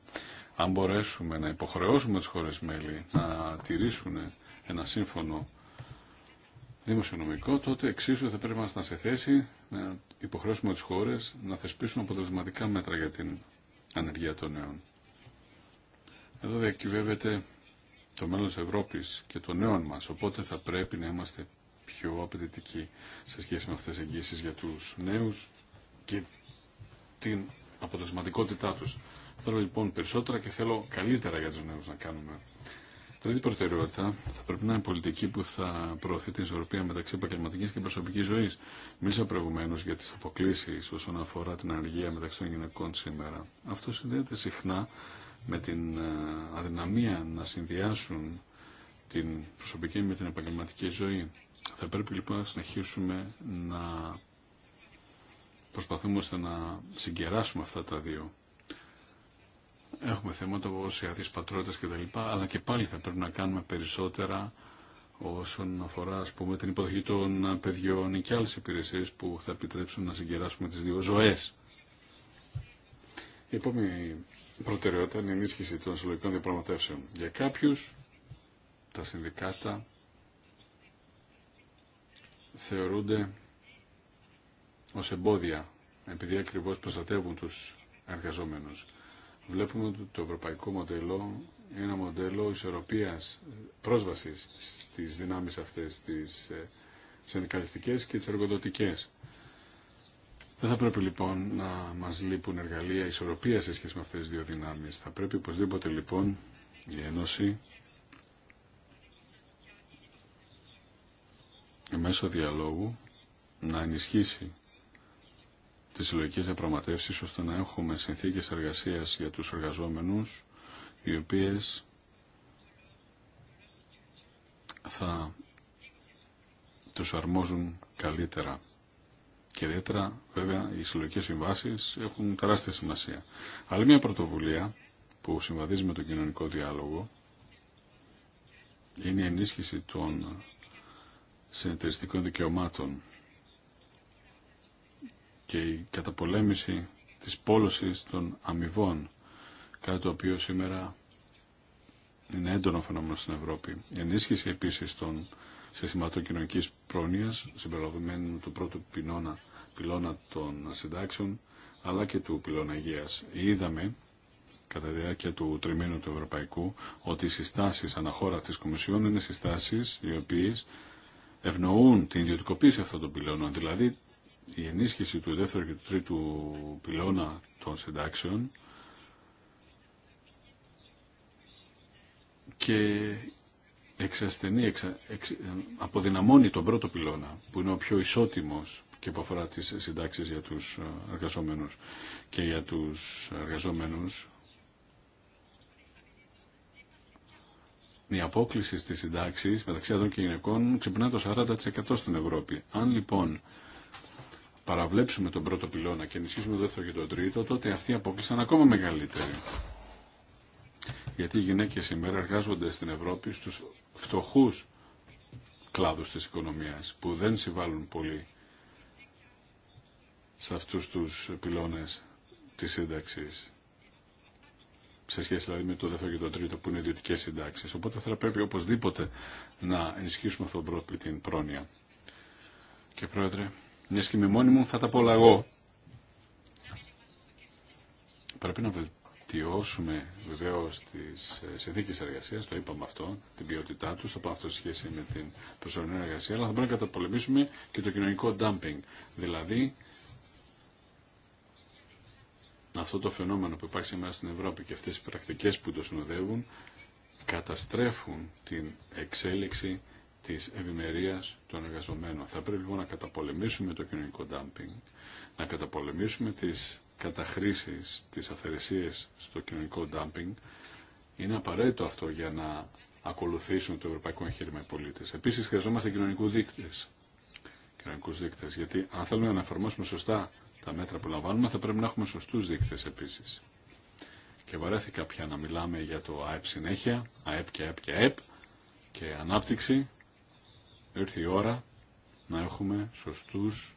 αν μπορέσουμε να υποχρεώσουμε τις χώρες μέλη να τηρήσουν ένα σύμφωνο δημοσιονομικό, τότε εξίσου θα πρέπει να είμαστε σε θέση να υποχρεώσουμε τις χώρες να θεσπίσουν αποτελεσματικά μέτρα για την ανεργία των νέων. Εδώ διακυβεύεται το μέλλον της Ευρώπης και των νέων μας, οπότε θα πρέπει να είμαστε πιο απαιτητικοί σε σχέση με αυτές τις εγγύσεις για τους νέους και την αποτελεσματικότητά τους. Θέλω λοιπόν περισσότερα και θέλω καλύτερα για τους νέους να κάνουμε τρίτη προτεραιότητα θα πρέπει να είναι πολιτική που θα προωθεί την ισορροπία μεταξύ επαγγελματική και προσωπική ζωή. Μίλησα προηγουμένω για τι αποκλήσει όσον αφορά την αργία μεταξύ των γυναικών σήμερα. Αυτό συνδέεται συχνά με την ε, αδυναμία να συνδυάσουν την προσωπική με την επαγγελματική ζωή. Θα πρέπει λοιπόν να συνεχίσουμε να προσπαθούμε ώστε να συγκεράσουμε αυτά τα δύο. Έχουμε θέματα όπως οι αδείς πατρότητες και αλλά και πάλι θα πρέπει να κάνουμε περισσότερα όσον αφορά ας πούμε, την υποδοχή των παιδιών και άλλες υπηρεσίες που θα επιτρέψουν να συγκεράσουμε τις δύο ζωές. Η επόμενη προτεραιότητα είναι η ενίσχυση των συλλογικών διαπραγματεύσεων. Για κάποιους τα συνδικάτα θεωρούνται ως εμπόδια επειδή ακριβώς προστατεύουν τους εργαζόμενους βλέπουμε ότι το ευρωπαϊκό μοντέλο είναι ένα μοντέλο ισορροπίας πρόσβασης στις δυνάμεις αυτές, τις συνδικαλιστικές ε, και τις εργοδοτικές. Δεν θα πρέπει λοιπόν να μας λείπουν εργαλεία ισορροπίας σε σχέση με αυτές τις δύο δυνάμεις. Θα πρέπει οπωσδήποτε λοιπόν η Ένωση μέσω διαλόγου να ενισχύσει τις συλλογικές διαπραγματεύσεις ώστε να έχουμε συνθήκες εργασίας για τους εργαζόμενους οι οποίες θα τους αρμόζουν καλύτερα. Και ιδιαίτερα βέβαια οι συλλογικές συμβάσεις έχουν τεράστια σημασία. Αλλά μια πρωτοβουλία που συμβαδίζει με τον κοινωνικό διάλογο είναι η ενίσχυση των συνεταιριστικών δικαιωμάτων και η καταπολέμηση της πόλωσης των αμοιβών, κάτι το οποίο σήμερα είναι έντονο φαινόμενο στην Ευρώπη. Η ενίσχυση επίσης των συστηματοκοινωνικής πρόνοιας, συμπεριλαμβανομένου του πρώτου πυλώνα, πυλώνα των συντάξεων, αλλά και του πυλώνα υγείας. Είδαμε κατά τη διάρκεια του τριμήνου του Ευρωπαϊκού ότι οι συστάσεις αναχώρα της Κομισιόν είναι συστάσεις οι οποίες ευνοούν την ιδιωτικοποίηση αυτών των πυλώνων, δηλαδή η ενίσχυση του δεύτερου και του τρίτου πυλώνα των συντάξεων και εξασθενεί, εξα, εξ, αποδυναμώνει τον πρώτο πυλώνα που είναι ο πιο ισότιμος και που αφορά τις συντάξεις για τους ε, εργαζόμενους και για τους εργαζόμενους η απόκληση στις συντάξεις μεταξύ αδών και γυναικών ξυπνά το 40% στην Ευρώπη. Αν λοιπόν παραβλέψουμε τον πρώτο πυλώνα και ενισχύσουμε τον δεύτερο και τον τρίτο, τότε αυτοί αποκλείσαν ακόμα μεγαλύτερη. Γιατί οι γυναίκε σήμερα εργάζονται στην Ευρώπη στου φτωχούς κλάδους της οικονομίας, που δεν συμβάλλουν πολύ σε αυτού τους πυλώνες τη σύνταξη. Σε σχέση δηλαδή με το δεύτερο και το τρίτο που είναι ιδιωτικέ συντάξει. Οπότε θα πρέπει οπωσδήποτε να ενισχύσουμε τον την πρόνοια. Και πρόεδρε, μια και με μόνη μου θα τα πω όλα εγώ. Πρέπει να βελτιώσουμε βεβαίω τι ε, συνθήκε εργασία, το είπαμε αυτό, την ποιότητά του, Θα αυτό σε σχέση με την προσωρινή εργασία, αλλά θα πρέπει να καταπολεμήσουμε και το κοινωνικό dumping. Δηλαδή, αυτό το φαινόμενο που υπάρχει σήμερα στην Ευρώπη και αυτές οι πρακτικές που το συνοδεύουν καταστρέφουν την εξέλιξη της ευημερία των εργαζομένων. Θα πρέπει λοιπόν να καταπολεμήσουμε το κοινωνικό ντάμπινγκ, να καταπολεμήσουμε τις καταχρήσεις, τις αφαιρεσίες στο κοινωνικό ντάμπινγκ. Είναι απαραίτητο αυτό για να ακολουθήσουν το ευρωπαϊκό εγχείρημα οι πολίτες. Επίσης χρειαζόμαστε κοινωνικού δείκτες. Κοινωνικούς δείκτες, γιατί αν θέλουμε να εφαρμόσουμε σωστά τα μέτρα που λαμβάνουμε θα πρέπει να έχουμε σωστούς δείκτες επίσης. Και βαρέθηκα πια να μιλάμε για το ΑΕΠ συνέχεια, ΑΕΠ και ΑΕΠ και ΑΕΠ και ανάπτυξη Ήρθε η ώρα να έχουμε σωστούς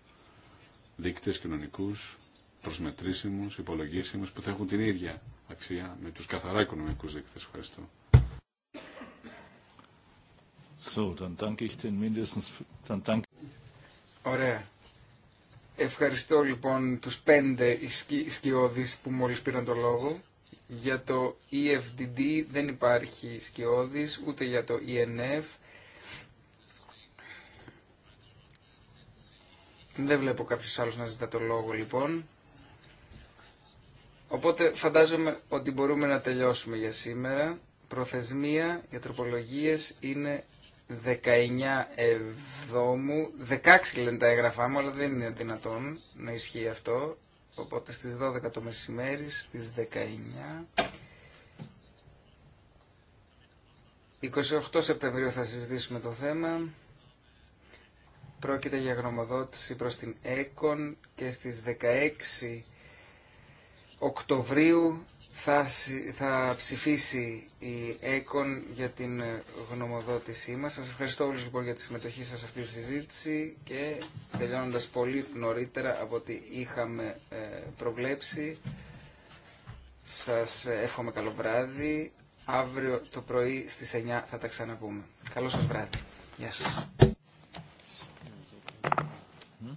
δείκτες κοινωνικούς, προσμετρήσιμους, υπολογίσιμους, που θα έχουν την ίδια αξία με τους καθαρά οικονομικούς δείκτες. Ευχαριστώ. So, dann danke ich den mindestens, dann danke... Ωραία. Ευχαριστώ λοιπόν τους πέντε σκιώδεις που μόλις πήραν το λόγο. Για το EFDD δεν υπάρχει σκιώδης, ούτε για το ENF. Δεν βλέπω κάποιος άλλο να ζητά το λόγο λοιπόν. Οπότε φαντάζομαι ότι μπορούμε να τελειώσουμε για σήμερα. Προθεσμία για τροπολογίες είναι 19 εβδόμου. 16 λένε τα έγγραφά μου, αλλά δεν είναι δυνατόν να ισχύει αυτό. Οπότε στις 12 το μεσημέρι, στις 19... 28 Σεπτεμβρίου θα συζητήσουμε το θέμα. Πρόκειται για γνωμοδότηση προς την ΕΚΟΝ και στις 16 Οκτωβρίου θα, θα ψηφίσει η ΕΚΟΝ για την γνωμοδότησή μας. Σας ευχαριστώ όλους λοιπόν για τη συμμετοχή σας σε αυτή τη συζήτηση και τελειώνοντας πολύ νωρίτερα από ό,τι είχαμε ε, προβλέψει. Σας εύχομαι καλό βράδυ. Αύριο το πρωί στις 9 θα τα ξαναπούμε. Καλό σας βράδυ. Γεια σας. Hmm?